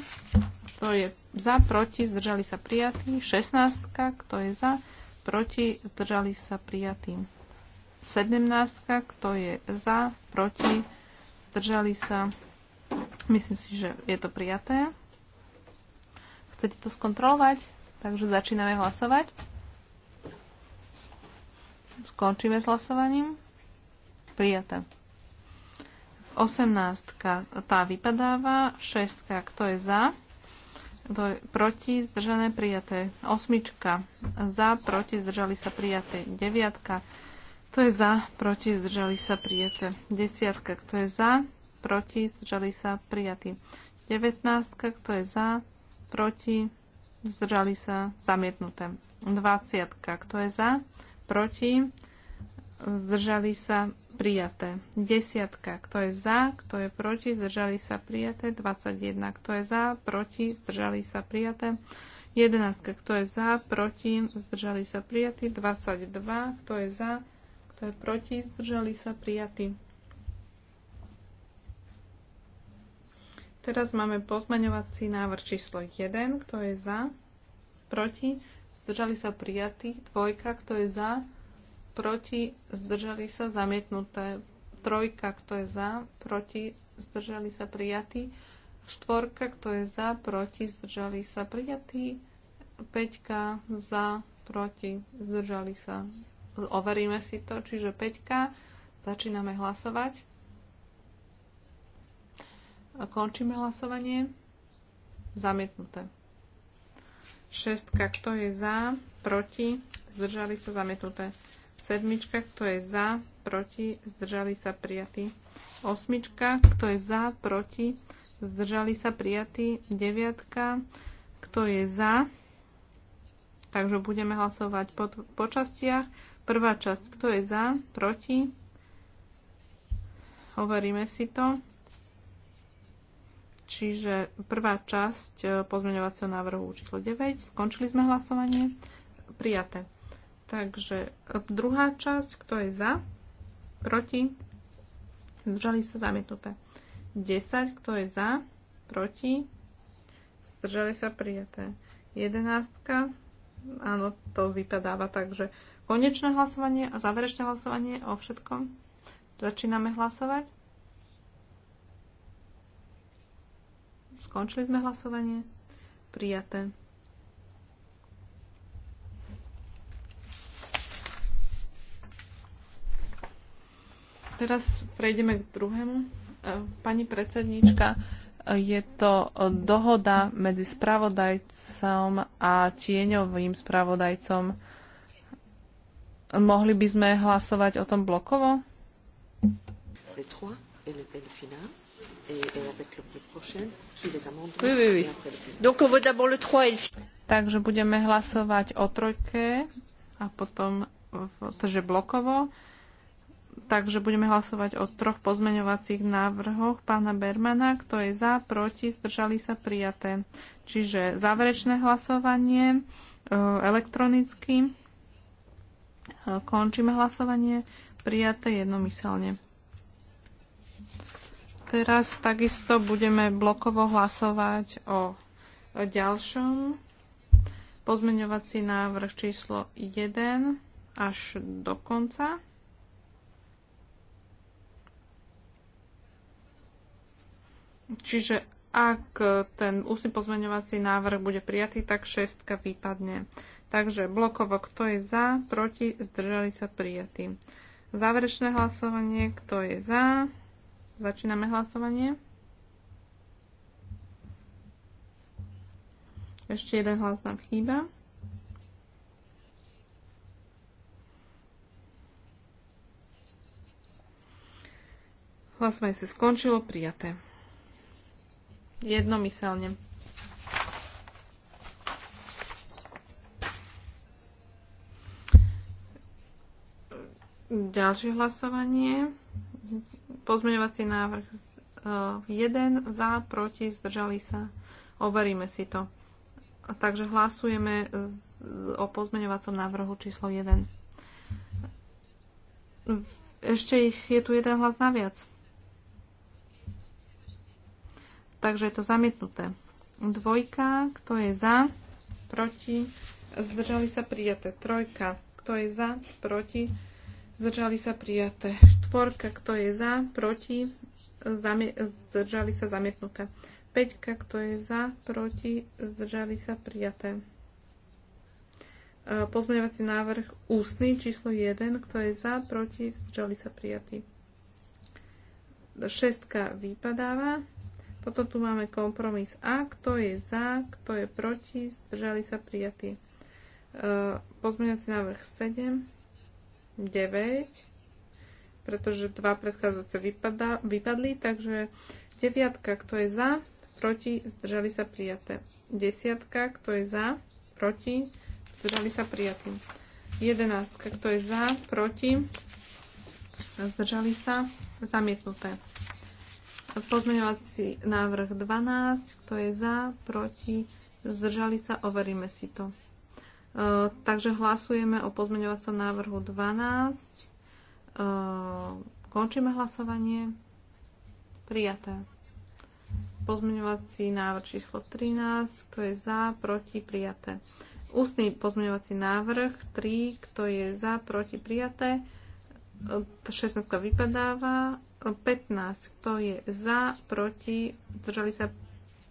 kto je za, proti, zdržali sa prijatí. Šestnáctka, kto je za, proti, zdržali sa prijatí. Sedemnáctka, kto je za, proti, zdržali sa. Myslím si, že je to prijaté. Chcete to skontrolovať? Takže začíname hlasovať. Skončíme s hlasovaním prijatá. 18 tá vypadáva, 6 kto je za, kto je proti, zdržané prijaté. 8 za, proti, zdržali sa prijaté. 9 kto je za, proti, zdržali sa prijaté. 10 kto je za, proti, zdržali sa prijatí. 19 kto je za, proti, zdržali sa zamietnuté. 20 kto je za, proti, zdržali sa prijaté. Desiatka, kto je za, kto je proti, zdržali sa prijaté. 21, kto je za, proti, zdržali sa prijaté. 11, kto je za, proti, zdržali sa prijatí. 22, kto je za, kto je proti, zdržali sa prijatí. Teraz máme pozmeňovací návrh číslo 1, kto je za, proti, zdržali sa prijatí. Dvojka, kto je za, proti, zdržali sa, zamietnuté. Trojka, kto je za, proti, zdržali sa, prijatí. Štvorka, kto je za, proti, zdržali sa, prijatí. Peťka, za, proti, zdržali sa. Overíme si to, čiže peťka. Začíname hlasovať. A končíme hlasovanie. Zamietnuté. Šestka, kto je za, proti, zdržali sa, zamietnuté. Sedmička, kto je za, proti, zdržali sa prijatí. Osmička, kto je za, proti, zdržali sa prijatí. Deviatka, kto je za. Takže budeme hlasovať po, po častiach. Prvá časť, kto je za, proti. Hovoríme si to. Čiže prvá časť eh, pozmeňovacieho návrhu číslo 9. Skončili sme hlasovanie. Prijaté. Takže e, druhá časť, kto je za, proti, zdržali sa zamietnuté. 10, kto je za, proti, zdržali sa prijaté. 11, áno, to vypadáva, takže konečné hlasovanie a záverečné hlasovanie o všetkom. Začíname hlasovať. Skončili sme hlasovanie. Prijaté. Teraz prejdeme k druhému. E, pani predsedníčka, e, je to dohoda medzi spravodajcom a tieňovým spravodajcom. Mohli by sme hlasovať o tom blokovo? Takže budeme hlasovať o trojke a potom, takže blokovo takže budeme hlasovať o troch pozmeňovacích návrhoch pána Bermana, kto je za, proti, zdržali sa prijaté. Čiže záverečné hlasovanie e, elektronicky. E, končíme hlasovanie. Prijaté jednomyselne. Teraz takisto budeme blokovo hlasovať o ďalšom pozmeňovací návrh číslo 1 až do konca. Čiže ak ten ústny pozmeňovací návrh bude prijatý, tak šestka vypadne. Takže blokovo, kto je za, proti, zdržali sa prijatý. Záverečné hlasovanie, kto je za. Začíname hlasovanie. Ešte jeden hlas nám chýba. Hlasovanie sa skončilo, prijaté jednomyselne. Ďalšie hlasovanie. Pozmeňovací návrh 1 eh, za, proti, zdržali sa. Overíme si to. Takže hlasujeme o pozmeňovacom návrhu číslo 1. Ešte je tu jeden hlas naviac. Takže je to zamietnuté. Dvojka, kto je za, proti, zdržali sa prijaté. Trojka, kto je za, proti, zdržali sa prijaté. Štvorka, kto je za, proti, zdržali sa zamietnuté. Peťka, kto je za, proti, zdržali sa prijaté. E, pozmeňovací návrh ústny číslo 1, kto je za, proti, zdržali sa prijatí. Šestka vypadáva. Potom tu máme kompromis A, kto je za, kto je proti, zdržali sa prijatí. E, pozmeňovací návrh 7, 9, pretože dva predchádzajúce vypadli, takže deviatka, kto je za, proti, zdržali sa prijaté. Desiatka, kto je za, proti, zdržali sa prijatí. Jedenástka, kto je za, proti, zdržali sa, zamietnuté. Pozmeňovací návrh 12, kto je za, proti, zdržali sa, overíme si to. E, takže hlasujeme o pozmeňovacom návrhu 12. E, končíme hlasovanie. Prijaté. Pozmeňovací návrh číslo 13, kto je za, proti, prijaté. Ústny pozmeňovací návrh 3, kto je za, proti, prijaté. 16 e, vypadáva 15. Kto je za, proti, zdržali sa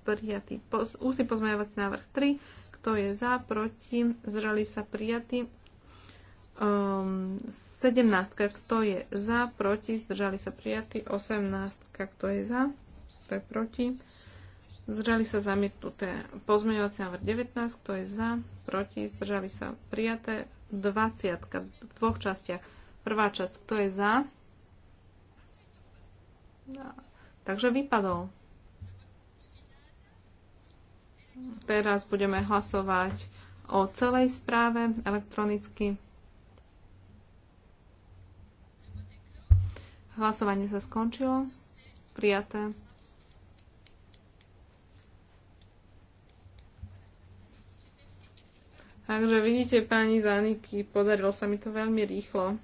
prijatí. Poz, ústny pozmeňovací návrh 3. Kto je za, proti, zdržali sa prijatí. Um, 17. Kto je za, proti, zdržali sa prijatí. 18. Kto je za, kto je proti. Zdržali sa zamietnuté. Pozmeňovací návrh 19. Kto je za, proti, zdržali sa prijaté. 20. V dvoch častiach. Prvá časť, kto je za, No, takže vypadol. Teraz budeme hlasovať o celej správe elektronicky. Hlasovanie sa skončilo. Prijaté. Takže vidíte, pani Zaniky, podarilo sa mi to veľmi rýchlo.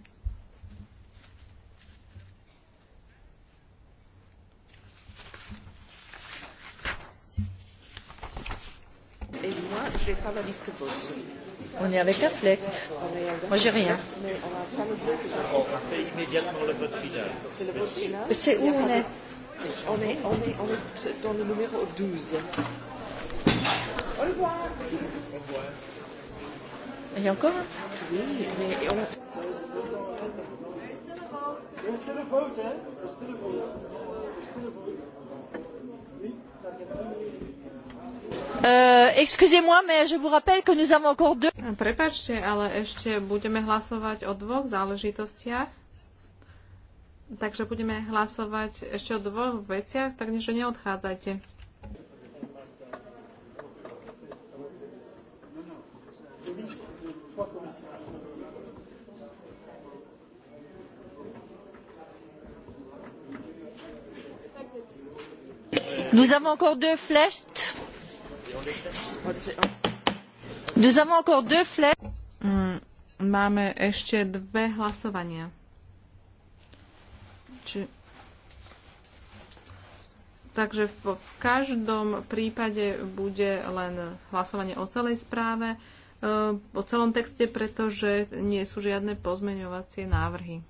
j'ai pas la liste vote. On est avec Affleck. Moi, j'ai rien. on fait immédiatement le vote final. C'est le vote final C'est où on est on est, on, est, on est dans le numéro 12. Au revoir. Au revoir. Il y a encore Oui, mais on a... still a vote, still a vote. still a vote. Oui, ça vient de Euh, hm, prepačte, ale ešte budeme hlasovať o dvoch záležitostiach. Takže budeme hlasovať ešte o dvoch veciach, takže neodchádzajte. Nous avons encore deux flèches Mm, máme ešte dve hlasovania. Či... Takže v, každom prípade bude len hlasovanie o celej správe, e, o celom texte, pretože nie sú žiadne pozmeňovacie návrhy.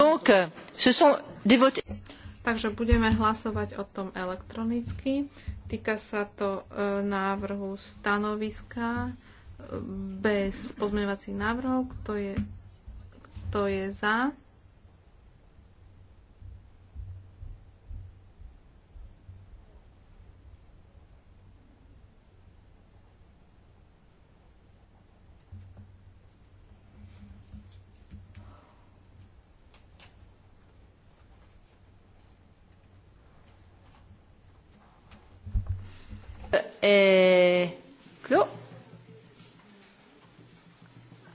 Donc, ce sont des votes... Takže budeme hlasovať o tom elektronicky. Týka sa to e, návrhu stanoviska e, bez pozmeňovacích návrhov. Kto je, kto je za? est clos.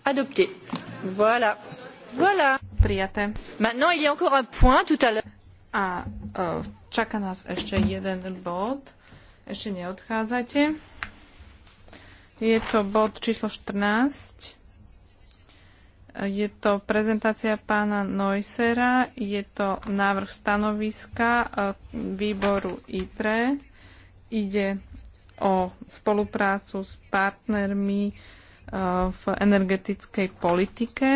Adopté. Voilà. Voilà. Prijaté. Maintenant, il y a encore un point tout à l'heure. A uh, čaká nás ešte jeden bod. Ešte neodchádzajte. Je to bod číslo 14. Je to prezentácia pána Neusera, je to návrh stanoviska e, výboru ITRE. Ide o spoluprácu s partnermi e, v energetickej politike.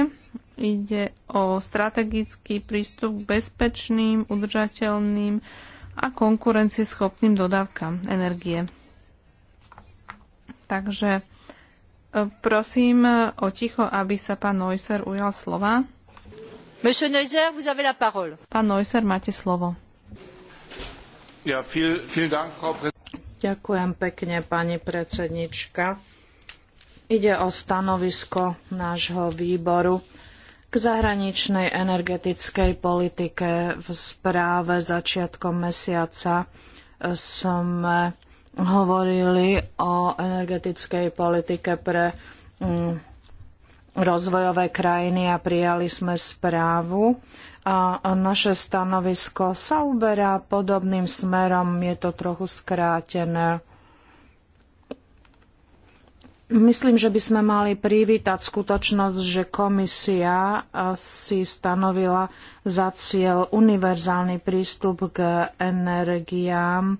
Ide o strategický prístup k bezpečným, udržateľným a konkurencieschopným dodávkam energie. Takže e, prosím e, o ticho, aby sa pán Neusser ujal slova. Monsieur Neusser, vous avez la parole. Pán Neusser, máte slovo. Ja, viel, viel dank, Frau Ďakujem pekne, pani predsednička. Ide o stanovisko nášho výboru k zahraničnej energetickej politike. V správe začiatkom mesiaca sme hovorili o energetickej politike pre mm, rozvojové krajiny a prijali sme správu a naše stanovisko sa uberá podobným smerom, je to trochu skrátené. Myslím, že by sme mali privítať skutočnosť, že komisia si stanovila za cieľ univerzálny prístup k energiám.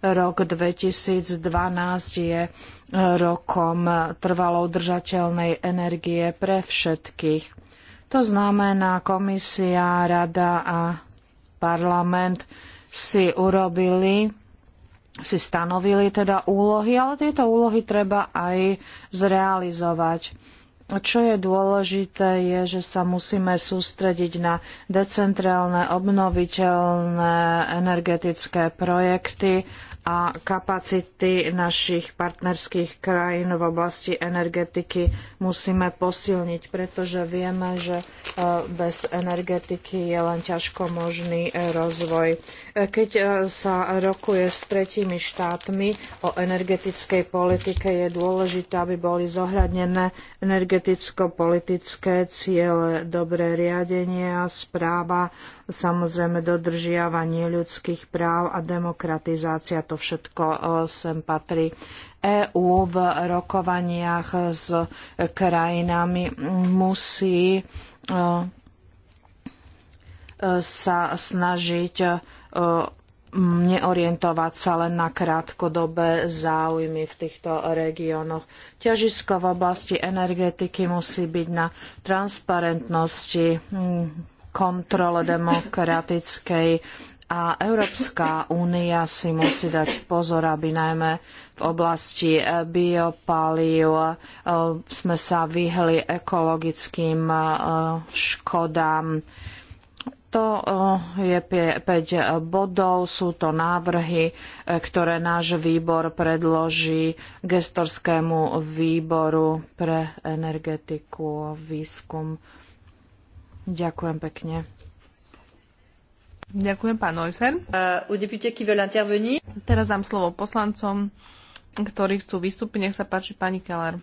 Rok 2012 je rokom trvalo udržateľnej energie pre všetkých. To znamená, komisia, rada a parlament si urobili, si stanovili teda úlohy, ale tieto úlohy treba aj zrealizovať. Čo je dôležité, je, že sa musíme sústrediť na decentrálne obnoviteľné energetické projekty a kapacity našich partnerských krajín v oblasti energetiky musíme posilniť, pretože vieme, že e, bez energetiky je len ťažko možný e, rozvoj. E, keď sa rokuje s tretími štátmi o energetickej politike, je dôležité, aby boli zohľadnené energeticko-politické ciele, dobré riadenie a správa, samozrejme dodržiavanie ľudských práv a demokratizácia. To to všetko e, sem patrí. EÚ v rokovaniach s krajinami musí e, e, sa snažiť neorientovať sa len na krátkodobé záujmy v týchto regiónoch. Ťažisko v oblasti energetiky musí byť na transparentnosti, kontrole demokratickej a Európska únia si musí dať pozor, aby najmä v oblasti eh, biopalív eh, sme sa vyhli ekologickým eh, škodám. To je 5 bodov, sú to návrhy, ktoré náš výbor predloží gestorskému výboru pre energetiku a výskum. Ďakujem pekne. Ďakujem, pán Neusser. Uh, Teraz dám slovo poslancom, ktorí chcú vystúpiť. Nech sa páči, pani Keller.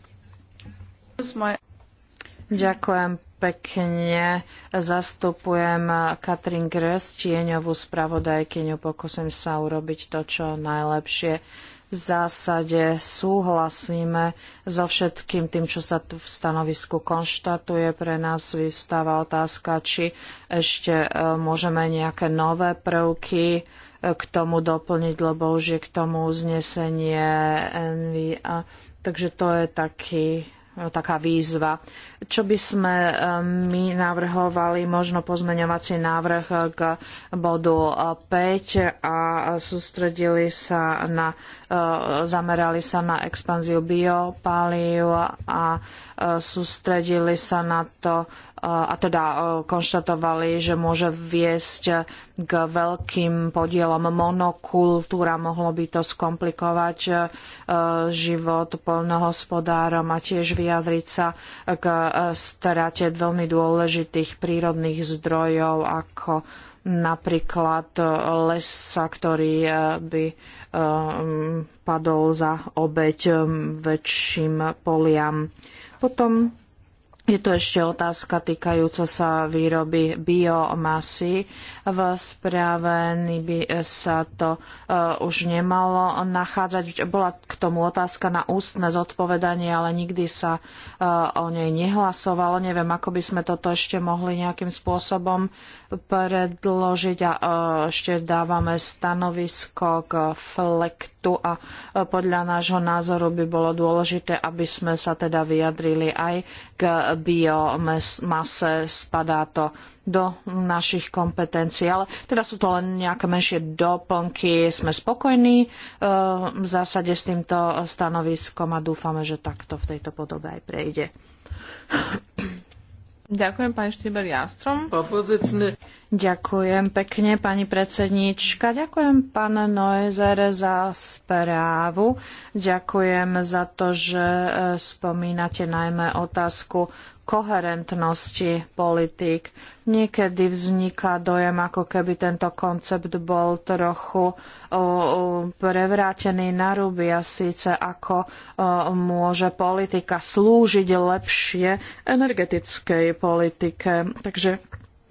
Ďakujem pekne. Zastupujem Katrin Gres, tieňovú spravodajkyňu. Pokúsim sa urobiť to, čo najlepšie v zásade súhlasíme so všetkým tým, čo sa tu v stanovisku konštatuje. Pre nás vystáva otázka, či ešte e, môžeme nejaké nové prvky e, k tomu doplniť, lebo už je k tomu uznesenie NVA, takže to je taký E, taká výzva. Čo by sme e, my navrhovali, možno pozmeňovací návrh e, k bodu 5 a sústredili sa na, zamerali sa na expanziu biopálív a sústredili sa na to, a teda konštatovali, že môže viesť k veľkým podielom monokultúra. Mohlo by to skomplikovať život poľnohospodárom a tiež vyjadriť sa k e, strate veľmi dôležitých prírodných zdrojov ako napríklad e, lesa, ktorý e, by padol za obeď väčším poliam. Potom je to ešte otázka týkajúca sa výroby biomasy. V správe by sa to uh, už nemalo nachádzať. Bola k tomu otázka na ústne zodpovedanie, ale nikdy sa uh, o nej nehlasovalo. Neviem, ako by sme toto ešte mohli nejakým spôsobom predložiť a uh, ešte dávame stanovisko k flektu a podľa nášho názoru by bolo dôležité, aby sme sa teda vyjadrili aj k biomase, spadá to do našich kompetencií. Ale teda sú to len nejaké menšie doplnky. Sme spokojní e, v zásade s týmto stanoviskom a dúfame, že takto v tejto podobe aj prejde. Ďakujem, pani Štýber Jastrom. Ďakujem pekne, pani predsednička. Ďakujem, pán Noizer, za správu. Ďakujem za to, že eh, spomínate najmä otázku koherentnosti politík. Niekedy vzniká dojem, ako keby tento koncept bol trochu prevrátený na ruby a síce ako môže politika slúžiť lepšie energetickej politike. Takže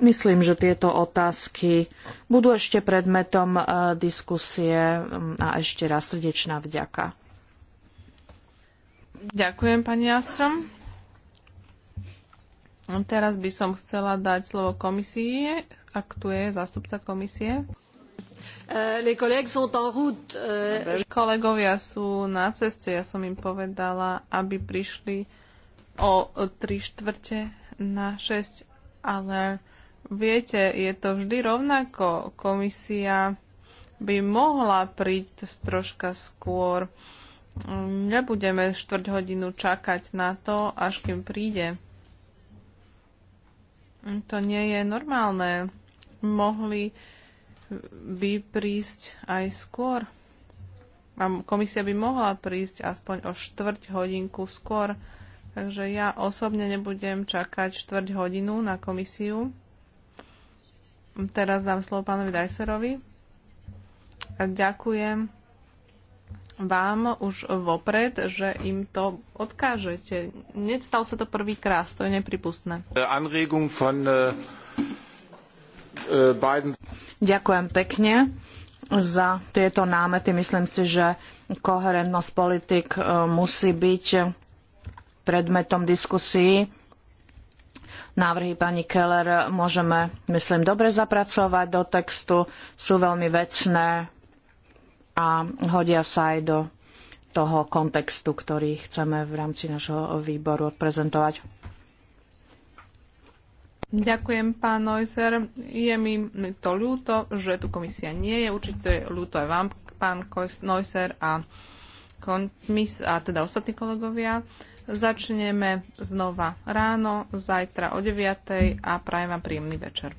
myslím, že tieto otázky budú ešte predmetom e, diskusie a ešte raz srdečná vďaka. Ďakujem, pani Astrom. Teraz by som chcela dať slovo komisii, ak tu je zástupca komisie. Eh, eh, kolegovia sú na ceste, ja som im povedala, aby prišli o 3 štvrte na 6, ale viete, je to vždy rovnako. Komisia by mohla príť troška skôr. Nebudeme štvrť hodinu čakať na to, až kým príde. To nie je normálne. Mohli by prísť aj skôr. A komisia by mohla prísť aspoň o štvrť hodinku skôr. Takže ja osobne nebudem čakať štvrť hodinu na komisiu. Teraz dám slovo pánovi Dajserovi. ďakujem vám už vopred, že im to odkážete. Nestal sa to prvý krás, to je nepripustné. Äh, äh, äh, Ďakujem pekne za tieto námety. Myslím si, že koherentnosť politik musí byť predmetom diskusií. Návrhy pani Keller môžeme, myslím, dobre zapracovať do textu. Sú veľmi vecné, a hodia sa aj do toho kontextu, ktorý chceme v rámci nášho výboru odprezentovať. Ďakujem, pán Neuser. Je mi to ľúto, že tu komisia nie je. Určite ľúto aj vám, pán Neuser a, komis, a teda ostatní kolegovia. Začneme znova ráno, zajtra o deviatej a prajem vám príjemný večer.